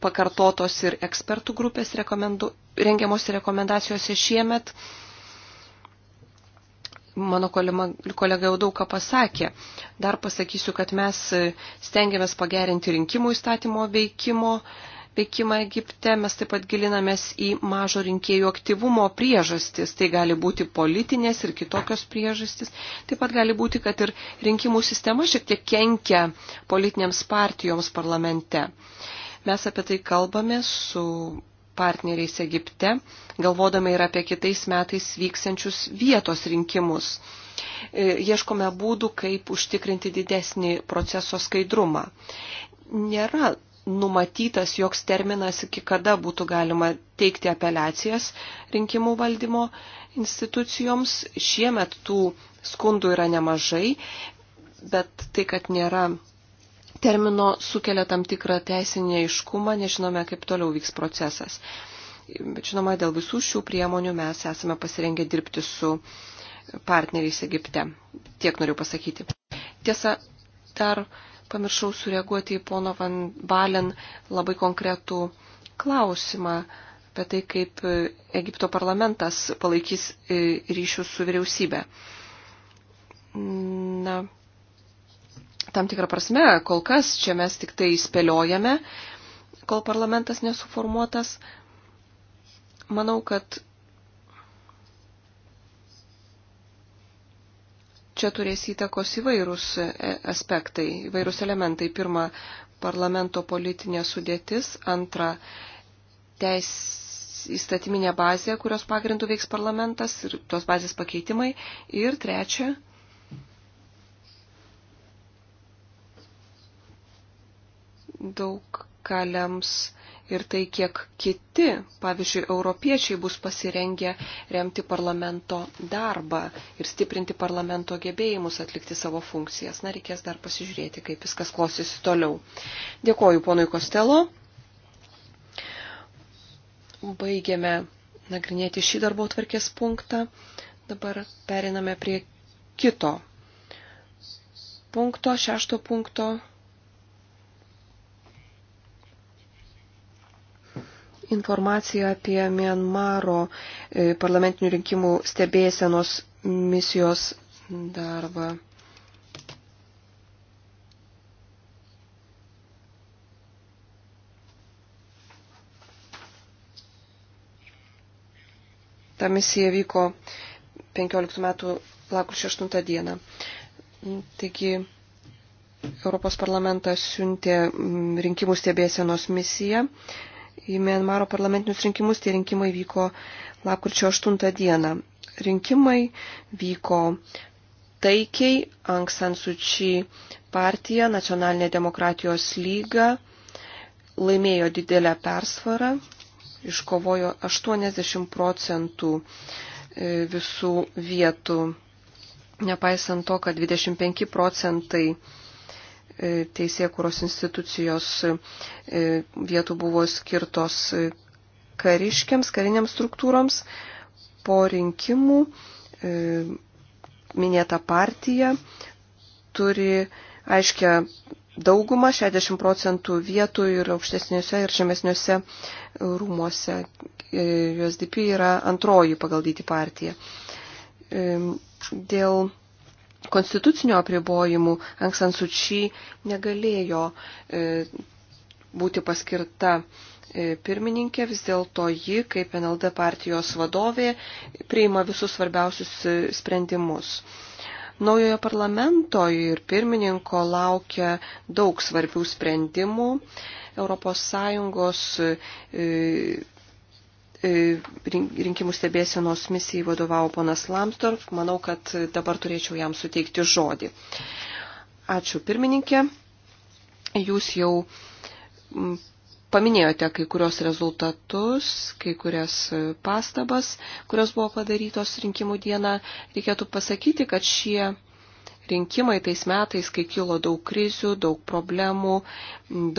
pakartotos ir ekspertų grupės rekomendu, rengiamos rekomendacijose šiemet. E, mano kolega jau daug ką pasakė. Dar pasakysiu, kad mes stengiamės pagerinti rinkimų įstatymo veikimo, veikimą Egipte. Mes taip pat gilinamės į mažo rinkėjų aktyvumo priežastis. Tai gali būti politinės ir kitokios priežastis. Taip pat gali būti, kad ir rinkimų sistema šiek tiek kenkia politinėms partijoms parlamente. Mes apie tai kalbame su partneriais Egipte, galvodami ir apie kitais metais vyksiančius vietos rinkimus. E, ieškome būdų, kaip užtikrinti didesnį proceso skaidrumą. Nėra numatytas joks terminas, iki kada būtų galima teikti apeliacijas rinkimų valdymo institucijoms. Šiemet tų skundų yra nemažai, bet tai, kad nėra termino sukelia tam tikrą teisinį aiškumą, nežinome, kaip toliau vyks procesas. Bet žinoma, dėl visų šių priemonių mes esame pasirengę dirbti su partneriais Egipte. Tiek noriu pasakyti. Tiesa, dar pamiršau sureaguoti į pono Van Balen labai konkretų klausimą apie tai, kaip Egipto parlamentas palaikys ryšius su vyriausybė. Na, tam tikrą prasme, kol kas čia mes tik tai spėliojame, kol parlamentas nesuformuotas. Manau, kad čia turės įtakos įvairūs e, aspektai, įvairūs elementai. Pirma, parlamento politinė sudėtis. Antra, teis įstatyminė bazė, kurios pagrindų veiks parlamentas ir tos bazės pakeitimai. Ir trečia, daug ką lems ir tai, kiek kiti, pavyzdžiui, europiečiai bus pasirengę remti parlamento darbą ir stiprinti parlamento gebėjimus atlikti savo funkcijas. Na, reikės dar pasižiūrėti, kaip viskas klostysi toliau. Dėkoju ponui Kostelo. Baigėme nagrinėti šį darbo tvarkės punktą. Dabar periname prie kito punkto, šešto punkto informacija apie Mienmaro e, parlamentinių rinkimų stebėsenos misijos darbą. Ta misija vyko 15 metų lakrūčio 8 dieną. Taigi Europos parlamentas siuntė mm, rinkimų stebėsenos misiją į Mienmaro parlamentinius rinkimus. Tie rinkimai vyko lapkričio 8 dieną. Rinkimai vyko taikiai, Anksan Suči partija, Nacionalinė demokratijos lyga laimėjo didelę persvarą, iškovojo 80 procentų e, visų vietų, nepaisant to, kad 25 procentai E, teisėkuros institucijos e, vietų buvo skirtos e, kariškiams, kariniams struktūroms. Po rinkimų minėta partija turi aiškia daugumą 60 procentų vietų ir aukštesniuose ir žemesniuose rūmuose. USDP yra antroji pagal dydį partija. Dėl konstitucinio apribojimų Anksan Suči negalėjo e, būti paskirta e, pirmininkė, vis dėlto ji, kaip NLD partijos vadovė, priima visus svarbiausius e, sprendimus. Naujojo parlamento ir pirmininko laukia daug svarbių sprendimų. ES E, rinkimų stebėsienos misijai vadovavo ponas Lamsdorf. Manau, kad dabar turėčiau jam suteikti žodį. Ačiū pirmininkė. Jūs jau paminėjote kai kurios rezultatus, kai kurias pastabas, kurios buvo padarytos rinkimų dieną. Reikėtų pasakyti, kad šie rinkimai tais metais, kai kilo daug krizių, daug problemų,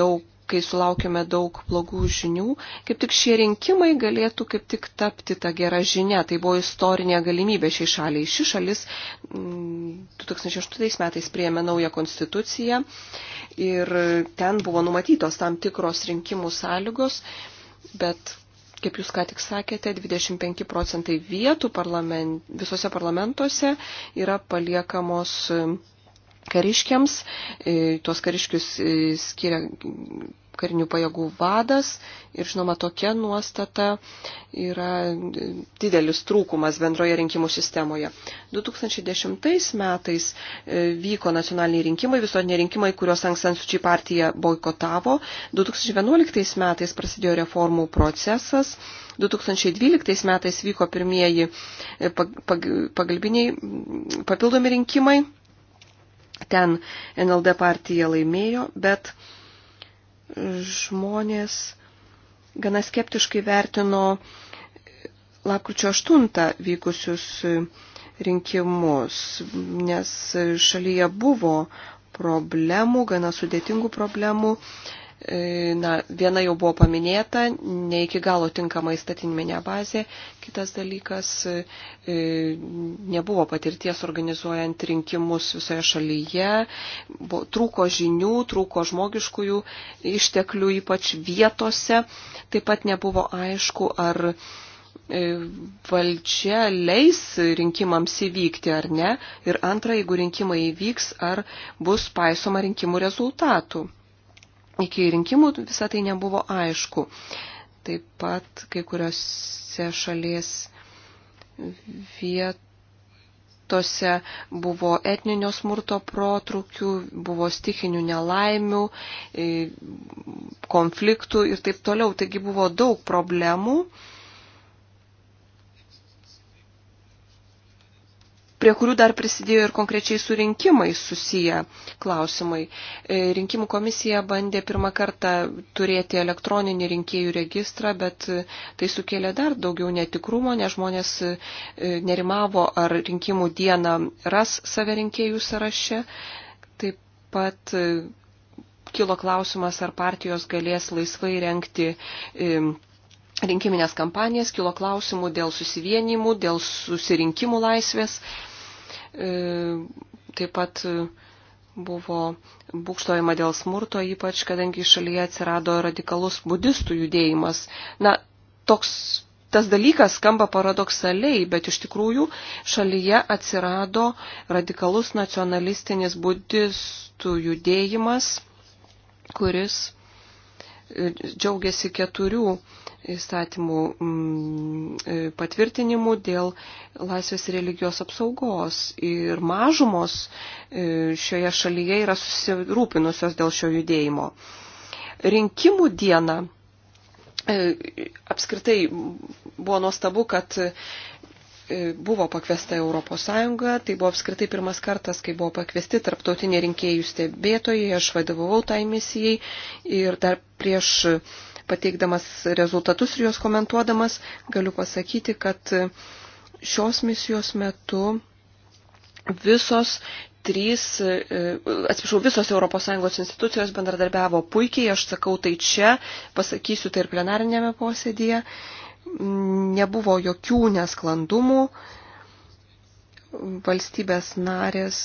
daug kai sulaukime daug blogų žinių, kaip tik šie rinkimai galėtų kaip tik tapti tą gerą žinę. Tai buvo istorinė galimybė šiai šaliai. Ši šalis 2008 mm, metais prieėmė naują konstituciją ir ten buvo numatytos tam tikros rinkimų sąlygos, bet. Kaip jūs ką tik sakėte, 25 procentai vietų parlament, visose parlamentuose yra paliekamos kariškiams. E, tuos kariškius e, skiria karinių pajėgų vadas ir, žinoma, tokia nuostata yra didelis trūkumas bendroje rinkimų sistemoje. 2010 metais e, vyko nacionaliniai rinkimai, visuotiniai rinkimai, kuriuos Anksansučiai partija boikotavo. 2011 metais prasidėjo reformų procesas. 2012 metais vyko pirmieji pagalbiniai papildomi rinkimai Ten NLD partija laimėjo, bet žmonės gana skeptiškai vertino lapkričio 8 vykusius rinkimus, nes šalyje buvo problemų, gana sudėtingų problemų E, na, viena jau buvo paminėta, ne iki galo tinkama įstatinminė bazė. Kitas dalykas, e, nebuvo patirties organizuojant rinkimus visoje šalyje, trūko žinių, trūko žmogiškųjų išteklių, ypač vietose. Taip pat nebuvo aišku, ar e, valdžia leis rinkimams įvykti ar ne. Ir antra, jeigu rinkimai įvyks, ar bus paisoma rinkimų rezultatų iki rinkimų visą tai nebuvo aišku. Taip pat kai kuriuose šalies vietose buvo etninio smurto protrukių, buvo stikinių nelaimių, e, konfliktų ir taip toliau. Taigi buvo daug problemų prie kurių dar prisidėjo ir konkrečiai su rinkimais susiję klausimai. E, rinkimų komisija bandė pirmą kartą turėti elektroninį rinkėjų registrą, bet e, tai sukėlė dar daugiau netikrumo, nes žmonės e, nerimavo, ar rinkimų dieną ras save rinkėjų sąraše. Taip pat kilo klausimas, ar partijos galės laisvai renkti rinkiminės kampanijas, kilo klausimų dėl susivienimų, dėl susirinkimų laisvės. E, taip pat e, buvo būkštojama dėl smurto, ypač kadangi šalyje atsirado radikalus budistų judėjimas. Na, toks tas dalykas skamba paradoksaliai, bet iš tikrųjų šalyje atsirado radikalus nacionalistinis budistų judėjimas, kuris e, džiaugiasi keturių įstatymų mm, patvirtinimų dėl laisvės religijos apsaugos. Ir mažumos e, šioje šalyje yra susirūpinusios dėl šio judėjimo. Rinkimų diena e, apskritai buvo nuostabu, kad e, buvo pakviesta ES, tai buvo apskritai pirmas kartas, kai buvo pakviesti tarptautiniai rinkėjų stebėtojai, aš vadovavau tai misijai ir dar prieš pateikdamas rezultatus ir juos komentuodamas, galiu pasakyti, kad šios misijos metu visos trys, e, atsiprašau, visos ES institucijos bendradarbiavo puikiai, aš sakau tai čia, pasakysiu tai ir plenarinėme posėdėje, nebuvo jokių nesklandumų, valstybės narės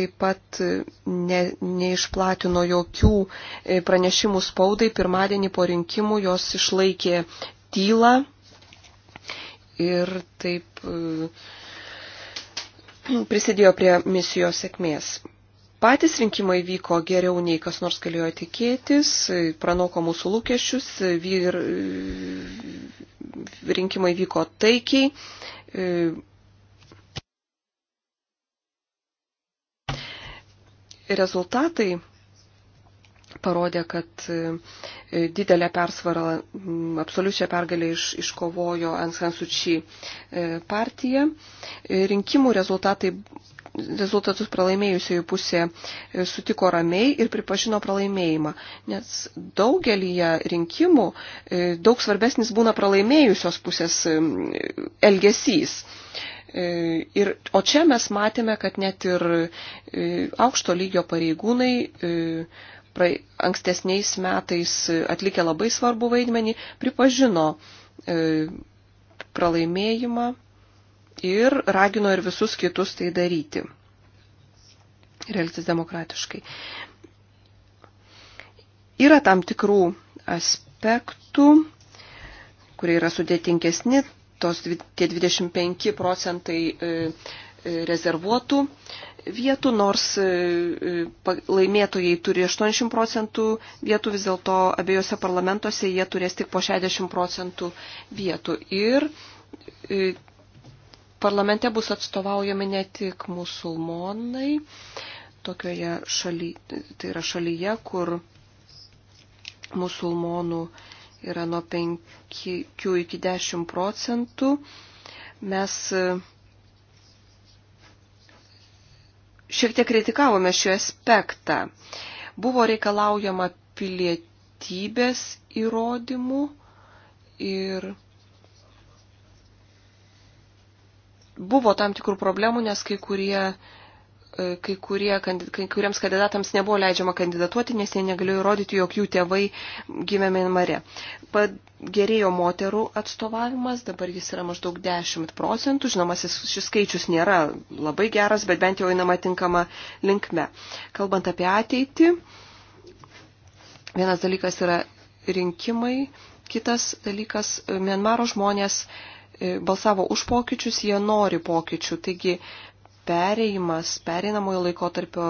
taip pat ne, neišplatino jokių e, pranešimų spaudai. Pirmadienį po rinkimų jos išlaikė tylą ir taip e, prisidėjo prie misijos sėkmės. Patys rinkimai vyko geriau nei kas nors galėjo tikėtis, pranoko mūsų lūkesčius, vyr, rinkimai vyko taikiai, e, rezultatai parodė, kad e, didelę persvarą, absoliučią pergalę iš, iškovojo Ansansučiai e, partija. E, rinkimų rezultatai, rezultatus pralaimėjusiojų pusė sutiko ramiai ir pripažino pralaimėjimą, nes daugelį rinkimų daug svarbesnis būna pralaimėjusios pusės elgesys. E, ir, o čia mes matėme, kad net ir e, aukšto lygio pareigūnai e, pra, ankstesniais metais atlikę labai svarbų vaidmenį pripažino pralaimėjimą ir ragino ir visus kitus tai daryti ir elgtis demokratiškai. Yra tam tikrų aspektų, kurie yra sudėtingesni, tos, tie 25 procentai e, e, rezervuotų vietų, nors e, laimėtojai turi 80 procentų vietų, vis dėlto abiejose parlamentuose jie turės tik po 60 procentų vietų. Ir parlamente bus atstovaujami ne tik musulmonai, tokioje šalyje, tai yra šalyje, kur musulmonų yra nuo 5 iki 10 procentų. Mes e, šiek tiek kritikavome šį aspektą. Buvo reikalaujama pilietybės įrodymų ir buvo tam tikrų problemų, nes kai kurie E, kai, kurie, kai kuriems kandidatams nebuvo leidžiama kandidatuoti, nes jie negalėjo įrodyti, jog jų tėvai gimė Mienmare. Pagerėjo moterų atstovavimas, dabar jis yra maždaug 10 procentų, žinoma, šis skaičius nėra labai geras, bet bent jau einama tinkama linkme. Kalbant apie ateitį, vienas dalykas yra rinkimai, kitas dalykas Mienmaro žmonės e, balsavo už pokyčius, jie nori pokyčių. Taigi, pereimas, pereinamojo laikotarpio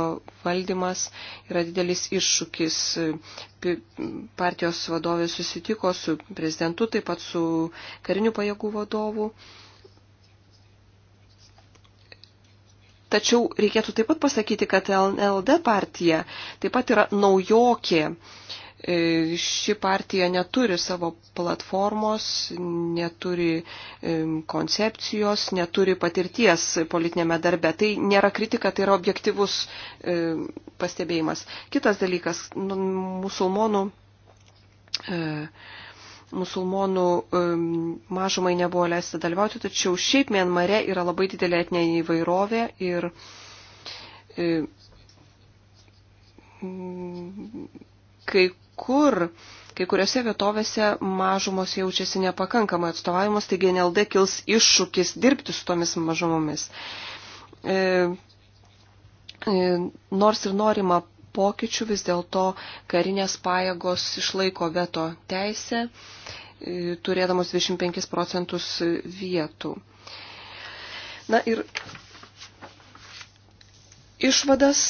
valdymas yra didelis iššūkis. Partijos vadovė susitiko su prezidentu, taip pat su karinių pajėgų vadovu. Tačiau reikėtų taip pat pasakyti, kad LLD partija taip pat yra naujokė E, ši partija neturi savo platformos, neturi e, koncepcijos, neturi patirties politinėme darbe. Tai nėra kritika, tai yra objektivus e, pastebėjimas. Kitas dalykas, nu, musulmonų, musulmonų mažumai nebuvo leista dalyvauti, tačiau šiaip Mienmare yra labai didelė etnė įvairovė ir kai kur kai kuriuose vietovėse mažumos jaučiasi nepakankamai atstovavimas, taigi NLD kils iššūkis dirbti su tomis mažumomis. E, e, nors ir norima pokyčių, vis dėlto karinės pajėgos išlaiko veto teisę, e, turėdamos 25 procentus vietų. Na ir išvadas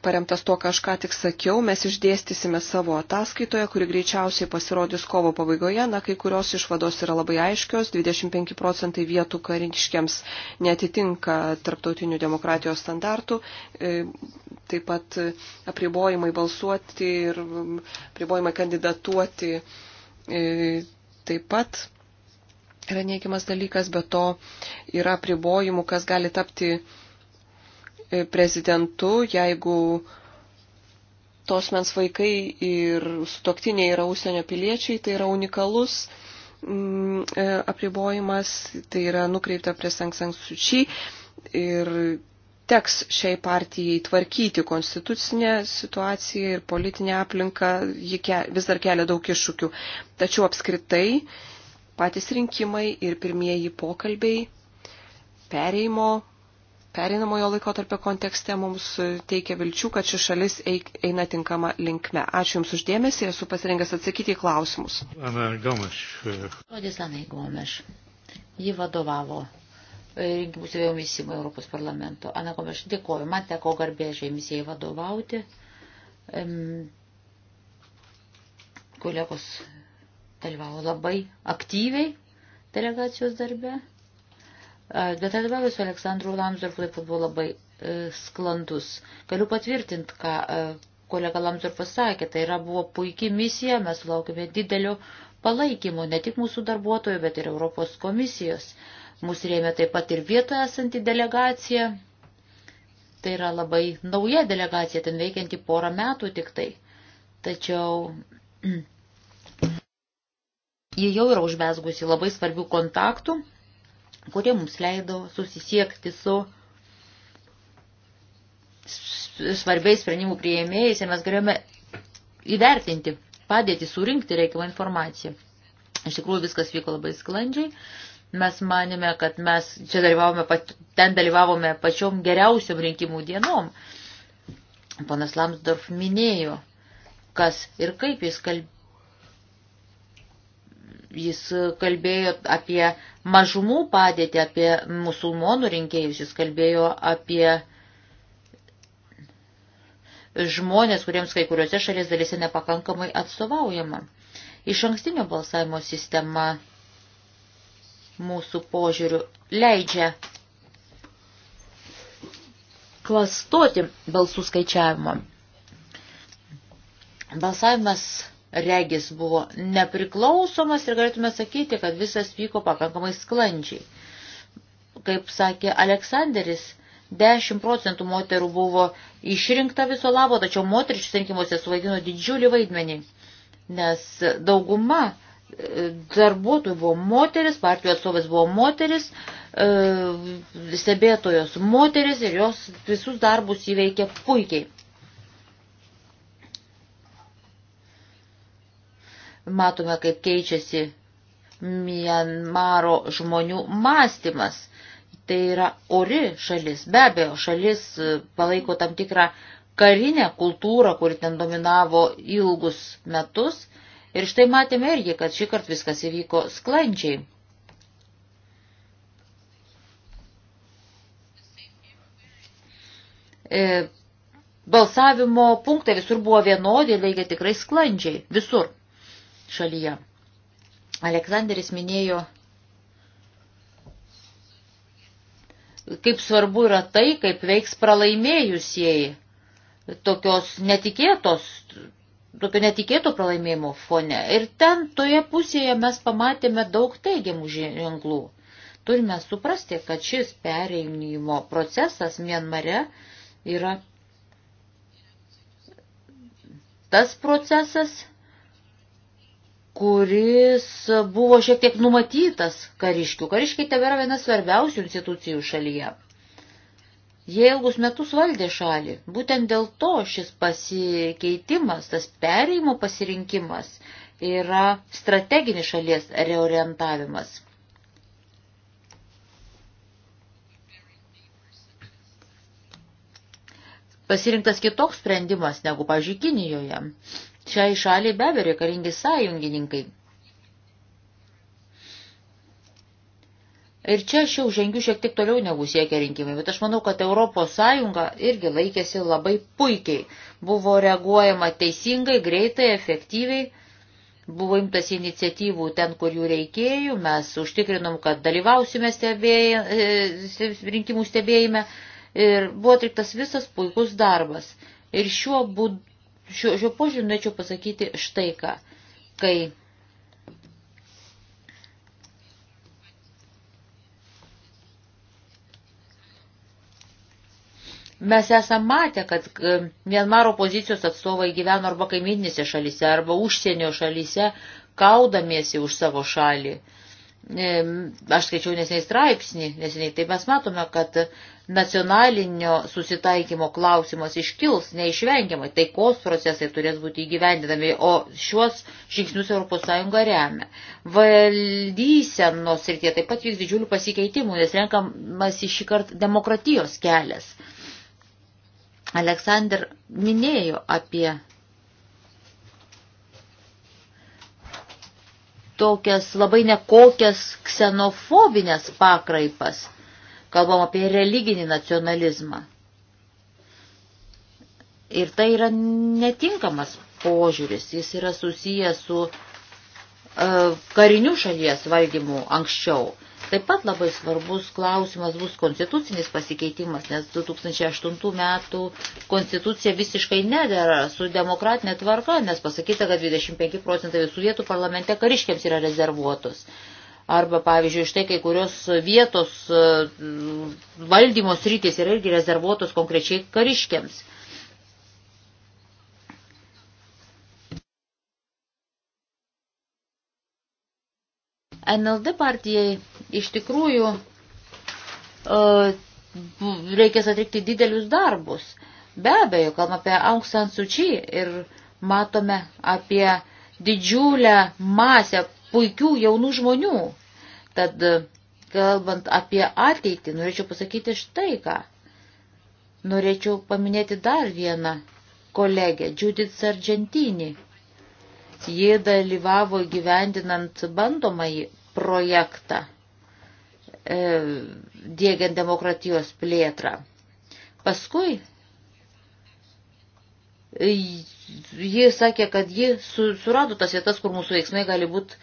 paremtas tuo, ką aš ką tik sakiau, mes išdėstysime savo ataskaitoje, kuri greičiausiai pasirodys kovo pabaigoje. Na, kai kurios išvados yra labai aiškios, 25 procentai vietų kariškiams netitinka tarptautinių demokratijos standartų, e, taip pat apribojimai balsuoti ir apribojimai kandidatuoti e, taip pat yra neigiamas dalykas, bet to yra apribojimų, kas gali tapti prezidentu, jeigu tos mens vaikai ir sutoktiniai yra užsienio piliečiai, tai yra unikalus mm, e, apribojimas, tai yra nukreipta prie Sanksan Suči ir teks šiai partijai tvarkyti konstitucinę situaciją ir politinę aplinką, ji vis dar kelia daug iššūkių. Tačiau apskritai patys rinkimai ir pirmieji pokalbiai pereimo perinamojo laikotarpio kontekste mums teikia vilčių, kad ši šalis eina tinkama linkme. Ačiū Jums uždėmesį, esu pasirengęs atsakyti į klausimus. Ana Gomes. Rodis Ana Gomes. Ji vadovavo e, rinkimų stebėjimo misijai Europos parlamento. Ana Gomes, dėkoju, man teko garbė šiai misijai vadovauti. Kolegos dalyvavo labai aktyviai delegacijos darbe. Bendradarbiavimas su Aleksandru Lamsdorfu taip pat buvo labai e, sklandus. Galiu patvirtinti, ką e, kolega Lamsdorfas sakė, tai yra buvo puikiai misija, mes laukime didelio palaikymo ne tik mūsų darbuotojų, bet ir Europos komisijos. Mūsų rėmė taip pat ir vietoje esanti delegacija. Tai yra labai nauja delegacija, ten veikianti porą metų tik tai. Tačiau ji jau yra užmesgusi labai svarbių kontaktų kurie mums leido susisiekti su svarbiais sprendimų prieėmėjais ir mes galėjome įvertinti padėtį, surinkti reikiamą informaciją. Iš tikrųjų viskas vyko labai sklandžiai. Mes manėme, kad mes čia dalyvavome, ten dalyvavome pačiom geriausiom rinkimų dienom. Ponas Lamsdorf minėjo, kas ir kaip jis kalbėjo Jis kalbėjo apie mažumų padėtį, apie musulmonų rinkėjus, jis kalbėjo apie žmonės, kuriems kai kuriuose šalies dalyse nepakankamai atstovaujama. Iš ankstinio balsavimo sistema mūsų požiūrių leidžia klastoti balsų skaičiavimo. Balsavimas regis buvo nepriklausomas ir galėtume sakyti, kad visas vyko pakankamai sklandžiai. Kaip sakė Aleksanderis, 10 procentų moterų buvo išrinkta viso labo, tačiau moteričių rinkimuose suvaidino didžiulį vaidmenį, nes dauguma e, darbuotojų buvo moteris, partijų atstovės buvo moteris, e, stebėtojos moteris ir jos visus darbus įveikė puikiai. matome, kaip keičiasi Mianmaro žmonių mąstymas. Tai yra ori šalis, be abejo, šalis e, palaiko tam tikrą karinę kultūrą, kuri ten dominavo ilgus metus. Ir štai matėme irgi, kad šį kartą viskas įvyko sklandžiai. E, balsavimo punktai visur buvo vienodi, laikė tikrai sklandžiai, visur šalyje. Aleksanderis minėjo, kaip svarbu yra tai, kaip veiks pralaimėjusieji tokios netikėtos, tokio netikėto pralaimėjimo fone. Ir ten toje pusėje mes pamatėme daug teigiamų ženklų. Turime suprasti, kad šis perėjimo procesas Mienmare yra tas procesas, kuris buvo šiek tiek numatytas kariškių. Kariškiai tebėra viena svarbiausių institucijų šalyje. Jie ilgus metus valdė šalį. Būtent dėl to šis pasikeitimas, tas perėjimo pasirinkimas yra strateginis šalies reorientavimas. Pasirinktas kitoks sprendimas negu, pažiūrėjau, Kinijoje. Šiai šaliai be abejo reikalingi sąjungininkai. Ir čia aš jau žengiu šiek tiek toliau negu siekia rinkimai, bet aš manau, kad Europos Sąjunga irgi laikėsi labai puikiai. Buvo reaguojama teisingai, greitai, efektyviai, buvo imtas iniciatyvų ten, kur jų reikėjo, mes užtikrinom, kad dalyvausime stebėj, e, rinkimų stebėjime ir buvo atliktas visas puikus darbas. Ir šiuo būdu Šiuo, šiuo požiūriu norėčiau pasakyti štai ką, kai Mes esame matę, kad e, Mianmaro pozicijos atstovai gyveno arba kaiminėse šalyse, arba užsienio šalyse, kaudamiesi už savo šalį. E, aš skaičiau neseniai straipsnį, neseniai tai mes matome, kad nacionalinio susitaikymo klausimas iškils neišvengiamai, taikos procesai turės būti įgyvendinami, o šiuos žingsnius ES remia. Valdysenos srityje taip pat vyks didžiulių pasikeitimų, nes renkamas iš šį kartą demokratijos kelias. Aleksandr minėjo apie tokias labai nekokias ksenofobinės pakraipas – Kalbam apie religinį nacionalizmą. Ir tai yra netinkamas požiūris. Jis yra susijęs su e, kariniu šalies valdymu anksčiau. Taip pat labai svarbus klausimas bus konstitucinis pasikeitimas, nes 2008 metų konstitucija visiškai nedėra su demokratinė tvarka, nes pasakyta, kad 25 procentai visų vietų parlamente kariškiams yra rezervuotos. E, arba, pavyzdžiui, štai kai kurios vietos e, valdymos rytis yra irgi rezervuotos konkrečiai kariškiams. NLD partijai iš tikrųjų e, reikės atlikti didelius darbus. Be abejo, kalbame apie Aung San Suu Kyi ir matome apie didžiulę masę puikių jaunų žmonių. Tad, kalbant apie ateitį, norėčiau pasakyti štai ką. Norėčiau paminėti dar vieną kolegę, Judith Sargentini. Ji dalyvavo gyvendinant bandomąjį projektą, e, dėgiant demokratijos plėtrą. Paskui ji sakė, kad ji surado tas vietas, kur mūsų veiksmai gali būti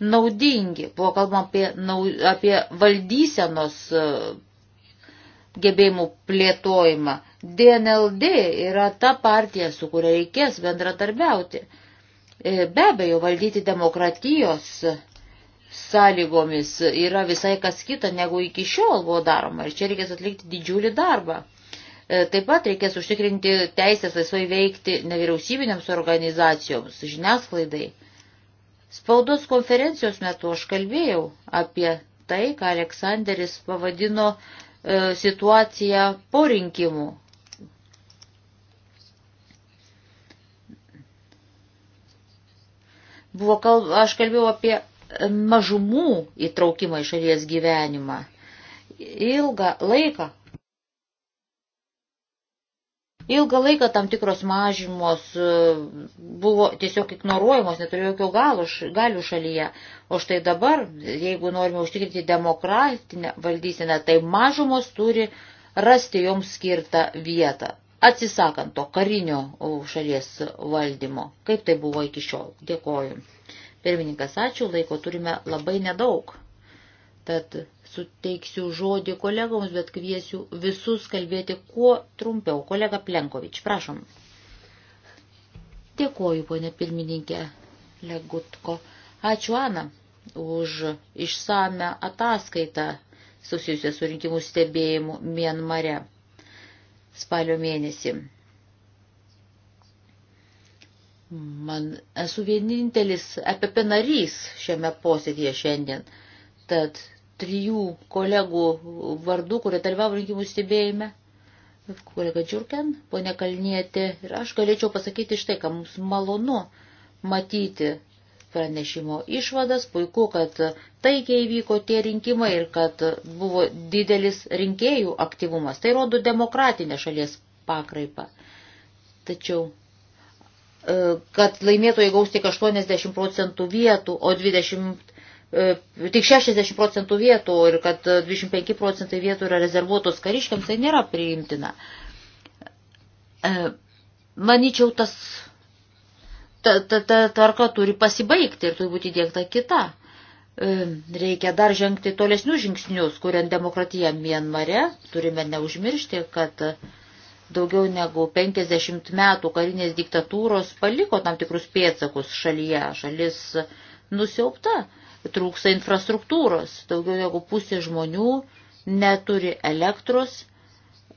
naudingi. Buvo kalbama apie, apie valdysenos e, gebėjimų plėtojimą. DNLD yra ta partija, su kuria reikės bendradarbiauti. E, be abejo, valdyti demokratijos sąlygomis yra visai kas kita, negu iki šiol buvo daroma. Ir čia reikės atlikti didžiulį darbą. E, taip pat reikės užtikrinti teisės laisvai veikti nevyriausybinėms organizacijoms, žiniasklaidai. Spaudos konferencijos metu aš kalbėjau apie tai, ką Aleksanderis pavadino e, situaciją po rinkimų. Buvo kalb... Aš kalbėjau apie mažumų įtraukimą į šalies gyvenimą. Ilgą laiką Ilgą laiką tam tikros mažymos e, buvo tiesiog ignoruojamos, neturėjo jokio galo, galių šalyje. O štai dabar, jeigu norime užtikrinti demokratinę valdyseną, tai mažumos turi rasti joms skirtą vietą, atsisakant to karinio šalies valdymo, kaip tai buvo iki šiol. Dėkoju. Pirmininkas, ačiū, laiko turime labai nedaug. Tad suteiksiu žodį kolegoms, bet kviesiu visus kalbėti kuo trumpiau. Kolega Plenkovič, prašom. Dėkoju, ponė pirmininkė Legutko. Ačiū, Ana, už išsame ataskaitą susijusią su rinkimų stebėjimu Mienmare spalio mėnesį. Man esu vienintelis EPP narys šiame posėdėje šiandien, tad trijų kolegų vardų, kurie dalyvavo rinkimų stebėjime. Kolega Džiurken, ponė Kalnietė ir aš galėčiau pasakyti štai, ką mums malonu matyti pranešimo išvadas. Puiku, kad taikiai vyko tie rinkimai ir kad buvo didelis rinkėjų aktyvumas. Tai rodo demokratinę šalies pakraipą. Tačiau e, kad laimėtojai gaus tik 80 procentų vietų, o 20 E, tik 60 procentų vietų ir kad 25 procentai vietų yra rezervuotos kariškiams, tai nėra priimtina. E, manyčiau, tas ta, ta, ta tvarka turi pasibaigti ir turi būti dėkta kita. E, reikia dar žengti tolesnius žingsnius, kuriant demokratiją Mienmare. Turime neužmiršti, kad daugiau negu 50 metų karinės diktatūros paliko tam tikrus pėdsakus šalyje. Šalis nusiaupta trūksta infrastruktūros. Daugiau negu pusė žmonių neturi elektros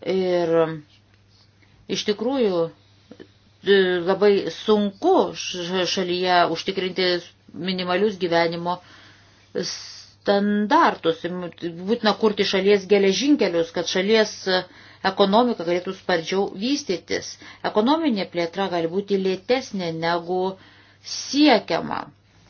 ir iš tikrųjų e, labai sunku šalyje užtikrinti minimalius gyvenimo standartus. Būtina kurti šalies geležinkelius, kad šalies ekonomika galėtų sparčiau vystytis. Ekonominė plėtra gali būti lėtesnė negu siekiama.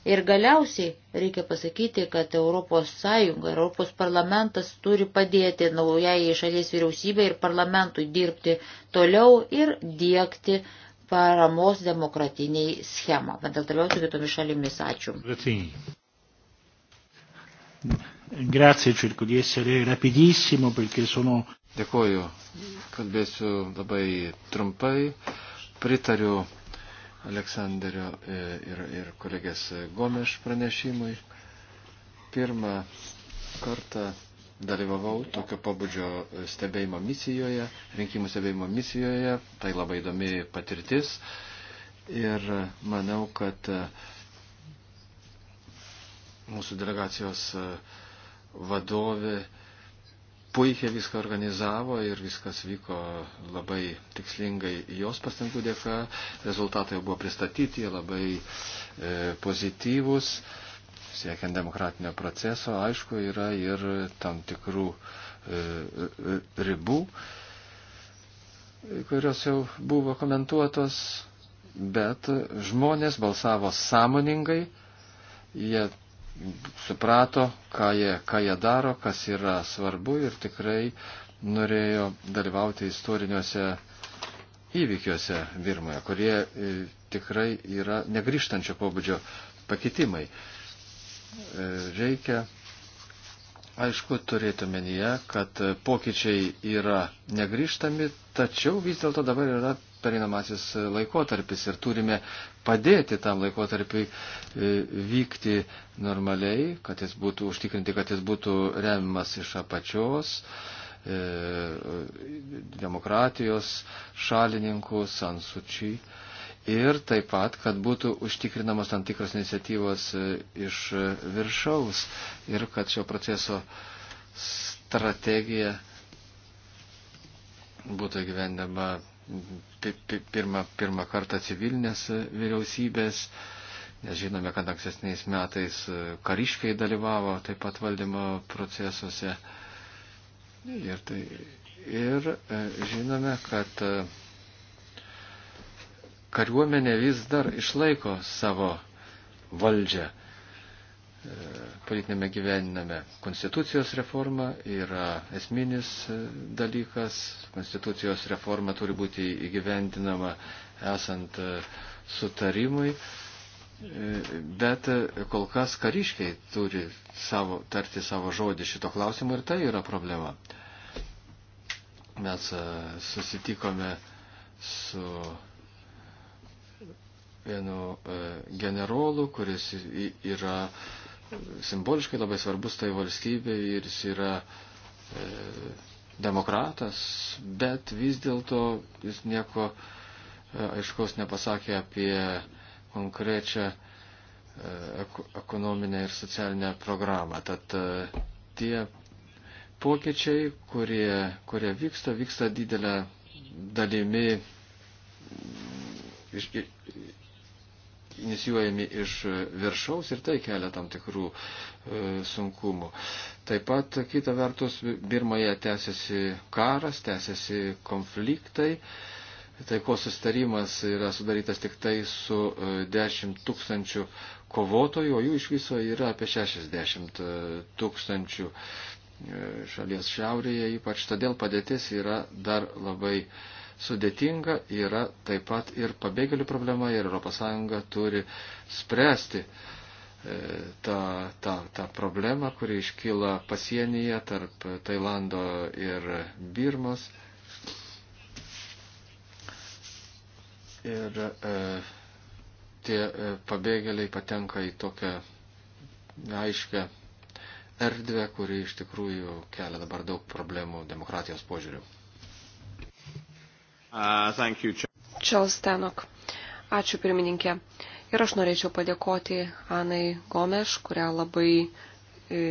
Ir galiausiai reikia pasakyti, kad Europos Sąjunga, Europos parlamentas turi padėti naujai šalies vyriausybė ir parlamentui dirbti toliau ir dėkti paramos demokratiniai schemą. Bendradarbiausiu su kitomis šalimis. Ačiū. Grazie, cerco di essere rapidissimo perché sono. Dėkoju, kalbėsiu labai trumpai, pritariu Aleksanderio e, ir, ir kolegės Gomeš pranešimui. Pirmą kartą dalyvavau tokio pabudžio stebėjimo misijoje, rinkimų stebėjimo misijoje. Tai labai įdomi patirtis. Ir manau, kad e, mūsų delegacijos e, vadovė puikiai viską organizavo ir viskas vyko labai tikslingai jos pastangų dėka. Rezultatai buvo pristatyti labai e, pozityvus, siekiant demokratinio proceso. Aišku, yra ir tam tikrų e, e, ribų, kurios jau buvo komentuotos, bet žmonės balsavo sąmoningai. Jie suprato, ką jie, ką jie daro, kas yra svarbu ir tikrai norėjo dalyvauti istoriniuose įvykiuose Birmoje, kurie e, tikrai yra negryžtančio pobūdžio pakitimai. E, reikia, aišku, turėti menyje, kad e, pokyčiai yra negryžtami, tačiau vis dėlto dabar yra perinamasis laikotarpis ir turime padėti tam laikotarpiui e, vykti normaliai, kad jis būtų užtikrinti, kad jis būtų remiamas iš apačios e, demokratijos šalininkų Sansučiai ir taip pat, kad būtų užtikrinamos tam tikros iniciatyvos e, iš viršaus ir kad šio proceso strategija būtų gyvendama pirmą, pirmą kartą civilinės e, vyriausybės, nes žinome, kad ankstesniais metais e, kariškiai dalyvavo taip pat valdymo procesuose. Ir, tai, ir e, žinome, kad kariuomenė vis dar išlaiko savo valdžią. E, politinėme gyvenime. Konstitucijos reforma yra esminis e, dalykas. Konstitucijos reforma turi būti įgyvendinama esant e, sutarimui. Bet kol kas kariškiai turi savo, tarti savo žodį šito klausimu ir tai yra problema. Mes susitikome su vienu generolu, kuris yra simboliškai labai svarbus tai valstybė ir jis yra e, demokratas, bet vis dėlto jis nieko e, aiškaus nepasakė apie konkrečią e, ekonominę ir socialinę programą. Tad e, tie pokyčiai, kurie, kurie vyksta, vyksta didelę dalimi iš, inicijuojami iš viršaus ir tai kelia tam tikrų e, sunkumų. Taip pat, kita vertus, Birmoje tęsiasi karas, tęsiasi konfliktai. Taikos sustarimas yra sudarytas tik tai su 10 e, tūkstančių kovotojų, o jų iš viso yra apie 60 e, tūkstančių e, šalies šiaurėje, ypač todėl padėtis yra dar labai uh, sudėtinga, yra taip pat ir pabėgėlių problema ir ES turi spręsti e, tą, tą, tą problemą, kuri iškyla pasienyje tarp Tailando ir Birmos. Ir e, tie e, pabėgėliai patenka į tokią aiškę erdvę, kuri iš tikrųjų kelia dabar daug problemų demokratijos požiūriu. Uh, Charles Tenok. Ačiū pirmininkė. Ir aš norėčiau padėkoti Anai Gomeš, kurią labai e,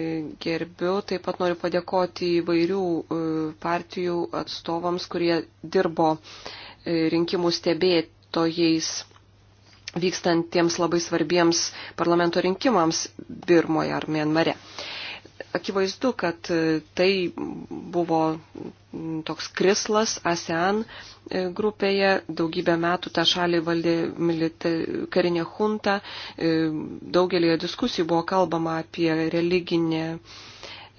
gerbiu. Taip pat noriu padėkoti įvairių e, partijų atstovams, kurie dirbo e, rinkimų stebėtojais vykstantiems labai svarbiems parlamento rinkimams Birmoje ar Mienmare akivaizdu, kad e, tai buvo toks krislas ASEAN e, grupėje. Daugybę metų tą šalį valdė milita, karinė junta. E, Daugelėje diskusijų buvo kalbama apie religinę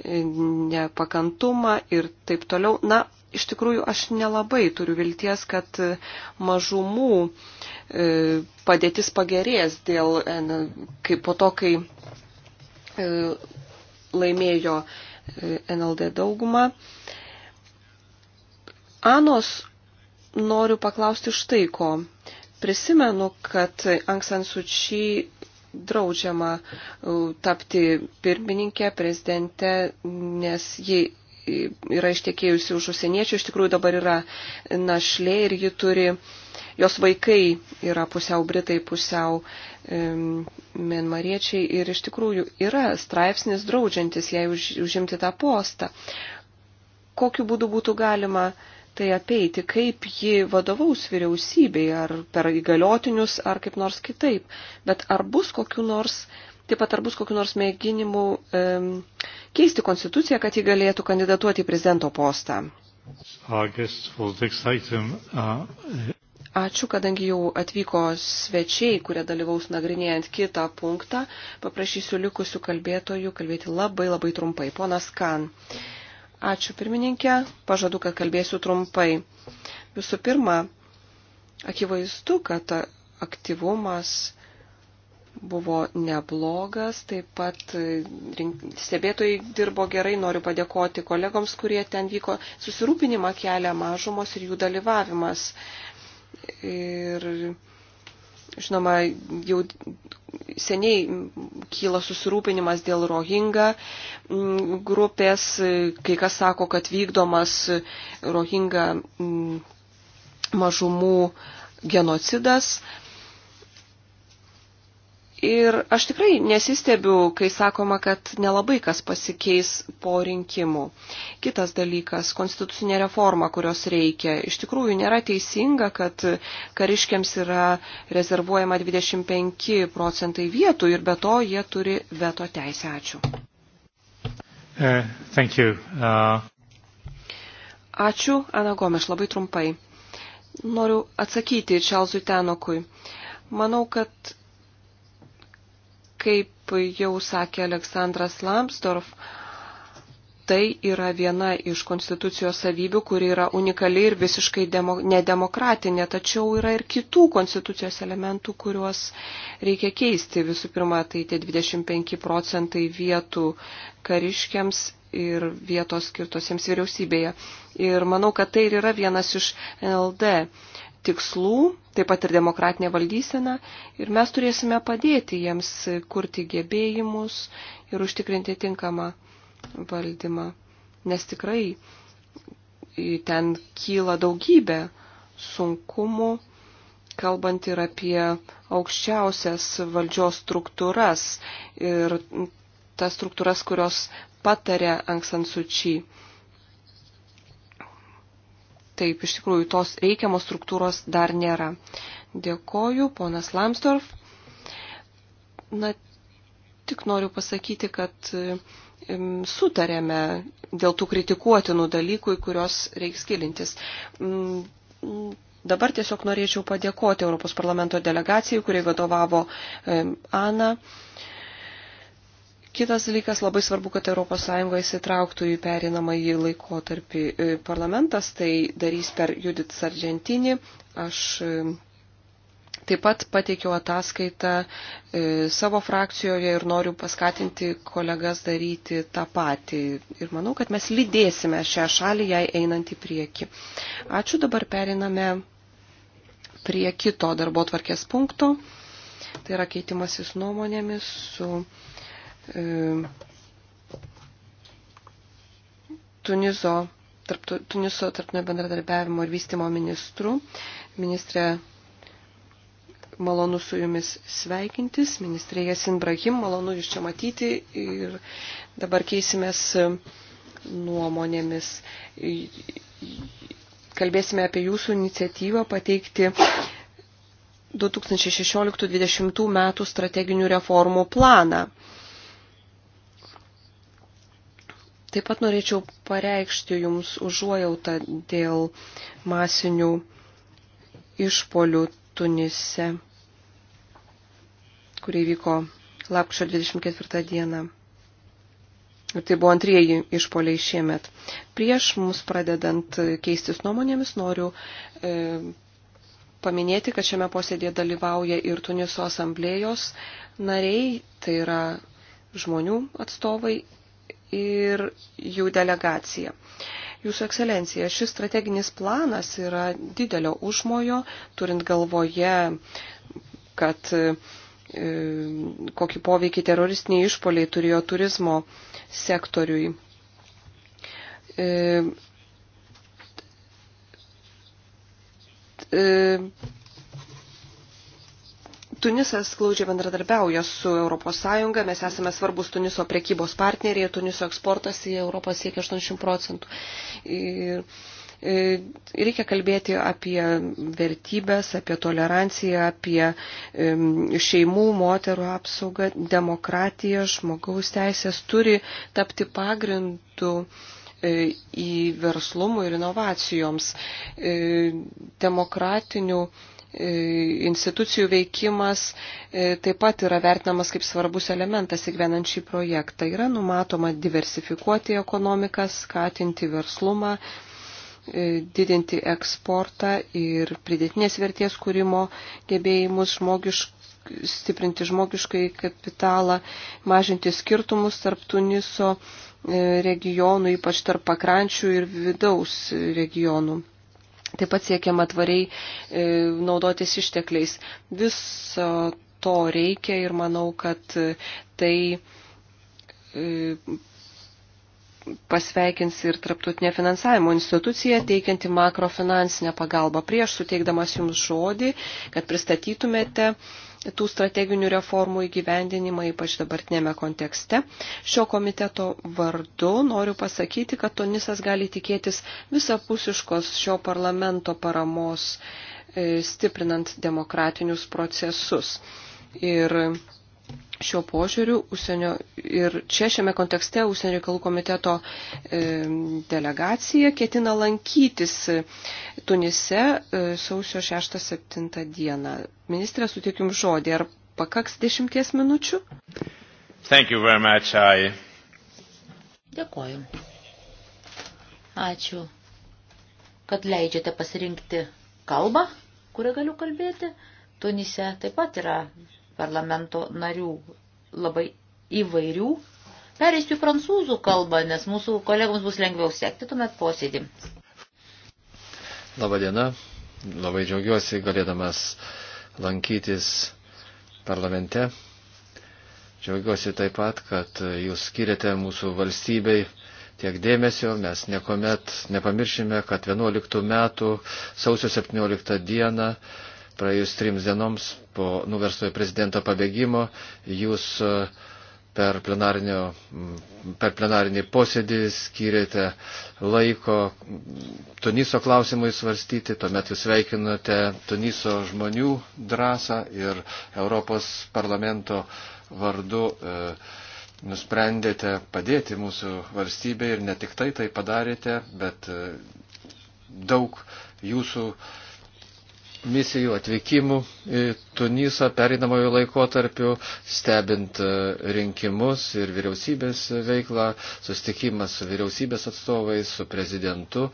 nepakantumą ir taip toliau. Na, iš tikrųjų, aš nelabai turiu vilties, kad mažumų padėtis pagerės dėl, kaip po to, kai laimėjo e, NLD daugumą. Anos noriu paklausti štai ko. Prisimenu, kad Anksan Suči draudžiama e, tapti pirmininkė, prezidente, nes ji yra ištekėjusi už užsieniečių, iš tikrųjų dabar yra našlė ir ji turi, jos vaikai yra pusiau britai, pusiau um, menmariečiai ir iš tikrųjų yra straipsnis draudžiantis jai už, užimti tą postą. Kokiu būdu būtų galima tai apeiti, kaip ji vadovaus vyriausybei, ar per įgaliotinius, ar kaip nors kitaip, bet ar bus kokiu nors Taip pat ar bus kokiu nors mėginimu e, keisti konstituciją, kad ji galėtų kandidatuoti į prezidento postą. Uh, Ačiū, kadangi jau atvyko svečiai, kurie dalyvaus nagrinėjant kitą punktą. Paprašysiu likusių kalbėtojų kalbėti labai labai trumpai. Ponas Kan. Ačiū pirmininkė, pažadu, kad kalbėsiu trumpai. Visų pirma, akivaizdu, kad aktyvumas buvo neblogas, taip pat e, rink, stebėtojai dirbo gerai, noriu padėkoti kolegoms, kurie ten vyko. Susirūpinimą kelia mažumos ir jų dalyvavimas. Ir žinoma, jau seniai kyla susirūpinimas dėl rohinga mm, grupės, kai kas sako, kad vykdomas rohinga mm, mažumų genocidas. Ir aš tikrai nesistebiu, kai sakoma, kad nelabai kas pasikeis po rinkimų. Kitas dalykas - konstitucinė reforma, kurios reikia. Iš tikrųjų nėra teisinga, kad kariškiams yra rezervuojama 25 procentai vietų ir be to jie turi veto teisę. Ačiū. Uh, uh... Ačiū, Ana Gomeš, labai trumpai. Noriu atsakyti Čelzui Tenokui. Manau, kad Kaip jau sakė Aleksandras Lambsdorf, tai yra viena iš konstitucijos savybių, kuri yra unikali ir visiškai demo, nedemokratinė, tačiau yra ir kitų konstitucijos elementų, kuriuos reikia keisti. Visų pirma, tai tie 25 procentai vietų kariškiams ir vietos skirtosiems vyriausybėje. Ir manau, kad tai ir yra vienas iš NLD tikslų, taip pat ir demokratinė valdysena, ir mes turėsime padėti jiems kurti gebėjimus ir užtikrinti tinkamą valdymą. Nes tikrai ten kyla daugybė sunkumų, kalbant ir apie aukščiausias valdžios struktūras ir tas struktūras, kurios patarė Anksansučiai taip, iš tikrųjų, tos reikiamos struktūros dar nėra. Dėkoju, ponas Lamsdorf. Na, tik noriu pasakyti, kad sutarėme dėl tų kritikuotinų dalykų, į kuriuos reiks gilintis. Dabar tiesiog norėčiau padėkoti Europos parlamento delegacijai, kuriai vadovavo Ana. Kitas dalykas labai svarbu, kad ES įsitrauktų į perinamąjį laikotarpį. E, parlamentas tai darys per Judith Sargentinį. Aš e, taip pat pateikiau ataskaitą e, savo frakcijoje ir noriu paskatinti kolegas daryti tą patį. Ir manau, kad mes lydėsime šią šalį jai einant į priekį. Ačiū, dabar periname prie kito darbo tvarkės punkto. Tai yra keitimasis nuomonėmis su E, Tuniso, tarp, Tuniso tarptinio bendradarbiavimo ir vystimo ministrų. Ministrė malonu su jumis sveikintis. Ministrė Jasin Brahim, malonu jūs čia matyti ir dabar keisimės nuomonėmis. Kalbėsime apie jūsų iniciatyvą pateikti 2016-2020 metų strateginių reformų planą. Taip pat norėčiau pareikšti Jums užuojautą dėl masinių išpolių Tunise, kurie vyko lapkričio 24 dieną. Ir tai buvo antrieji išpoliai šiemet. Prieš mus pradedant keistis nuomonėmis noriu e, paminėti, kad šiame posėdėje dalyvauja ir Tuniso asamblėjos nariai, tai yra žmonių atstovai ir jų delegacija. Jūsų ekscelencija, šis strateginis planas yra didelio užmojo, turint galvoje, kad e, kokį poveikį teroristiniai išpoliai turėjo turizmo sektoriui. E, e, Tunisas glaudžiai bendradarbiauja su ES, mes esame svarbus Tuniso prekybos partneriai, Tuniso eksportas į Europą siekia 80 procentų. Ir e, reikia kalbėti apie vertybės, apie toleranciją, apie šeimų, moterų apsaugą, demokratiją, žmogaus teisės turi tapti pagrindu e, į verslumų ir inovacijoms e, demokratinių E, institucijų veikimas e, taip pat yra vertinamas kaip svarbus elementas įgyvenant šį projektą. Yra numatoma diversifikuoti ekonomiką, skatinti verslumą, e, didinti eksportą ir pridėtinės vertės kūrimo gebėjimus žmogiškų stiprinti žmogiškai kapitalą, mažinti skirtumus tarp Tuniso regionų, ypač tarp pakrančių ir vidaus regionų. Taip pat siekiama tvariai e, naudotis ištekliais. Viso to reikia ir manau, kad e, tai e, pasveikins ir Traptautinė finansavimo institucija, teikianti makrofinansinę pagalbą. Prieš suteikdamas Jums žodį, kad pristatytumėte e, tų strateginių reformų įgyvendinimą, ypač dabartinėme kontekste. Šio komiteto vardu noriu pasakyti, kad Tunisas gali tikėtis visapusiškos šio parlamento paramos e, stiprinant demokratinius procesus. Ir Šiuo požiūriu užsienio ir čia šiame kontekste užsienio reikalų komiteto e, delegacija ketina lankytis e, Tunise e, sausio 6-7 dieną. Ministrė, sutikim žodį, ar pakaks dešimties minučių? Thank you very much. I... Dėkoju. Ačiū, kad leidžiate pasirinkti kalbą, kurią galiu kalbėti. Tunise taip pat yra parlamento narių labai įvairių. Pereisiu prancūzų kalbą, nes mūsų kolegams bus lengviau sekti tuomet posėdį. Labadiena, labai džiaugiuosi galėdamas lankytis parlamente. Džiaugiuosi taip pat, kad jūs skiriate mūsų valstybei tiek dėmesio, mes niekuomet nepamiršime, kad 11 metų sausio 17 dieną Praėjus trims dienoms po nuverstojo prezidento pabėgimo jūs e, per, per plenarinį posėdį skirėte laiko Tuniso klausimui svarstyti, tuomet jūs veikinote Tuniso žmonių drąsą ir Europos parlamento vardu. E, nusprendėte padėti mūsų valstybei ir ne tik tai tai padarėte, bet e, daug jūsų misijų atvykimų į Tunisą perinamojo laikotarpiu, stebint e, rinkimus ir vyriausybės veiklą, sustikimas su vyriausybės atstovais, su prezidentu.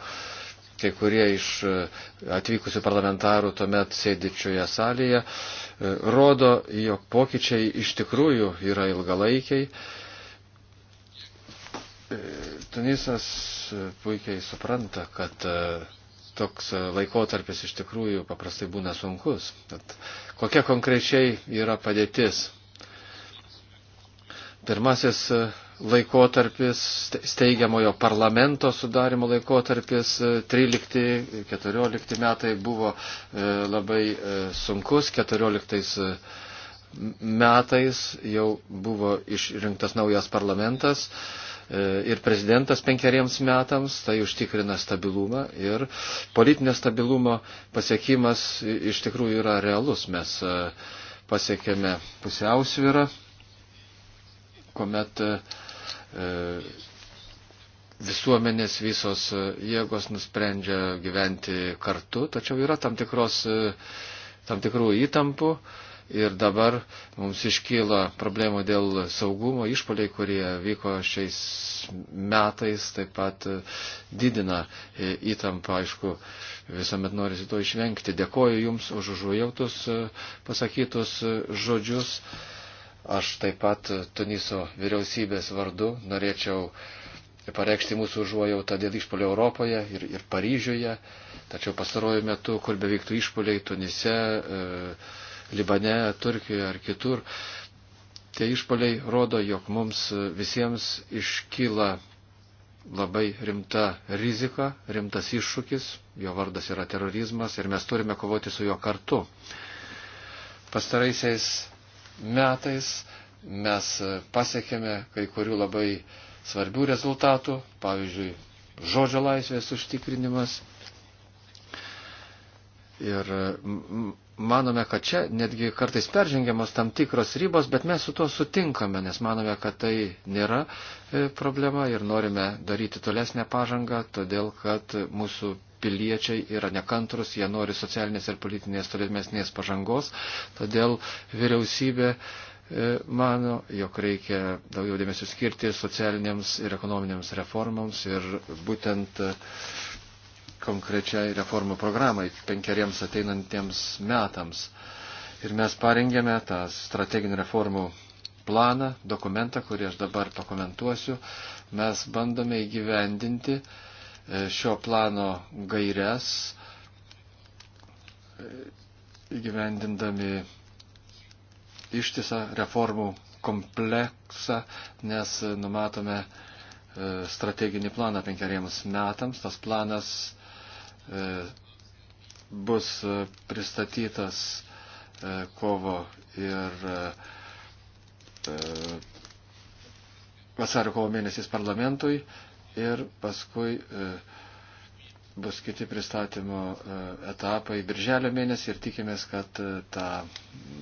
Kai kurie iš e, atvykusių parlamentarų tuomet sėdičioje salėje e, rodo, jog pokyčiai iš tikrųjų yra ilgalaikiai. Tunisas puikiai supranta, kad toks e, laikotarpis iš tikrųjų paprastai būna sunkus. Tad kokia konkrečiai yra padėtis? Pirmasis e, laikotarpis, steigiamojo parlamento sudarimo laikotarpis 13-14 e, metai buvo labai sunkus, 14 metais jau buvo išrinktas naujas parlamentas, E, ir prezidentas penkeriems metams, tai užtikrina stabilumą ir politinio stabilumo pasiekimas iš tikrųjų yra realus. Mes e, pasiekėme pusiausvyrą, kuomet e, visuomenės visos jėgos nusprendžia gyventi kartu, tačiau yra tam, tikros, tam tikrų įtampų ir dabar mums iškyla problemų dėl saugumo išpoliai, kurie vyko šiais metais, taip pat didina įtampą, aišku, visuomet norisi to išvengti. Dėkoju Jums už užuojautus e, pasakytus žodžius. Aš taip pat Tuniso vyriausybės vardu norėčiau pareikšti mūsų užuojautą dėl išpolio Europoje ir, ir Paryžiuje. Tačiau pastarojų metų, kur bevyktų išpoliai Tunise, e, Libane, Turkijoje ar kitur. Tie išpoliai rodo, jog mums visiems iškyla labai rimta rizika, rimtas iššūkis, jo vardas yra terorizmas ir mes turime kovoti su juo kartu. Pastaraisiais metais mes pasiekėme kai kurių labai svarbių rezultatų, pavyzdžiui, žodžio laisvės užtikrinimas. Ir manome, kad čia netgi kartais peržengiamos tam tikros ribos, bet mes su tuo sutinkame, nes manome, kad tai nėra e, problema ir norime daryti tolesnę pažangą, todėl kad mūsų piliečiai yra nekantrus, jie nori socialinės ir politinės tolimesnės pažangos, todėl vyriausybė e, mano, jog reikia daugiau dėmesio skirti socialiniams ir ekonominiams reformams ir būtent uh, konkrečiai reformų programai penkeriems ateinantiems metams. Ir mes parengėme tą strateginių reformų planą, dokumentą, kurį aš dabar pakomentuosiu. Mes bandome įgyvendinti e, šio plano gairias, e, įgyvendindami ištisą reformų kompleksą, nes e, numatome strateginį planą penkeriems metams. Tas planas E, bus e, pristatytas e, kovo ir vasario kovo mėnesiais parlamentui ir paskui bus kiti pristatymo etapai birželio mėnesį ir tikimės, kad tą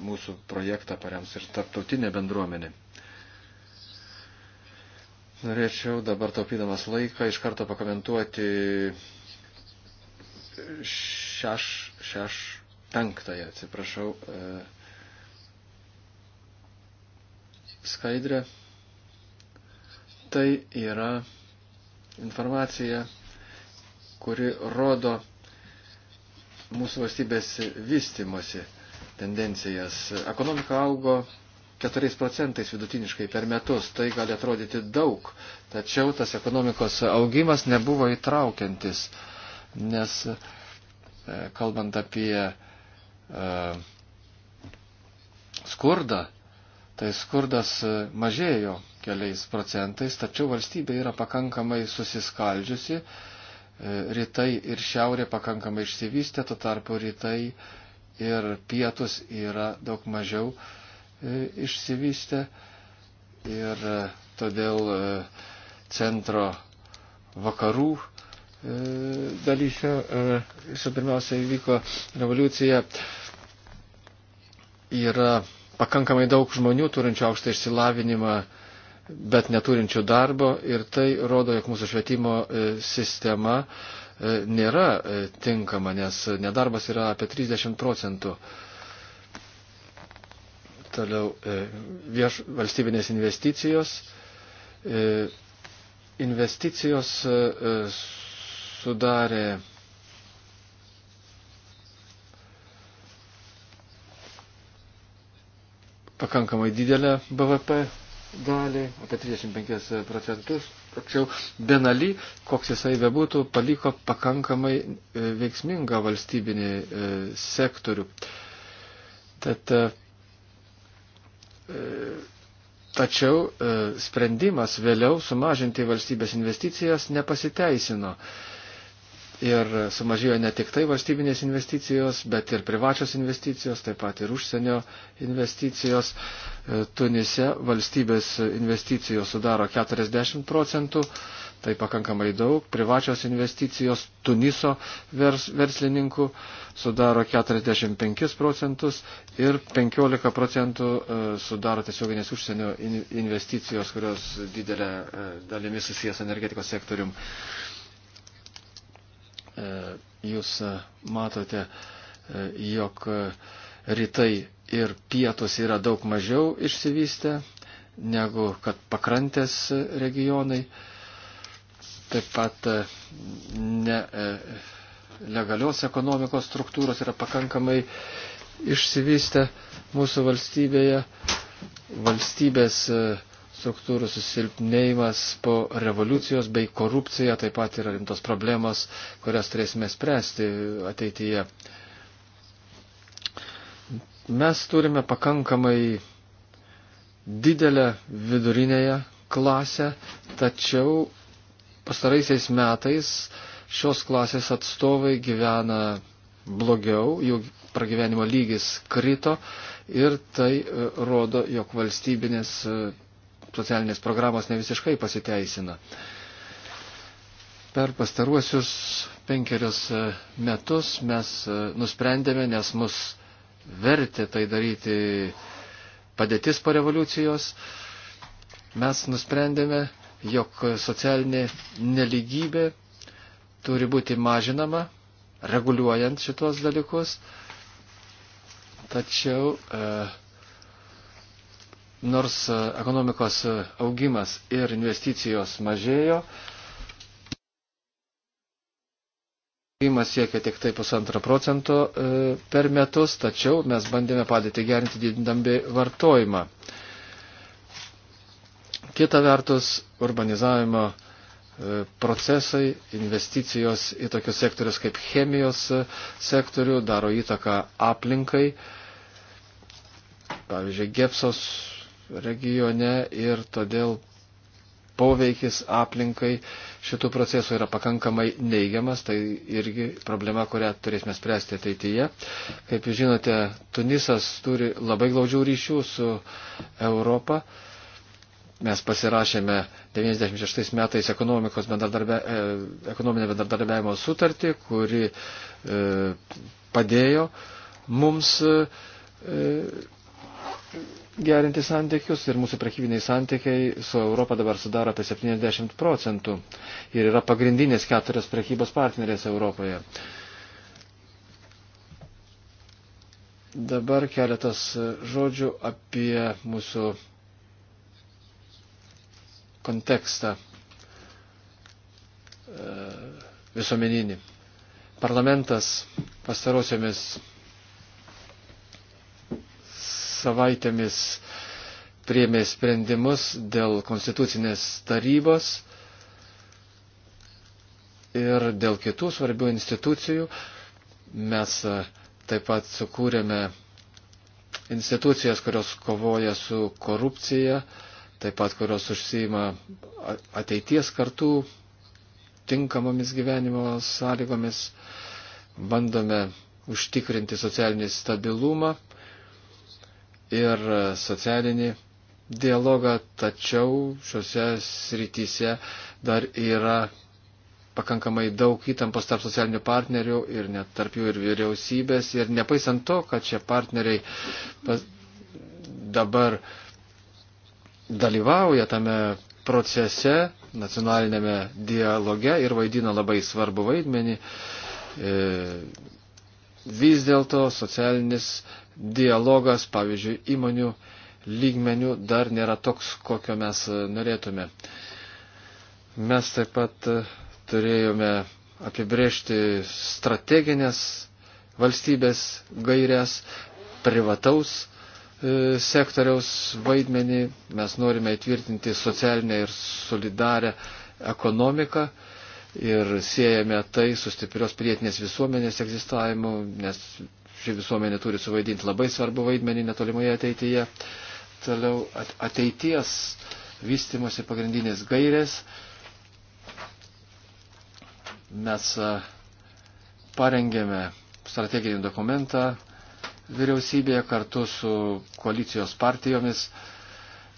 mūsų projektą parems ir tarptautinė bendruomenė. Norėčiau dabar taupydamas laiką iš karto pakomentuoti šeš, šeš, penktąją, atsiprašau, e, skaidrę. Tai yra informacija, kuri rodo mūsų valstybės vystimosi tendencijas. Ekonomika augo 4 procentais vidutiniškai per metus. Tai gali atrodyti daug, tačiau tas ekonomikos augimas nebuvo įtraukiantis. E, nes e, kalbant apie e, skurdą, tai skurdas e, mažėjo keliais procentais, tačiau valstybė yra pakankamai susiskaldžiusi, rytai ir šiaurė pakankamai išsivystė, tuo tarpu rytai ir pietus yra daug mažiau išsivystę ir todėl centro vakarų dalyse. Visų pirmiausia, įvyko revoliucija. Yra pakankamai daug žmonių turinčių aukštą išsilavinimą, bet neturinčių darbo ir tai rodo, jog mūsų švietimo e, sistema e, nėra e, tinkama, nes nedarbas yra apie 30 procentų. Toliau vieš, valstybinės investicijos. Investicijos sudarė pakankamai didelę BVP dalį, apie 35 procentus. Tačiau Benali, koks jisai bebūtų, paliko pakankamai e, veiksmingą valstybinį e, sektorių. Tad, e, tačiau sprendimas vėliau sumažinti valstybės investicijas nepasiteisino. Ir sumažėjo ne tik tai valstybinės investicijos, bet ir privačios investicijos, taip pat ir užsienio investicijos. E, Tunise valstybės investicijos sudaro 40 procentų, tai pakankamai daug. Privačios investicijos Tuniso vers, verslininkų sudaro 45 procentus ir 15 procentų e, sudaro tiesioginės užsienio investicijos, kurios didelė e, dalimi susijęs energetikos sektorium. E, jūs e, matote, e, jog rytai ir pietus yra daug mažiau išsivystę negu kad pakrantės regionai. Taip pat ne, legalios ekonomikos struktūros yra pakankamai išsivystę mūsų valstybėje. Valstybės uh, struktūrų susilpnėjimas po revoliucijos bei korupcija taip pat yra rimtos problemos, kurias turėsime spręsti ateityje. Mes turime pakankamai didelę vidurinėje klasę, tačiau pastaraisiais metais šios klasės atstovai gyvena blogiau, jų pragyvenimo lygis krito ir tai e, rodo, jog valstybinės e, socialinės programos ne visiškai pasiteisina. Per pastaruosius penkerius e, metus mes e, nusprendėme, nes mus vertė tai daryti padėtis po revoliucijos, mes nusprendėme, jog socialinė neligybė turi būti mažinama, reguliuojant šitos dalykus. Tačiau e, Nors e, ekonomikos e, augimas ir investicijos mažėjo, augimas siekia tik tai pusantro procento e, per metus, tačiau mes bandėme padėti gerinti didindami vartojimą. Kita vertus, urbanizavimo procesai, investicijos į tokius sektorius kaip chemijos sektorių daro įtaką aplinkai. Pavyzdžiui, Gepsos regione ir todėl poveikis aplinkai šitų procesų yra pakankamai neigiamas, tai irgi problema, kurią turėsime spręsti ateityje. Kaip jūs žinote, Tunisas turi labai glaudžių ryšių su Europa. Mes pasirašėme 96 metais ekonomikos bendradarbia, e, ekonominę bendradarbiavimo sutartį, kuri e, padėjo mums e, gerinti santykius ir mūsų prekybiniai santykiai su Europa dabar sudaro apie 70 procentų ir yra pagrindinės keturios prekybos partnerės Europoje. Dabar keletas žodžių apie mūsų kontekstą e, visuomeninį. Parlamentas pastarosiomis savaitėmis priemė sprendimus dėl konstitucinės tarybos ir dėl kitų svarbių institucijų. Mes e, taip pat sukūrėme institucijas, kurios kovoja su korupcija, taip pat kurios užsima ateities kartų tinkamomis gyvenimo sąlygomis. Bandome užtikrinti socialinį stabilumą ir socialinį dialogą, tačiau šiuose srityse dar yra pakankamai daug įtampos tarp socialinių partnerių ir net tarp jų ir vyriausybės. Ir nepaisant to, kad šie partneriai pas, dabar dalyvauja tame procese, nacionalinėme dialoge ir vaidina labai svarbu vaidmenį, e, vis dėlto socialinis dialogas, pavyzdžiui, įmonių lygmenių dar nėra toks, kokio mes e, norėtume. Mes taip pat e, turėjome apibriežti strateginės valstybės gairias, privataus e, sektoriaus vaidmenį, mes norime įtvirtinti socialinę ir solidarę ekonomiką ir siejame tai su stiprios pilietinės visuomenės egzistavimu, nes ši visuomenė turi suvaidinti labai svarbu vaidmenį netolimoje ateityje. Toliau ateities vystimosi pagrindinės gairės. Mes parengėme strateginį dokumentą vyriausybėje kartu su koalicijos partijomis. Uh,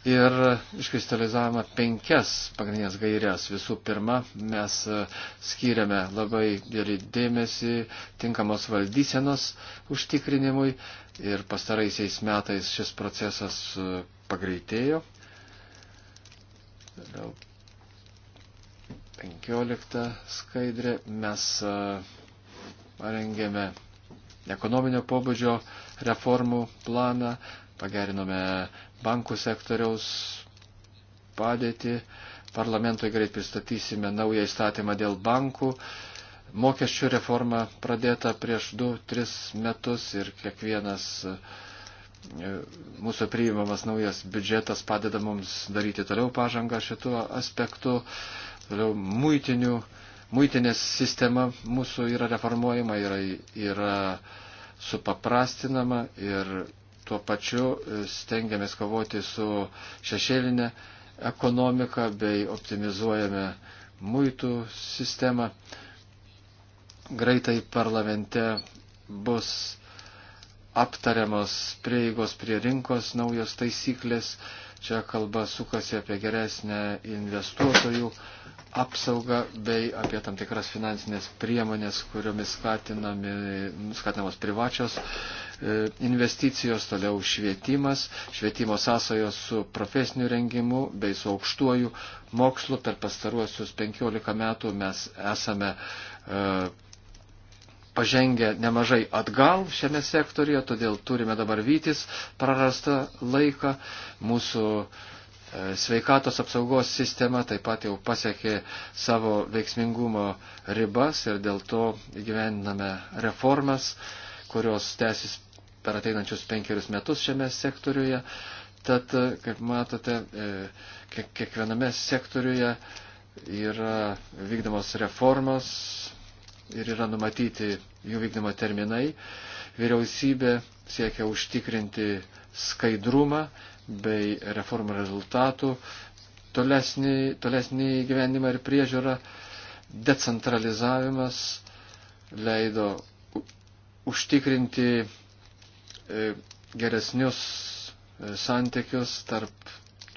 ir iškristalizavome penkias pagrindinės gairias. Visų pirma, mes e, skiriame labai didelį dėmesį tinkamos valdysenos užtikrinimui ir pastaraisiais metais šis procesas e, pagreitėjo. 15 skaidrė mes e, parengėme ekonominio pobūdžio reformų planą, pagerinome bankų sektoriaus padėtį. Parlamentui greit pristatysime naują įstatymą dėl bankų. Mokesčių reforma pradėta prieš 2-3 metus ir kiekvienas e, mūsų priimamas naujas biudžetas padeda mums daryti toliau pažangą šituo aspektu. Toliau muitinių, muitinės sistema mūsų yra reformuojama, yra, yra supaprastinama ir Tuo pačiu e, stengiamės kovoti su šešėlinė ekonomika bei optimizuojame muitų sistemą. Greitai parlamente bus aptariamos prieigos prie rinkos naujos taisyklės. Čia kalba sukasi apie geresnę investuotojų apsaugą bei apie tam tikras finansinės priemonės, kuriomis skatinamos privačios e, investicijos, toliau švietimas, švietimo sąsajos su profesiniu rengimu bei su aukštuoju mokslu. Per pastaruosius 15 metų mes esame e, pažengę nemažai atgal šiame sektorija, todėl turime dabar vytis prarastą laiką. Mūsų e, sveikatos apsaugos sistema taip pat jau pasiekė savo veiksmingumo ribas ir dėl to gyveniname reformas, kurios tęsis per ateinančius penkerius metus šiame sektoriuje. Tad, e, kaip matote, e, kiekviename sektoriuje yra vykdomos reformos, ir yra numatyti jų vykdymo terminai. Vyriausybė siekia užtikrinti skaidrumą bei reformų rezultatų tolesnį, tolesnį gyvenimą ir priežiūrą. Decentralizavimas leido užtikrinti e, geresnius e, santykius tarp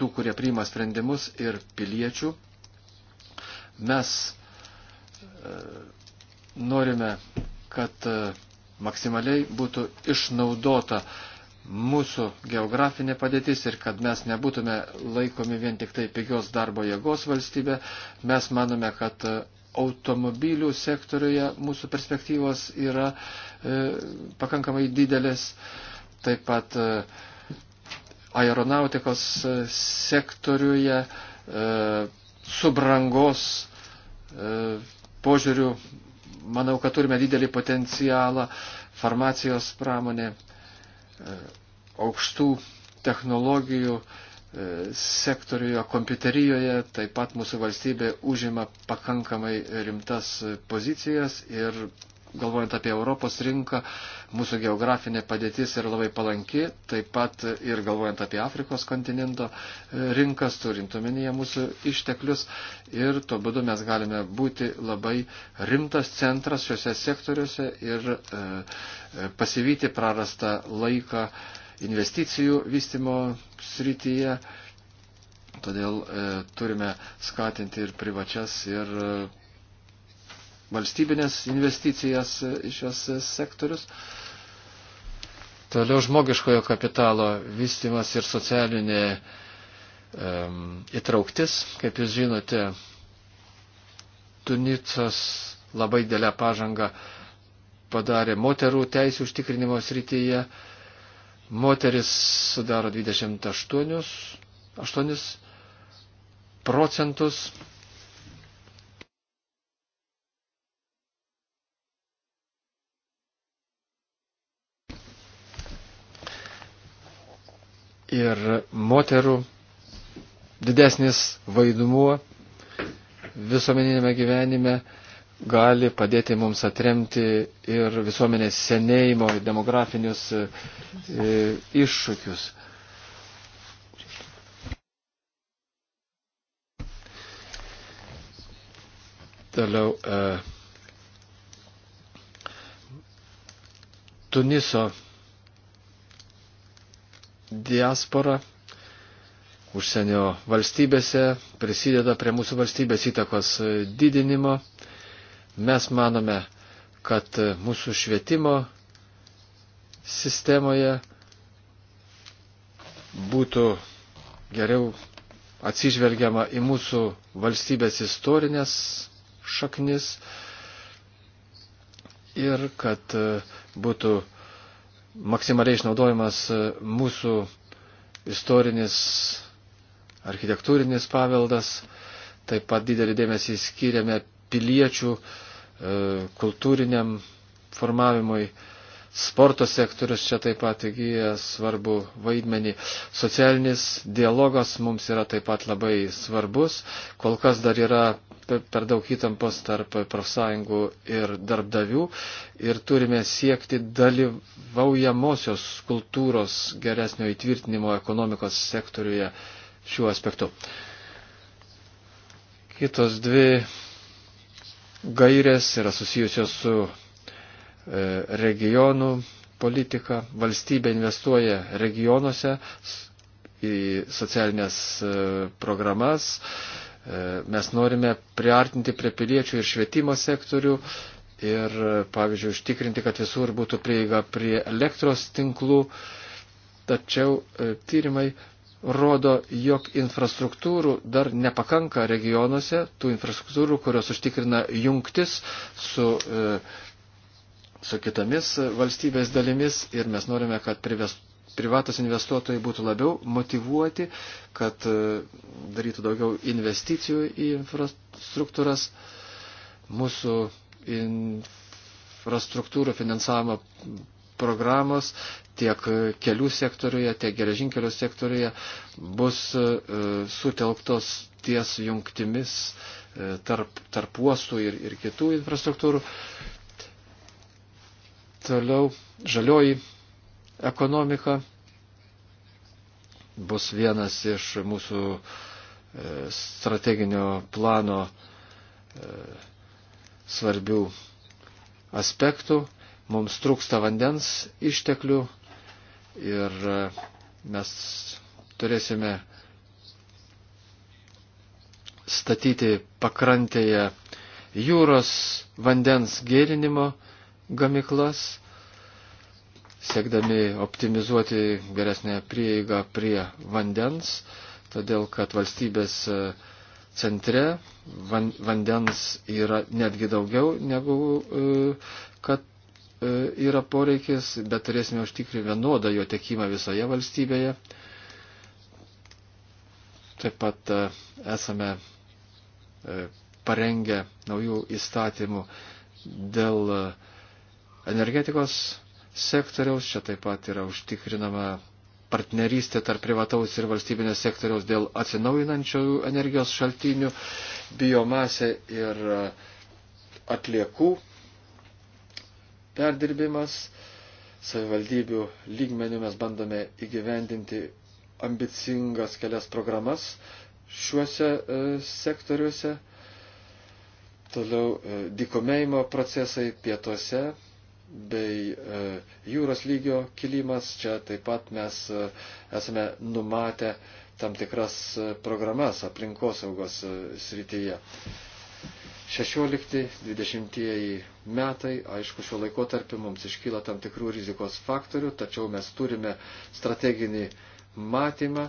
tų, kurie priima sprendimus ir piliečių. Mes e, norime, kad e, maksimaliai būtų išnaudota mūsų geografinė padėtis ir kad mes nebūtume laikomi vien tik tai pigios darbo jėgos valstybė, mes manome, kad e, automobilių sektoriuje mūsų perspektyvos yra e, pakankamai didelės, taip pat e, aeronautikos e, sektoriuje e, subrangos e, požiūrių manau, kad turime didelį potencialą farmacijos pramonė, e, aukštų technologijų e, sektoriuje, kompiuterijoje, taip pat mūsų valstybė užima pakankamai rimtas pozicijas ir galvojant apie Europos rinką, mūsų geografinė padėtis yra labai palanki, taip pat ir galvojant apie Afrikos kontinento e, rinkas, turint omenyje mūsų išteklius ir tuo būdu mes galime būti labai rimtas centras šiuose sektoriuose ir e, e pasivyti prarastą laiką investicijų vystimo srityje. Todėl e, turime skatinti ir privačias, ir valstybinės investicijas į šios sektorius. Toliau žmogiškojo kapitalo vystimas ir socialinė um, įtrauktis. Kaip jūs žinote, Tunicas labai dėlę pažangą padarė moterų teisų užtikrinimo srityje. Moteris sudaro 28 8 procentus ir moterų didesnis vaidmuo visuomeninėme gyvenime gali padėti mums atremti ir visuomenės senėjimo, ir demografinius e, iššūkius. Toliau e, Tuniso diaspora užsienio valstybėse prisideda prie mūsų valstybės įtakos didinimo. Mes manome, kad mūsų švietimo sistemoje būtų geriau atsižvelgiama į mūsų valstybės istorinės šaknis ir kad būtų maksimaliai išnaudojamas e, mūsų istorinis architektūrinis paveldas, taip pat didelį dėmesį skiriame piliečių e, kultūriniam formavimui, Sporto sektorius čia taip pat įgyja svarbu vaidmenį. Socialinis dialogas mums yra taip pat labai svarbus. Kol kas dar yra per daug įtampos tarp profsąjungų ir darbdavių ir turime siekti dalyvaujamosios kultūros geresnio įtvirtinimo ekonomikos sektoriuje šiuo aspektu. Kitos dvi gairės yra susijusios su E, regionų politiką, valstybė investuoja regionuose į socialinės e, programas, e, mes norime priartinti prie piliečių ir švietimo sektorių ir, pavyzdžiui, užtikrinti, kad visur būtų prieiga prie elektros tinklų, tačiau tyrimai rodo, jog infrastruktūrų dar nepakanka regionuose, tų infrastruktūrų, kurios užtikrina jungtis su e, su kitomis valstybės dalimis ir mes norime, kad privatus investuotojai būtų labiau motivuoti, kad e, darytų daugiau investicijų į infrastruktūras. Mūsų infrastruktūrų finansavimo programos tiek kelių sektoriuje, tiek geležinkelio sektoriuje bus e, sutelktos ties jungtimis e, tarp, tarp uostų ir, ir kitų infrastruktūrų. Toliau žalioji ekonomika bus vienas iš mūsų e, strateginio plano e, svarbių aspektų. Mums trūksta vandens išteklių ir e, mes turėsime statyti pakrantėje jūros vandens gėrinimo gamiklas, siekdami optimizuoti geresnę prieigą prie vandens, todėl kad valstybės e, centre van, vandens yra netgi daugiau negu e, kad e, yra poreikis, bet turėsime užtikrinti vienodą jo tekimą visoje valstybėje. Taip pat esame parengę naujų įstatymų dėl uh, energetikos sektoriaus, čia taip pat yra užtikrinama partnerystė tarp privataus ir valstybinės sektoriaus dėl atsinaujinančių energijos šaltinių, biomasė ir e, atliekų perdirbimas. Savivaldybių lygmenių mes bandome įgyvendinti ambicingas kelias programas šiuose e, sektoriuose. Toliau e, dikomėjimo procesai pietuose bei e, jūros lygio kilimas. Čia taip pat mes e, esame numatę tam tikras e, programas aplinkosaugos srityje. 16-20 metai, aišku, šiuo laikotarpiu mums iškyla tam tikrų rizikos faktorių, tačiau mes turime strateginį matymą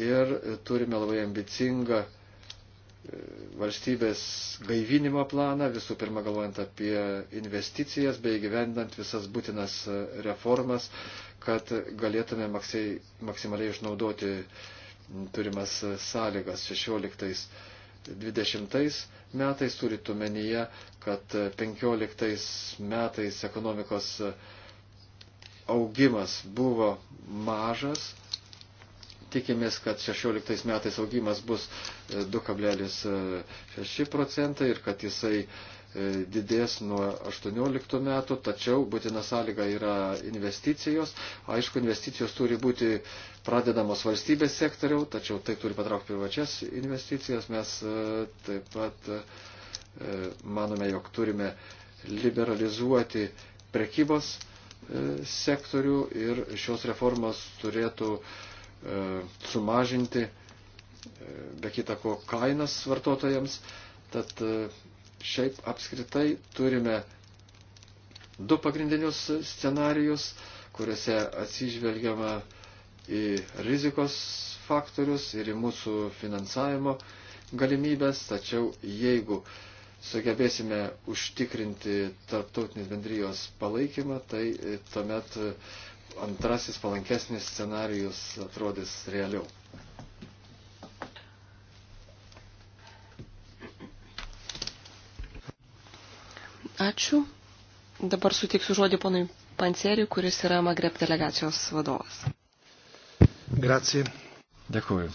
ir turime labai ambicingą valstybės gaivinimo planą, visų pirma galvojant apie investicijas bei gyvendant visas būtinas reformas, kad galėtume maksimaliai išnaudoti turimas sąlygas 16-20 metais, turit omenyje, kad 15 metais ekonomikos augimas buvo mažas Tikimės, kad 16 metais augimas bus 2,6 e, procentai ir kad jisai e, didės nuo 18 metų, tačiau būtina sąlyga yra investicijos. Aišku, investicijos turi būti pradedamos valstybės sektoriau, tačiau tai turi patraukti privačias investicijas. Mes e, taip pat manome, jog turime liberalizuoti prekybos sektorių ir šios reformos turėtų uh, E, sumažinti e, be kitako kainas vartotojams. Tad e, šiaip apskritai turime du pagrindinius scenarius, kuriuose atsižvelgiama į rizikos faktorius ir į mūsų finansavimo galimybės, tačiau jeigu sugebėsime užtikrinti tarptautinės bendrijos palaikymą, tai tuomet antrasis palankesnis scenarius atrodys realiau. Ačiū. Dabar sutiksiu žodį ponui Panceriui, kuris yra Magreb delegacijos vadovas. Gracija. Dėkuoju.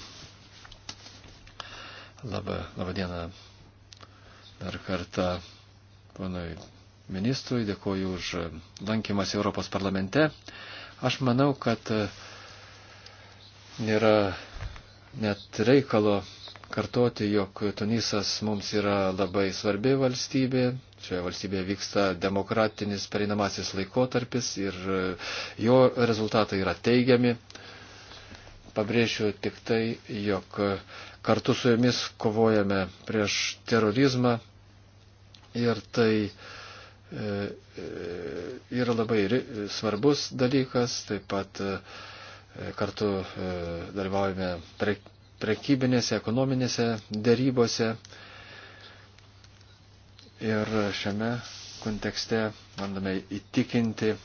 Labą, labą dieną dar kartą ponui ministrui. Dėkuoju už lankymas Europos parlamente. Aš manau, kad e, nėra net reikalo kartoti, jog Tunisas mums yra labai svarbi valstybė. Šioje valstybėje vyksta demokratinis pereinamasis laikotarpis ir e, jo rezultatai yra teigiami. Pabrėšiu tik tai, jog e, kartu su jumis kovojame prieš terorizmą ir tai uh, E, e, yra labai svarbus dalykas, taip pat e, kartu dalyvaujame prekybinėse, ekonominėse dėrybose. Ir šiame kontekste bandome įtikinti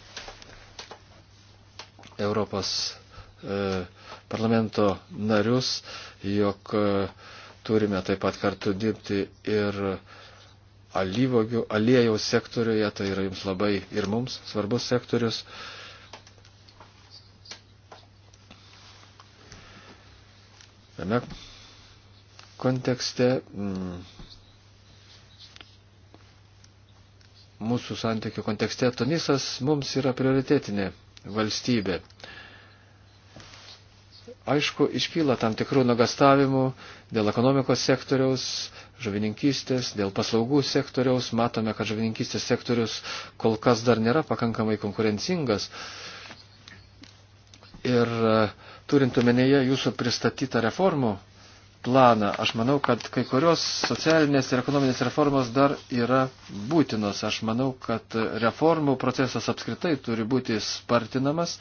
Europos parlamento narius, jog turime taip pat kartu dirbti ir alyvogių aliejaus sektoriuje, tai yra jums labai ir mums svarbus sektorius. Tame kontekste mm, mūsų santykių kontekste Tunisas mums yra prioritetinė valstybė. Aišku, iškyla tam tikrų nugastavimų dėl ekonomikos sektoriaus, žuvininkystės, dėl paslaugų sektoriaus. Matome, kad žuvininkystės sektorius kol kas dar nėra pakankamai konkurencingas. Ir e, turint omenyje jūsų pristatytą reformų planą. Aš manau, kad kai kurios socialinės ir ekonominės reformos dar yra būtinos. Aš manau, kad reformų procesas apskritai turi būti spartinamas.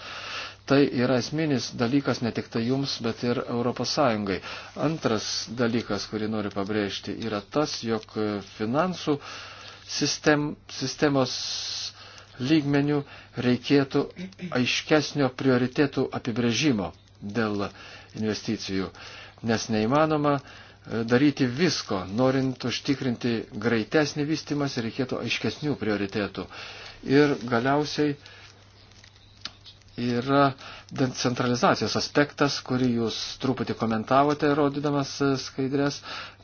Tai yra esminis dalykas ne tik tai jums, bet ir ES. Antras dalykas, kurį noriu pabrėžti, yra tas, jog finansų sistem, sistemos lygmenių reikėtų aiškesnio prioritėtų apibrėžimo dėl investicijų. Uh, nes neįmanoma e, daryti visko. Norint užtikrinti greitesnį vystimąsi, reikėtų aiškesnių prioritėtų. Ir galiausiai yra decentralizacijos aspektas, kurį jūs truputį komentavote, rodydamas e, skaidrės.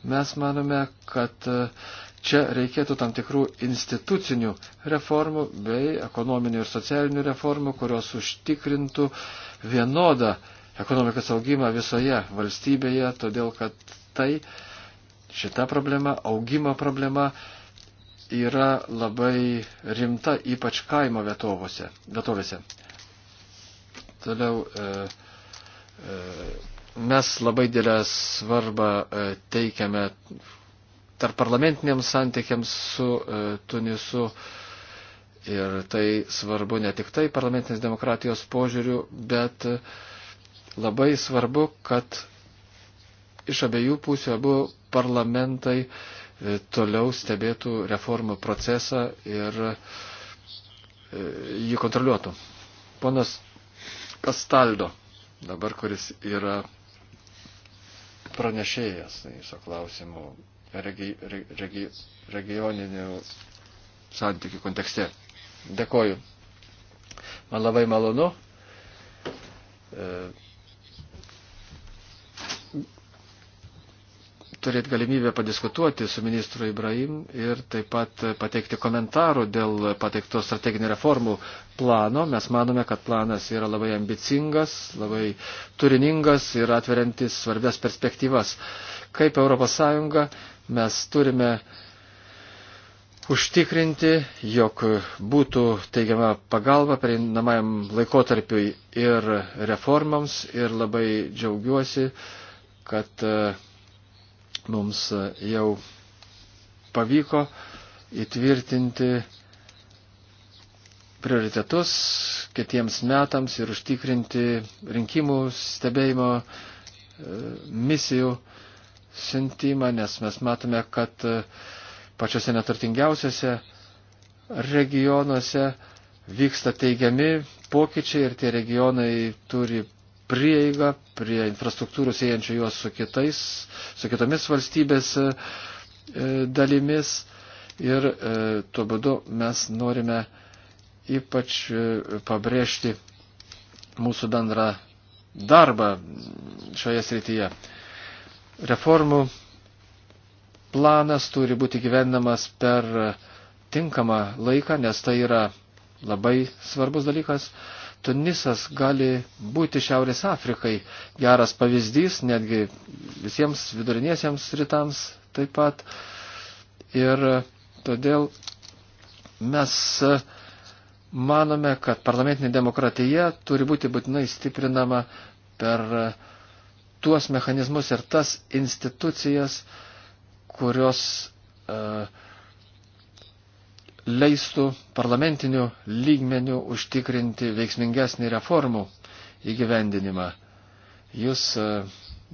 Mes manome, kad e, čia reikėtų tam tikrų institucinių reformų bei ekonominių ir socialinių reformų, kurios užtikrintų vienodą ekonomikos augimą visoje valstybėje, todėl kad tai šita problema, augimo problema yra labai rimta, ypač kaimo vietovose. vietovėse. Toliau e, e, mes labai dėlę svarbą e, teikiame tarp parlamentiniams santykiams su e, Tunisu. Ir tai svarbu ne tik tai parlamentinės demokratijos požiūrių, bet e, Labai svarbu, kad iš abiejų pusių abu parlamentai e, toliau stebėtų reformų procesą ir e, jį kontroliuotų. Ponas Kastaldo, dabar kuris yra pranešėjas viso klausimų regi, regi, regioninių santykių kontekste. Dėkoju. Man labai malonu. E, turėti galimybę padiskutuoti su ministru Ibrahim ir taip pat pateikti komentarų dėl pateikto strateginių reformų plano. Mes manome, kad planas yra labai ambicingas, labai turiningas ir atveriantis svarbias perspektyvas. Kaip ES mes turime užtikrinti, jog būtų teigiama pagalba prieinamajam laikotarpiui ir reformams ir labai džiaugiuosi, kad uh, mums jau pavyko įtvirtinti prioritetus kitiems metams ir užtikrinti rinkimų stebėjimo e, misijų siuntimą, nes mes matome, kad e, pačiose neturtingiausiose regionuose vyksta teigiami pokyčiai ir tie regionai turi prieigą prie infrastruktūrų siejančių juos su, kitais, su kitomis valstybės e, dalimis ir e, tuo būdu mes norime ypač e, pabrėžti mūsų bendrą darbą šioje srityje. Reformų planas turi būti gyvenamas per tinkamą laiką, nes tai yra labai svarbus dalykas. Tunisas gali būti Šiaurės Afrikai geras pavyzdys, netgi visiems viduriniesiems rytams taip pat. Ir todėl mes manome, kad parlamentinė demokratija turi būti būtinai stiprinama per tuos mechanizmus ir tas institucijas, kurios uh, e, leistų parlamentiniu lygmeniu užtikrinti veiksmingesnį reformų įgyvendinimą. Jūs e,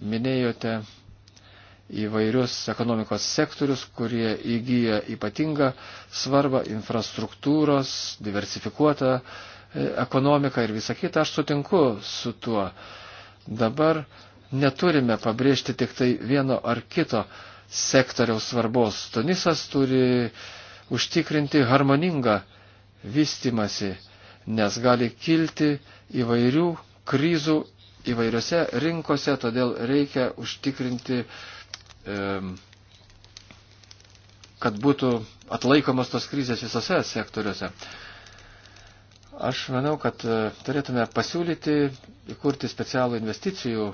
minėjote įvairius ekonomikos sektorius, kurie įgyja ypatingą svarbą infrastruktūros, diversifikuotą e, ekonomiką ir visą kitą. Aš sutinku su tuo. Dabar neturime pabrėžti tik tai vieno ar kito sektoriaus svarbos. Tunisas turi užtikrinti harmoningą vystimasi, nes gali kilti įvairių krizų įvairiose rinkose, todėl reikia užtikrinti, kad būtų atlaikomas tos krizės visose sektoriuose. Aš manau, kad e, turėtume pasiūlyti įkurti specialų investicijų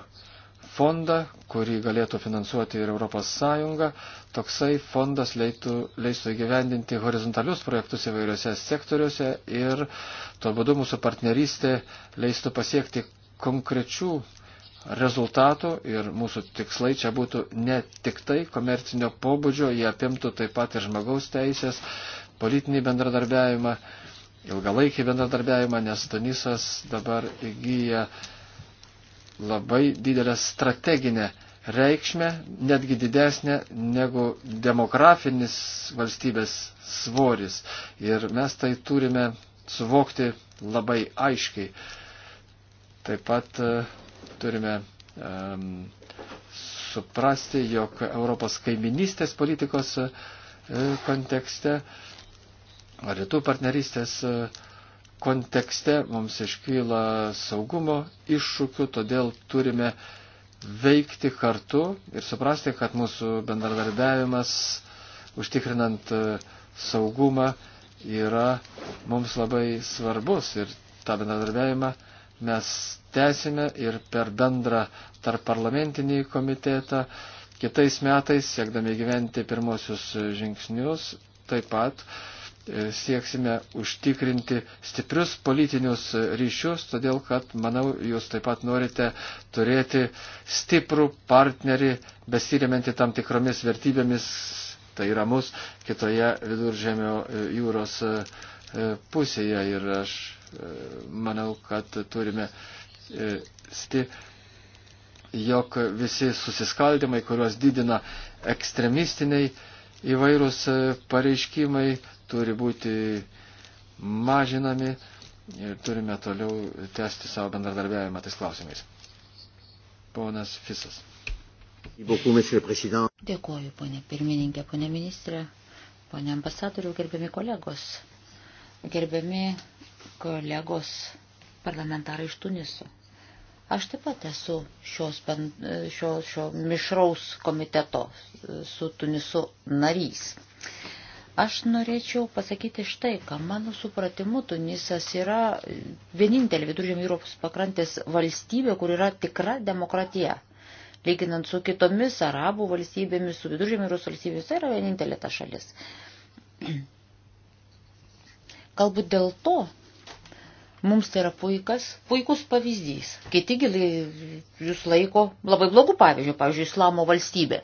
fondą, kurį galėtų finansuoti ir Europos Sąjunga. Toksai fondas leitų, leistų įgyvendinti horizontalius projektus įvairiose sektoriuose ir tuo būdu mūsų partnerystė leistų pasiekti konkrečių rezultatų ir mūsų tikslai čia būtų ne tik tai komercinio pobūdžio, jie apimtų taip pat ir žmogaus teisės, politinį bendradarbiavimą, ilgalaikį bendradarbiavimą, nes Tunisas dabar įgyja labai didelę strateginę reikšmę, netgi didesnę negu demografinis valstybės svoris. Ir mes tai turime suvokti labai aiškiai. Taip pat e, turime um, suprasti, jog Europos kaiminystės politikos e, kontekste, rytų partnerystės uh, kontekste mums iškyla saugumo iššūkių, todėl turime veikti kartu ir suprasti, kad mūsų bendradarbiavimas užtikrinant e, saugumą yra mums labai svarbus ir tą bendradarbiavimą mes tęsime ir per bendrą tarp parlamentinį komitetą kitais metais, siekdami gyventi pirmosius žingsnius, taip pat uh, E, sieksime užtikrinti stiprius politinius ryšius, todėl kad, manau, jūs taip pat norite turėti stiprų partnerį, besiremianti tam tikromis vertybėmis, tai yra mus, kitoje viduržėmio e, jūros e, pusėje. Ir aš manau, kad turime sti jog visi susiskaldimai, kuriuos didina ekstremistiniai įvairūs pareiškimai, turi būti mažinami ir turime toliau tęsti savo bendradarbiavimą tais klausimais. Ponas Fisas. Dėkuoju, ponė pirmininkė, ponė ministrė, ponė ambasadorių, gerbiami kolegos, gerbiami kolegos parlamentarai iš Tuniso. Aš taip pat esu šios, šio, šio mišraus komiteto su Tunisu narys. Aš norėčiau pasakyti štai, ką mano supratimu Tunisas yra vienintelė viduržėmio Europos pakrantės valstybė, kur yra tikra demokratija. Lyginant su kitomis arabų valstybėmis, su viduržėmio Europos valstybėmis, tai yra vienintelė ta šalis. Galbūt dėl to mums tai yra puikas, puikus pavyzdys. Kiti gilai jūs laiko labai blogų pavyzdžių, pavyzdžiui, islamo valstybė.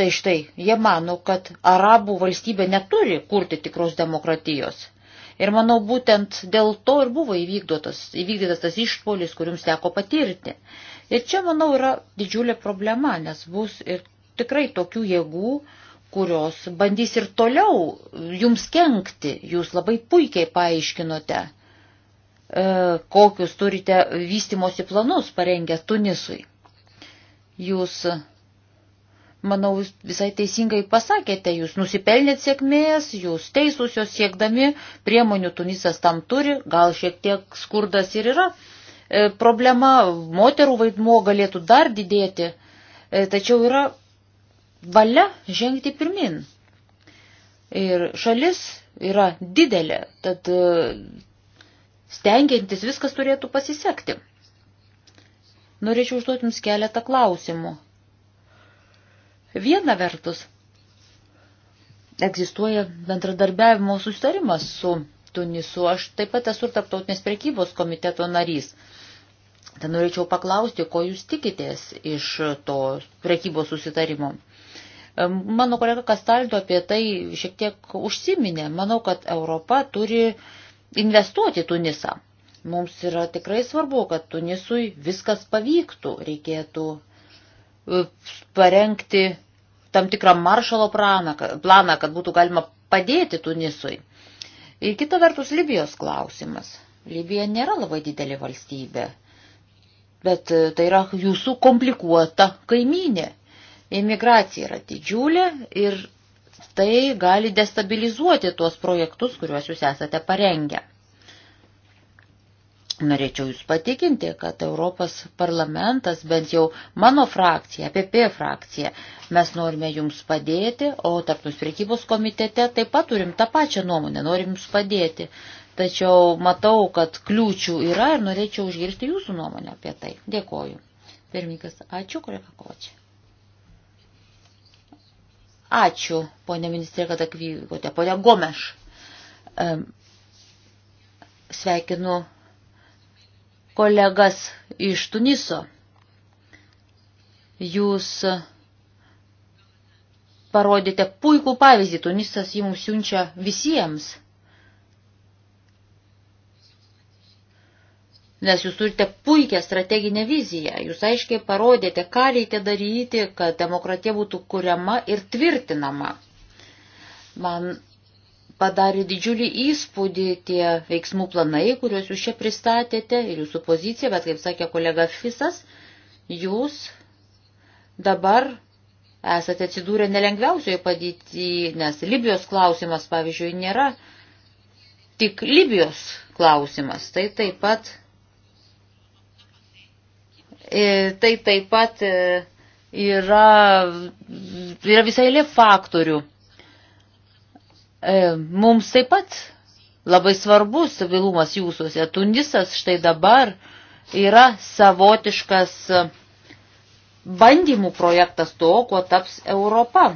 Tai štai, jie mano, kad arabų valstybė neturi kurti tikros demokratijos. Ir manau, būtent dėl to ir buvo įvykdytas, įvykdytas tas išpolis, kuriums teko patirti. Ir čia, manau, yra didžiulė problema, nes bus ir tikrai tokių jėgų, kurios bandys ir toliau jums kenkti. Jūs labai puikiai paaiškinote, e, kokius turite vystimosi planus parengę Tunisui. Jūs manau, visai teisingai pasakėte, jūs nusipelnėt sėkmės, jūs teisūs jos siekdami, priemonių Tunisas tam turi, gal šiek tiek skurdas ir yra. E, problema, moterų vaidmuo galėtų dar didėti, e, tačiau yra valia žengti pirmin. Ir šalis yra didelė, tad e, stengiantis viskas turėtų pasisekti. Norėčiau užduoti jums keletą klausimų Viena vertus, egzistuoja bendradarbiavimo sustarimas su Tunisu. Aš taip pat esu ir tarptautinės prekybos komiteto narys. Ten norėčiau paklausti, ko jūs tikitės iš to prekybos susitarimo. Mano kolega Kastaldo apie tai šiek tiek užsiminė. Manau, kad Europa turi investuoti Tunisą. Mums yra tikrai svarbu, kad Tunisui viskas pavyktų. Reikėtų parengti tam tikrą maršalo praną, planą, kad būtų galima padėti Tunisui. Ir kita vertus Libijos klausimas. Libija nėra labai didelė valstybė, bet e, tai yra jūsų komplikuota kaimynė. Imigracija yra didžiulė ir tai gali destabilizuoti tuos projektus, kuriuos jūs esate parengę. Norėčiau Jūs patikinti, kad Europos parlamentas, bent jau mano frakcija, APP frakcija, mes norime Jums padėti, o tarptus priekybos komitete taip pat turim tą pačią nuomonę, norim Jums padėti. Tačiau matau, kad kliūčių yra ir norėčiau užgirsti Jūsų nuomonę apie tai. Dėkoju. Pirmininkas, ačiū, kolega Kočia. Ačiū, ponė ministrė, kad atvykote. Ponė Gomeš. Sveikinu kolegas iš Tuniso. Jūs parodėte puikų pavyzdį, Tunisas jį mums siunčia visiems. Nes jūs turite puikią strateginę viziją, jūs aiškiai parodėte, ką reikia daryti, kad demokratija būtų kuriama ir tvirtinama. Man padarė didžiulį įspūdį tie veiksmų planai, kuriuos jūs čia pristatėte ir jūsų pozicija, bet kaip sakė kolega Fisas, jūs dabar esate atsidūrę nelengviausioje padėtyje, nes Libijos klausimas, pavyzdžiui, nėra tik Libijos klausimas, tai taip pat, e, tai taip pat e, yra, yra visai lė faktorių E, mums taip pat labai svarbus stabilumas jūsuose. Tunisas štai dabar yra savotiškas e, bandymų projektas to, kuo taps Europa.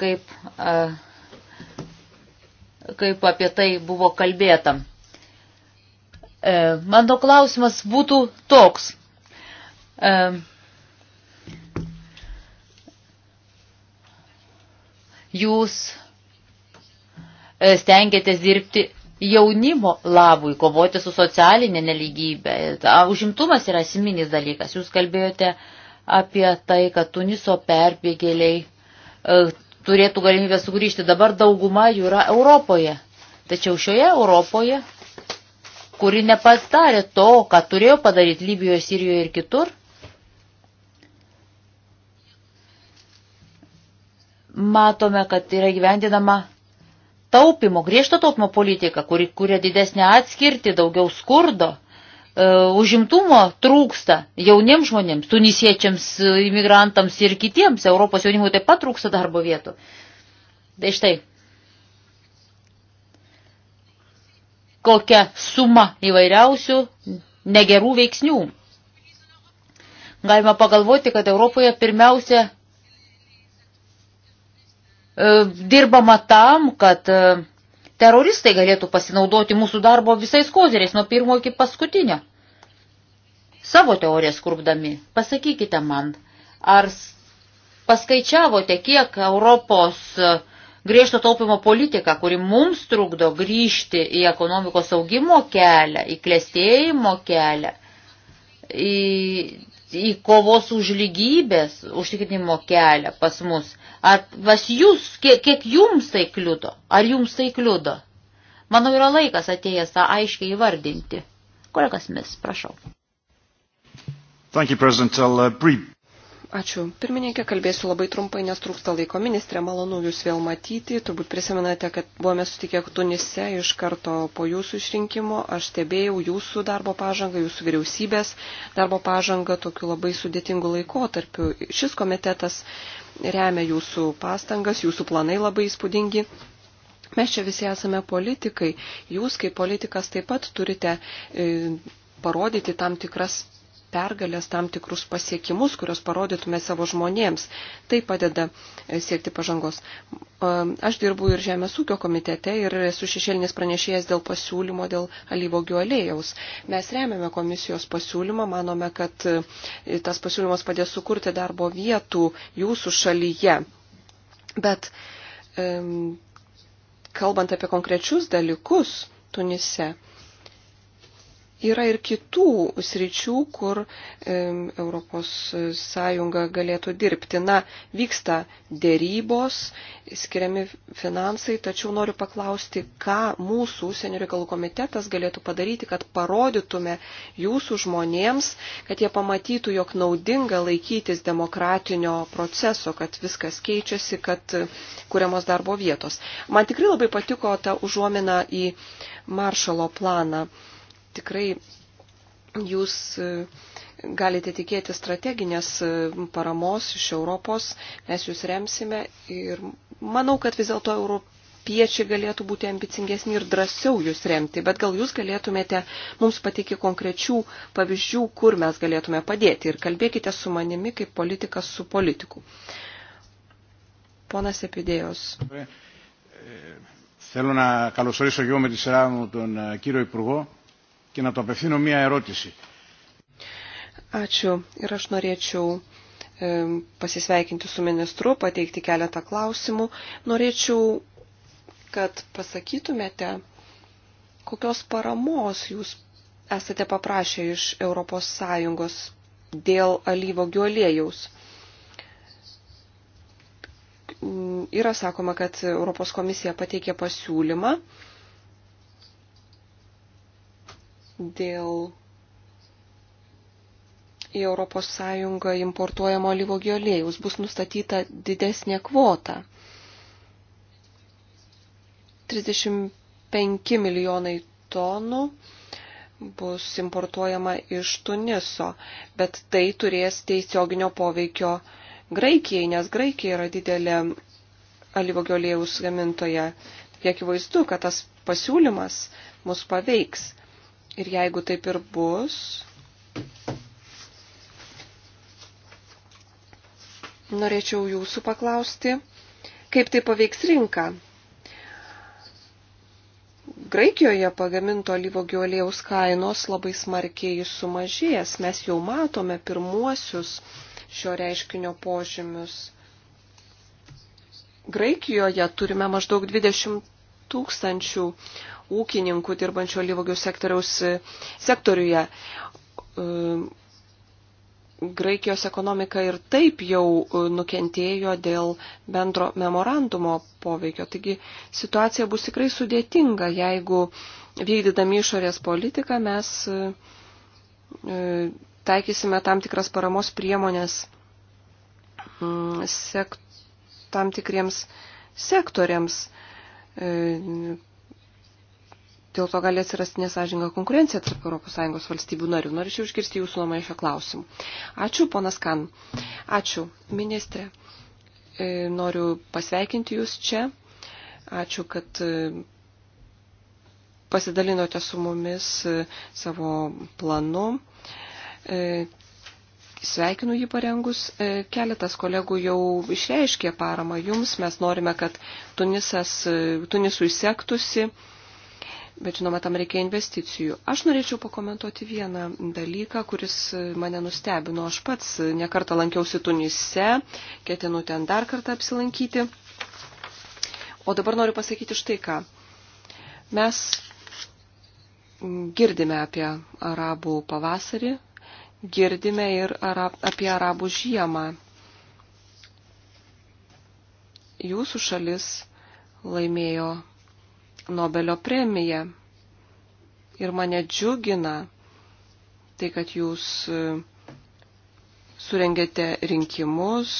Kaip, e, kaip apie tai buvo kalbėta. Mano klausimas būtų toks. Jūs E, stengiatės dirbti jaunimo labui, kovoti su socialinė neligybė. Užimtumas yra esminis dalykas. Jūs kalbėjote apie tai, kad Tuniso perbėgėliai e, turėtų galimybę sugrįžti. Dabar dauguma jų yra Europoje. Tačiau šioje Europoje, kuri nepadarė to, ką turėjo padaryti Libijoje, Sirijoje ir kitur, matome, kad yra gyvendinama taupimo, griežto taupimo politiką, kuri kuria didesnę atskirti, daugiau skurdo, e, užimtumo trūksta jauniems žmonėms, tunisiečiams, e, imigrantams ir kitiems, Europos jaunimui taip pat trūksta darbo vietų. Tai štai, kokia suma įvairiausių negerų veiksnių. Galima pagalvoti, kad Europoje pirmiausia E, dirbama tam, kad e, teroristai galėtų pasinaudoti mūsų darbo visais kozeriais nuo pirmo iki paskutinio. Savo teorijas kurpdami, pasakykite man, ar paskaičiavote, kiek Europos e, griežto taupimo politika, kuri mums trukdo grįžti į ekonomikos augimo kelią, į klėstėjimo kelią, į į kovos už lygybės užtikrinimo kelią pas mus. Ar pas jūs, kiek, kiek jums tai kliudo? Ar jums tai kliudo? Manau, yra laikas atėjęs tą aiškiai įvardinti. Kolegas Mis, prašau. Thank you, President. I'll uh, brief. Ačiū. Pirmininkė, kalbėsiu labai trumpai, nes trūksta laiko. Ministrė, malonu Jūs vėl matyti. Turbūt prisimenate, kad buvome sutikę Tunise iš karto po Jūsų išrinkimo. Aš stebėjau Jūsų darbo pažangą, Jūsų vyriausybės darbo pažangą tokiu labai sudėtingu laikotarpiu. Šis komitetas remia Jūsų pastangas, Jūsų planai labai įspūdingi. Mes čia visi esame politikai. Jūs kaip politikas taip pat turite. E, parodyti tam tikras pergalės, tam tikrus pasiekimus, kurios parodytume savo žmonėms. Tai padeda e, siekti pažangos. Aš dirbu ir Žemės ūkio komitete ir esu šešėlinis pranešėjas dėl pasiūlymo dėl alyvogių aliejaus. Mes remiame komisijos pasiūlymą, manome, kad e, tas pasiūlymas padės sukurti darbo vietų jūsų šalyje. Bet kalbant apie konkrečius dalykus Tunise, yra ir kitų sričių, kur ES galėtų dirbti. Na, vyksta dėrybos, skiriami finansai, tačiau noriu paklausti, ką mūsų užsienio reikalų komitetas galėtų padaryti, kad parodytume jūsų žmonėms, kad jie pamatytų, jog naudinga laikytis demokratinio proceso, kad viskas keičiasi, kad kuriamos darbo vietos. Man tikrai labai patiko ta užuomina į maršalo planą tikrai jūs galite tikėti strateginės paramos iš Europos, mes jūs remsime ir manau, kad vis dėlto europiečiai galėtų būti ambicingesni ir drąsiau jūs remti, bet gal jūs galėtumėte mums pateikti konkrečių pavyzdžių, kur mes galėtume padėti ir kalbėkite su manimi kaip politikas su politiku. Ponas Epidėjos. Θέλω να καλωσορίσω εγώ με τη σειρά μου τον κύριο Υπουργό και να του απευθύνω μία ερώτηση. Ačiū ir aš norėčiau e, pasisveikinti su ministru, pateikti keletą klausimų. Norėčiau, kad pasakytumėte, kokios paramos jūs esate paprašę iš ES dėl alyvogių aliejaus. Yra sakoma, kad Europos komisija pateikė pasiūlymą dėl į ES importuojamo alyvogio aliejus bus nustatyta didesnė kvota. 35 milijonai tonų bus importuojama iš Tuniso, bet tai turės tiesioginio poveikio Graikijai, nes Graikija yra didelė alyvogio aliejus gamintoja. Tiek įvaizdu, kad tas pasiūlymas mus paveiks. Ir jeigu taip ir bus, norėčiau jūsų paklausti, kaip tai paveiks rinką. Graikijoje pagaminto lyvogių aliejaus kainos labai smarkiai sumažės. Mes jau matome pirmuosius šio reiškinio požymius. Graikijoje turime maždaug 20 tūkstančių ūkininkų dirbančių alyvogių sektoriaus e, sektoriuje. E, Graikijos ekonomika ir taip jau e, nukentėjo dėl bendro memorandumo poveikio. Taigi situacija bus tikrai sudėtinga, jeigu vykdydami išorės politiką mes taikysime tam tikras paramos priemonės mm, sekt, tam tikriems sektoriams dėl to gali atsirasti nesažinga konkurencija tarp ES valstybių narių. Norėčiau išgirsti jūsų nuomonę šio klausimu. Ačiū, ponas Kan. Ačiū, ministrė. E, noriu pasveikinti jūs čia. Ačiū, kad e, pasidalinote su mumis e, savo planu. Sveikinu jį parengus. Keletas kolegų jau išreiškė paramą jums. Mes norime, kad Tunisas, Tunisui sektųsi bet žinoma, tam reikia investicijų. Aš norėčiau pakomentuoti vieną dalyką, kuris mane nustebino. Aš pats nekartą lankiausi Tunise, ketinu ten dar kartą apsilankyti. O dabar noriu pasakyti štai ką. Mes girdime apie arabų pavasarį, girdime ir arab, apie arabų žiemą. Jūsų šalis laimėjo Nobelio premiją. Ir mane džiugina tai, kad jūs e, surengėte rinkimus,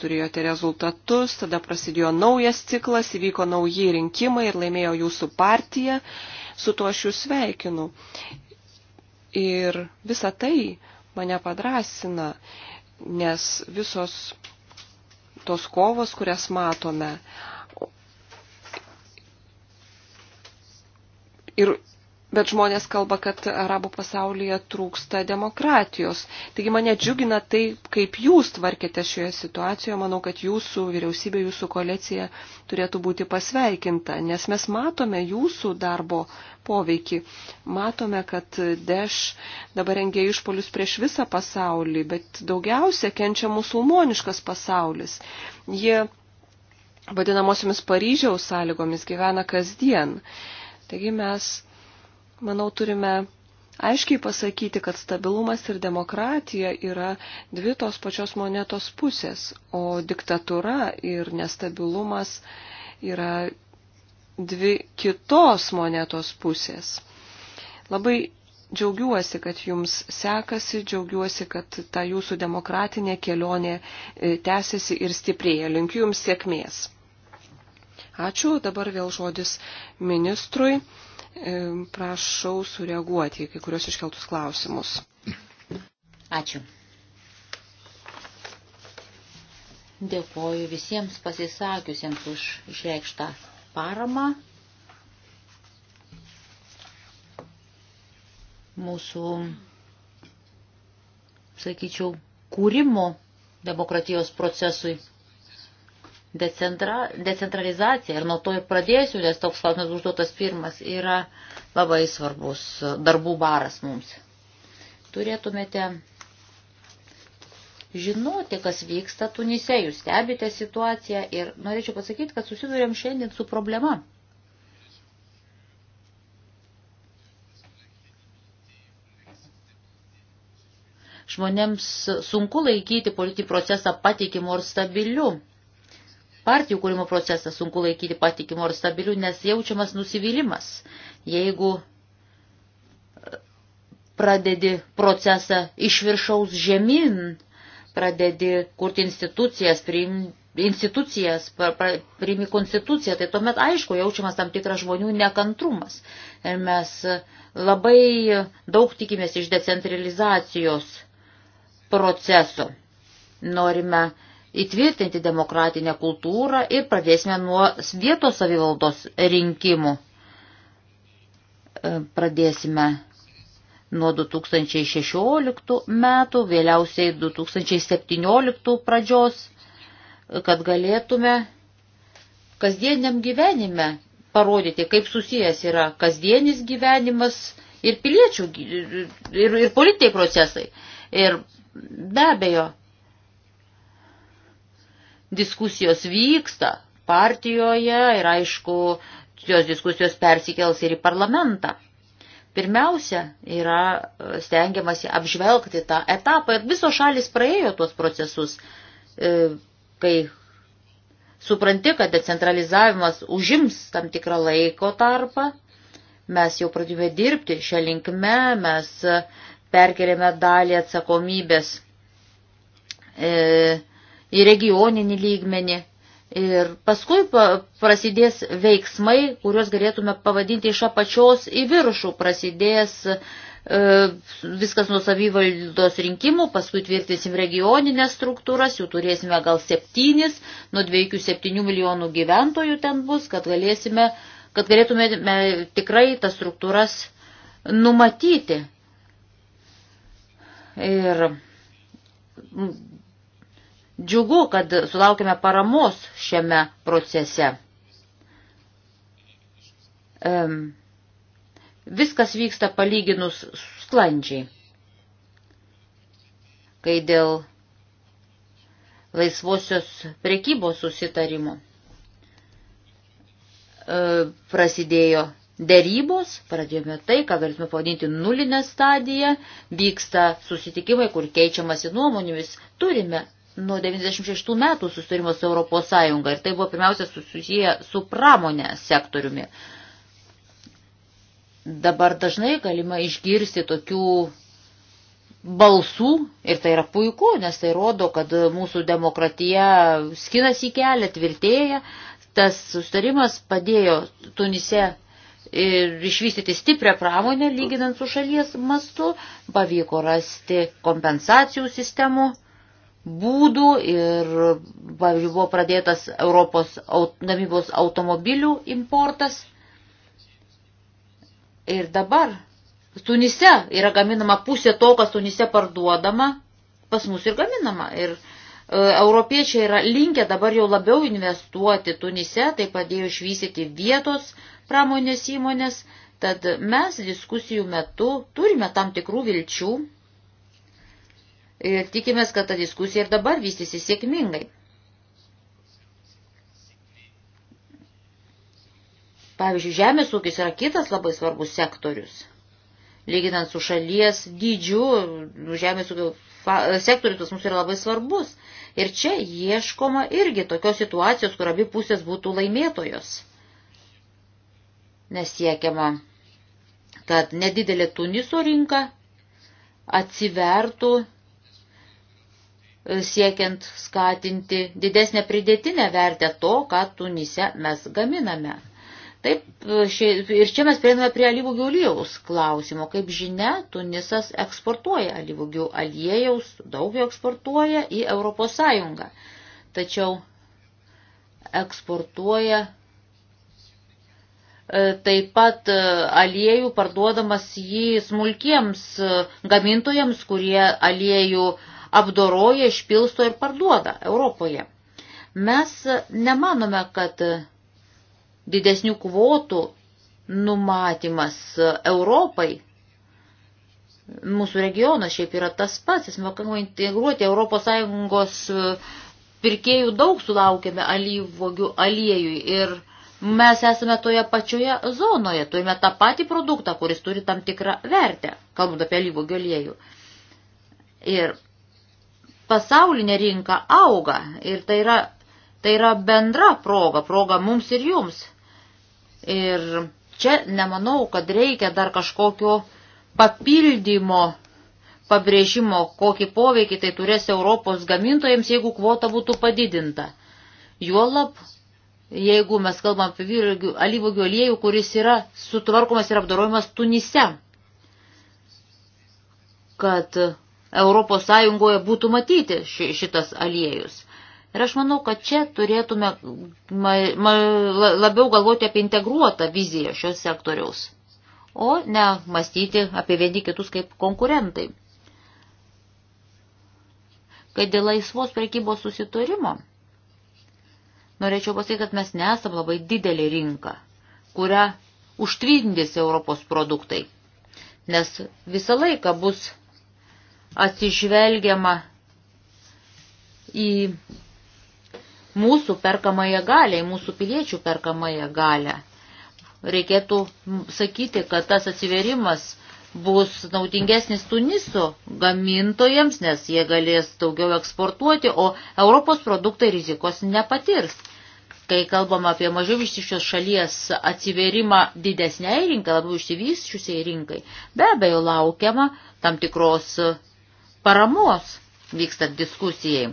turėjote rezultatus, tada prasidėjo naujas ciklas, įvyko nauji rinkimai ir laimėjo jūsų partija. Su tuo aš jūs sveikinu. Ir visa tai mane padrasina, nes visos tos kovos, kurias matome, Ir, bet žmonės kalba, kad arabų pasaulyje trūksta demokratijos. Taigi mane džiugina tai, kaip jūs tvarkėte šioje situacijoje. Manau, kad jūsų vyriausybė, jūsų koalicija turėtų būti pasveikinta, nes mes matome jūsų darbo poveikį. Matome, kad Deš dabar rengia išpolius prieš visą pasaulį, bet daugiausia kenčia musulmoniškas pasaulis. Jie vadinamosiomis Paryžiaus sąlygomis gyvena kasdien. Uh, Taigi mes, manau, turime aiškiai pasakyti, kad stabilumas ir demokratija yra dvi tos pačios monetos pusės, o diktatūra ir nestabilumas yra dvi kitos monetos pusės. Labai džiaugiuosi, kad jums sekasi, džiaugiuosi, kad ta jūsų demokratinė kelionė e, tęsiasi ir stiprėja. Linkiu jums sėkmės. Ačiū, dabar vėl žodis ministrui. E, prašau sureaguoti į kai kurios iškeltus klausimus. Ačiū. Dėkoju visiems pasisakiusiems už išreikštą paramą. Mūsų, sakyčiau, kūrimo demokratijos procesui Decentra, decentralizacija, ir nuo to ir pradėsiu, nes toks klausimas užduotas pirmas, yra labai svarbus darbų baras mums. Turėtumėte žinoti, kas vyksta Tunise, jūs stebite situaciją ir norėčiau pasakyti, kad susidurėm šiandien su problema. Žmonėms sunku laikyti politinį procesą patikimu ir stabiliu partijų kūrimo procesą sunku laikyti patikimu ar stabiliu, nes jaučiamas nusivylimas, jeigu e, pradedi procesą iš viršaus žemyn, pradedi kurti institucijas, priimti institucijas, priimi konstituciją, tai tuomet aišku jaučiamas tam tikras žmonių nekantrumas. Ir mes labai daug tikimės iš decentralizacijos proceso. Norime įtvirtinti demokratinę kultūrą ir pradėsime nuo vietos savivaldos rinkimų. E, pradėsime nuo 2016 metų, vėliausiai 2017 pradžios, kad galėtume kasdieniam gyvenime parodyti, kaip susijęs yra kasdienis gyvenimas ir piliečių ir, ir politiniai procesai. Ir be abejo, diskusijos vyksta partijoje ir aišku, jos diskusijos persikels ir į parlamentą. Pirmiausia yra e, stengiamasi apžvelgti tą etapą ir visos šalis praėjo tuos procesus, e, kai supranti, kad decentralizavimas užims tam tikrą laiko tarpą. Mes jau pradėjome dirbti šią linkme, mes perkelėme dalį atsakomybės. E, į regioninį lygmenį. Ir paskui prasidės veiksmai, kuriuos galėtume pavadinti iš apačios į viršų. Prasidės e, viskas nuo savivaldos rinkimų, paskui tvirtinsim regioninės struktūras, jų turėsime gal septynis, nuo dviejų septynių milijonų gyventojų ten bus, kad, galėsime, kad galėtume tikrai tas struktūras numatyti. Ir Džiugu, kad sulaukime paramos šiame procese. Um, viskas vyksta palyginus sklandžiai. Kai dėl laisvosios prekybos susitarimo e, prasidėjo dėrybos, pradėjome tai, ką galėtume pavadinti nulinę stadiją, vyksta susitikimai, kur keičiamasi nuomonėmis, turime nuo 96 metų susitarimo su Europos Sąjunga ir tai buvo pirmiausia susiję su pramonė sektoriumi. Dabar dažnai galima išgirsti tokių balsų ir tai yra puiku, nes tai rodo, kad mūsų demokratija skinasi kelią, tvirtėja. Tas sustarimas padėjo Tunise ir išvystyti stiprią pramonę, lyginant su šalies mastu, pavyko rasti kompensacijų sistemų būdų ir, pavyzdžiui, buvo pradėtas Europos gamybos automobilių importas. Ir dabar Tunise yra gaminama pusė to, kas Tunise parduodama, pas mus ir gaminama. Ir e, europiečiai yra linkę dabar jau labiau investuoti Tunise, tai padėjo išvystyti vietos pramonės įmonės. Tad mes diskusijų metu turime tam tikrų vilčių ir tikimės, kad ta diskusija ir dabar vystysi sėkmingai. Pavyzdžiui, žemės ūkis yra kitas labai svarbus sektorius. Lyginant su šalies dydžiu, nu, žemės ūkio sektorius pas mus yra labai svarbus. Ir čia ieškoma irgi tokios situacijos, kur abi pusės būtų laimėtojos. Nesiekiama, kad nedidelė Tuniso rinka atsivertų siekiant skatinti didesnę pridėtinę vertę to, ką Tunise mes gaminame. Taip, ši, ir čia mes prieiname prie alyvų gyvulėjaus klausimo. Kaip žinia, Tunisas eksportuoja alyvų gyvulėjaus, daug jo eksportuoja į Europos Sąjungą. Tačiau eksportuoja e, taip pat e, aliejų parduodamas jį smulkiems e, gamintojams, kurie aliejų uh, apdoroja, išpilsto ir parduoda Europoje. Mes nemanome, kad didesnių kvotų numatymas Europai, mūsų regionas šiaip yra tas pats, mes mokame integruoti ES e, pirkėjų daug sulaukėme alyvogių aliejui ir mes esame toje pačioje zonoje, turime tą patį produktą, kuris turi tam tikrą vertę, kalbant apie alyvogių aliejų. Ir pasaulinė rinka auga ir tai yra, tai yra bendra proga, proga mums ir jums. Ir čia nemanau, kad reikia dar kažkokio papildymo pabrėžimo, kokį poveikį tai turės Europos gamintojams, jeigu kvota būtų padidinta. Juolab, jeigu mes kalbam apie alyvogių aliejų, kuris yra sutvarkomas ir apdarojamas Tunise, kad Europos Sąjungoje būtų matyti ši, šitas aliejus. Ir aš manau, kad čia turėtume ma, ma, labiau galvoti apie integruotą viziją šios sektoriaus, o ne mąstyti apie vieni kitus kaip konkurentai. Kad dėl laisvos prekybos susitarimo, norėčiau pasakyti, kad mes nesam labai didelė rinka, kurią užtvindys Europos produktai, nes visą laiką bus atsižvelgiama į mūsų perkamąją galę, į mūsų piliečių perkamąją galę. Reikėtų sakyti, kad tas atsiverimas bus naudingesnis Tuniso gamintojams, nes jie galės daugiau eksportuoti, o Europos produktai rizikos nepatirs. Kai kalbam apie mažiau išsiščios šalies atsiverimą didesniai rinkai, labiau išsivysčiusiai rinkai, be abejo laukiama tam tikros paramos vykstant diskusijai.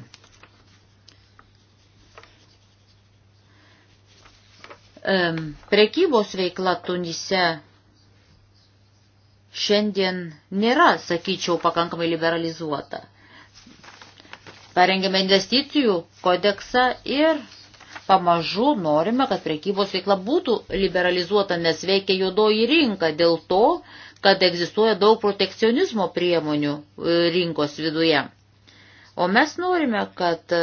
Prekybos veikla Tunise šiandien nėra, sakyčiau, pakankamai liberalizuota. Parengėme investicijų kodeksą ir pamažu norime, kad prekybos veikla būtų liberalizuota, nes veikia juodoji rinka. Dėl to kad egzistuoja daug protekcionizmo priemonių e, rinkos viduje. O mes norime, kad e,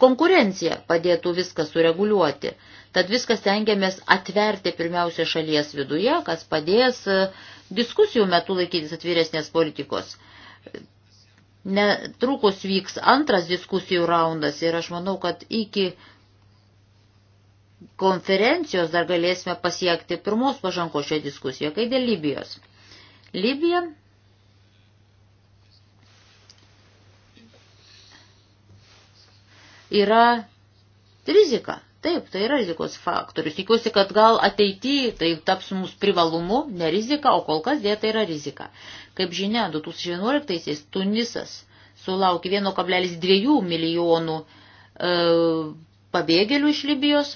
konkurencija padėtų viską sureguliuoti. Tad viskas tengiamės atverti pirmiausia šalies viduje, kas padės e, diskusijų metu laikytis atviresnės politikos. Netrukus vyks antras diskusijų raundas ir aš manau, kad iki konferencijos dar galėsime pasiekti pirmos pažanko šioje diskusijoje, kai dėl Libijos. Libija. Yra rizika. Taip, tai yra rizikos faktorius. Tikiuosi, kad gal ateityje tai taps mums privalumu, ne rizika, o kol kas dėja tai yra rizika. Kaip žinia, 2011-aisiais Tunisas sulaukė 1,2 milijonų e, pabėgėlių iš Libijos.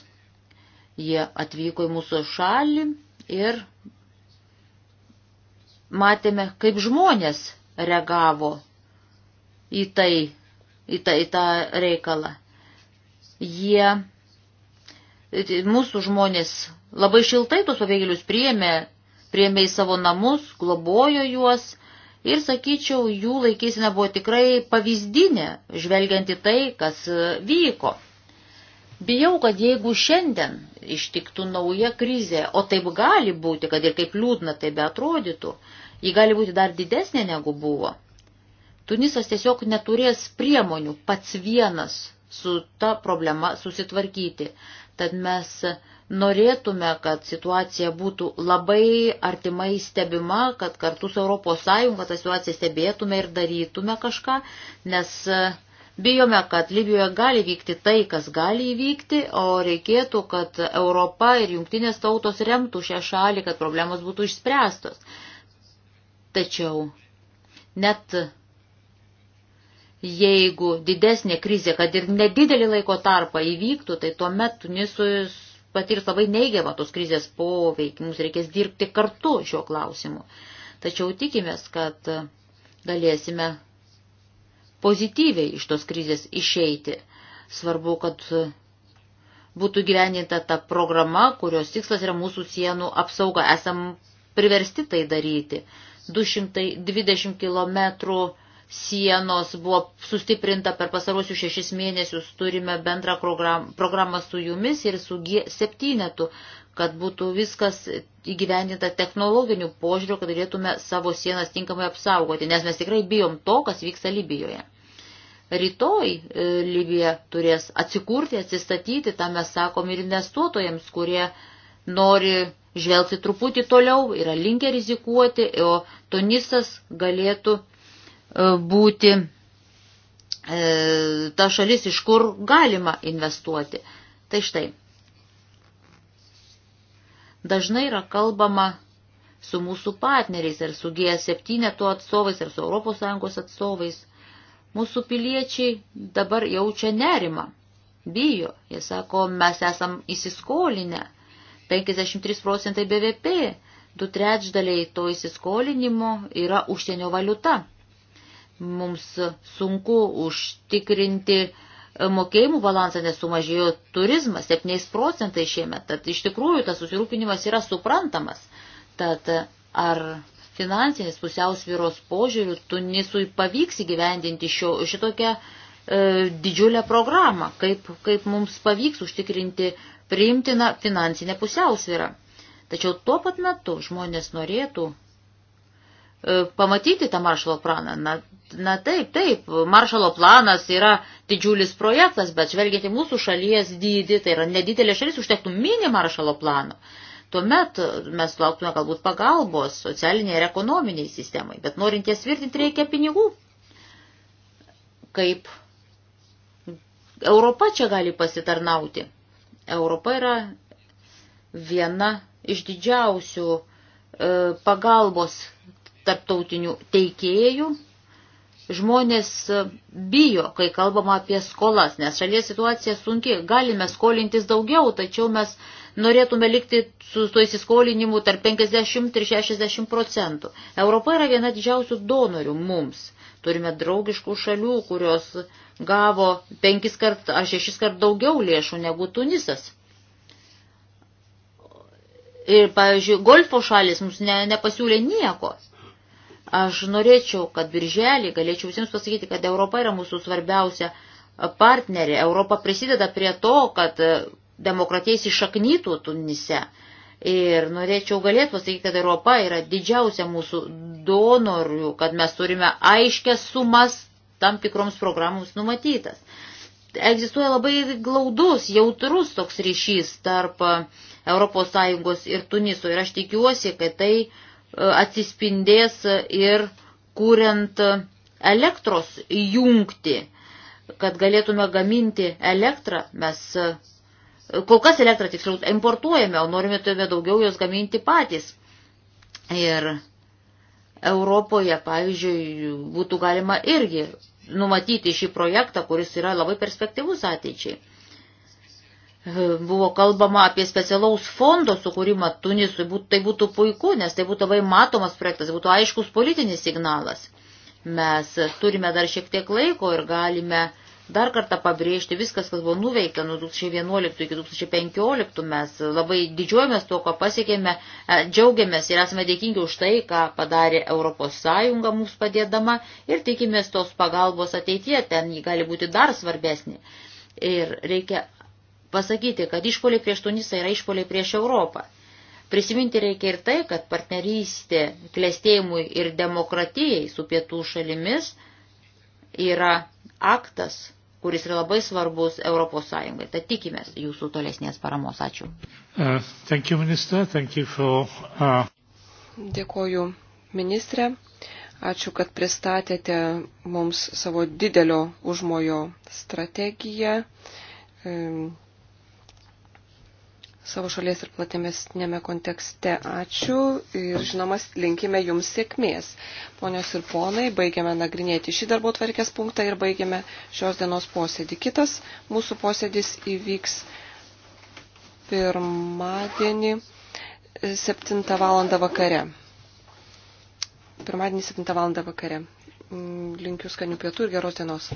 Jie atvyko į mūsų šalį ir matėme, kaip žmonės reagavo į tai, į, tai, į tą reikalą. Jie, mūsų žmonės labai šiltai tuos pabėgėlius priėmė, priėmė į savo namus, globojo juos ir, sakyčiau, jų laikysena buvo tikrai pavyzdinė, žvelgiant į tai, kas vyko. Bijau, kad jeigu šiandien ištiktų nauja krizė, o taip gali būti, kad ir kaip liūdna tai beatrodytų, atrodytų, Ji gali būti dar didesnė negu buvo. Tunisas tiesiog neturės priemonių pats vienas su ta problema susitvarkyti. Tad mes norėtume, kad situacija būtų labai artimai stebima, kad kartu su ES tą situaciją stebėtume ir darytume kažką, nes e, bijome, kad Libijoje gali vykti tai, kas gali įvykti, o reikėtų, kad Europa ir jungtinės tautos remtų šią šalį, kad problemos būtų išspręstos. Tačiau net jeigu didesnė krizė, kad ir nedidelį laiko tarpą įvyktų, tai tuomet Tunisui patirs labai neigiamą tos krizės poveikį. Mums reikės dirbti kartu šiuo klausimu. Tačiau tikimės, kad galėsime pozityviai iš tos krizės išeiti. Svarbu, kad būtų gyveninta ta programa, kurios tikslas yra mūsų sienų apsauga. Esam priversti tai daryti. 220 km sienos buvo sustiprinta per pasarosius šešis mėnesius, turime bendrą programą su jumis ir su G7, kad būtų viskas įgyvendinta technologiniu požiūriu, kad galėtume savo sienas tinkamai apsaugoti, nes mes tikrai bijom to, kas vyksta Libijoje. Rytoj e, Libija turės atsikurti, atsistatyti, tą mes sakom ir investuotojams, kurie nori žvelgti truputį toliau, yra linkę rizikuoti, o Tunisas galėtų e, būti e, ta šalis, iš kur galima investuoti. Tai štai. Dažnai yra kalbama su mūsų partneriais, ar su G7 to atstovais, ar su ES atstovais. Mūsų piliečiai dabar jaučia nerimą, bijo. Jie sako, mes esam įsiskolinę 53 procentai BVP, du trečdaliai to įsiskolinimo yra užsienio valiuta. Mums sunku užtikrinti e, mokėjimų balansą, nes sumažėjo turizmas 7 procentai šiemet. Tad iš tikrųjų tas susirūpinimas yra suprantamas. Tad e, ar finansinės pusiausvyros požiūrių Tunisui pavyks įgyvendinti šio, šitokią e, didžiulę programą, kaip, kaip mums pavyks užtikrinti priimtina finansinė pusiausvyrą. Tačiau tuo pat metu žmonės norėtų e, pamatyti tą maršalo planą. Na, na taip, taip, maršalo planas yra didžiulis projektas, bet žvelgiant į mūsų šalies dydį, tai yra nedidelė šalis, užtektų mini maršalo plano. Tuomet mes lauktume galbūt pagalbos socialiniai ir ekonominiai sistemai, bet norint jas tvirtinti reikia pinigų. Kaip Europa čia gali pasitarnauti? Europa yra viena iš didžiausių e, pagalbos tarptautinių teikėjų. Žmonės e, bijo, kai kalbama apie skolas, nes šalies situacija sunki. Galime skolintis daugiau, tačiau mes norėtume likti su tuo įsiskolinimu tarp 50 ir 60 procentų. Europa yra viena didžiausių donorių mums. Turime draugiškų šalių, kurios gavo penkis kart, ar šešis kart daugiau lėšų negu Tunisas. Ir, pavyzdžiui, Golfo šalis mums ne, nepasiūlė nieko. Aš norėčiau, kad birželį galėčiau visiems pasakyti, kad Europa yra mūsų svarbiausia partnerė. Europa prisideda prie to, kad demokratija įsišaknytų Tunise. Ir norėčiau galėtų pasakyti, kad Europa yra didžiausia mūsų donorių, kad mes turime aiškias sumas tam tikroms programoms numatytas. Egzistuoja labai glaudus, jautrus toks ryšys tarp ES ir Tuniso ir aš tikiuosi, kad tai e, atsispindės ir kuriant elektros jungti, kad galėtume gaminti elektrą, mes e, kol kas elektrą tiksliau importuojame, o norime turime daugiau jos gaminti patys. Ir Europoje, pavyzdžiui, būtų galima irgi numatyti šį projektą, kuris yra labai perspektyvus ateičiai. Buvo kalbama apie specialaus fondo sukūrimą Tunisui, tai būtų puiku, nes tai būtų labai matomas projektas, būtų aiškus politinis signalas. Mes turime dar šiek tiek laiko ir galime uh, dar kartą pabrėžti viskas, kas buvo nuveikta nuo 2011 iki 2015. Mes labai didžiuojamės tuo, ko pasiekėme, e, džiaugiamės ir esame dėkingi už tai, ką padarė Europos Sąjunga mums padėdama ir tikimės tos pagalbos ateityje, ten ji gali būti dar svarbesnė. Ir reikia pasakyti, kad išpoliai prieš Tunisą yra išpoliai prieš Europą. Prisiminti reikia ir tai, kad partnerystė klėstėjimui ir demokratijai su pietų šalimis yra aktas, kuris yra labai svarbus Europos Sąjungai. Tad tikimės jūsų tolesnės paramos. Ačiū. Uh, thank you, minister. Thank you for, uh... Dėkoju, ministrė. Ačiū, kad pristatėte mums savo didelio užmojo strategiją. Um, savo šalies ir platėmesnėme kontekste. Ačiū ir žinoma, linkime jums sėkmės. Ponios ir ponai, baigiame nagrinėti šį darbo tvarkės punktą ir baigiame šios dienos posėdį. Kitas mūsų posėdis įvyks pirmadienį 7 val. vakare. Pirmadienį 7 val. vakare. Mm, linkiu skanių pietų ir geros dienos.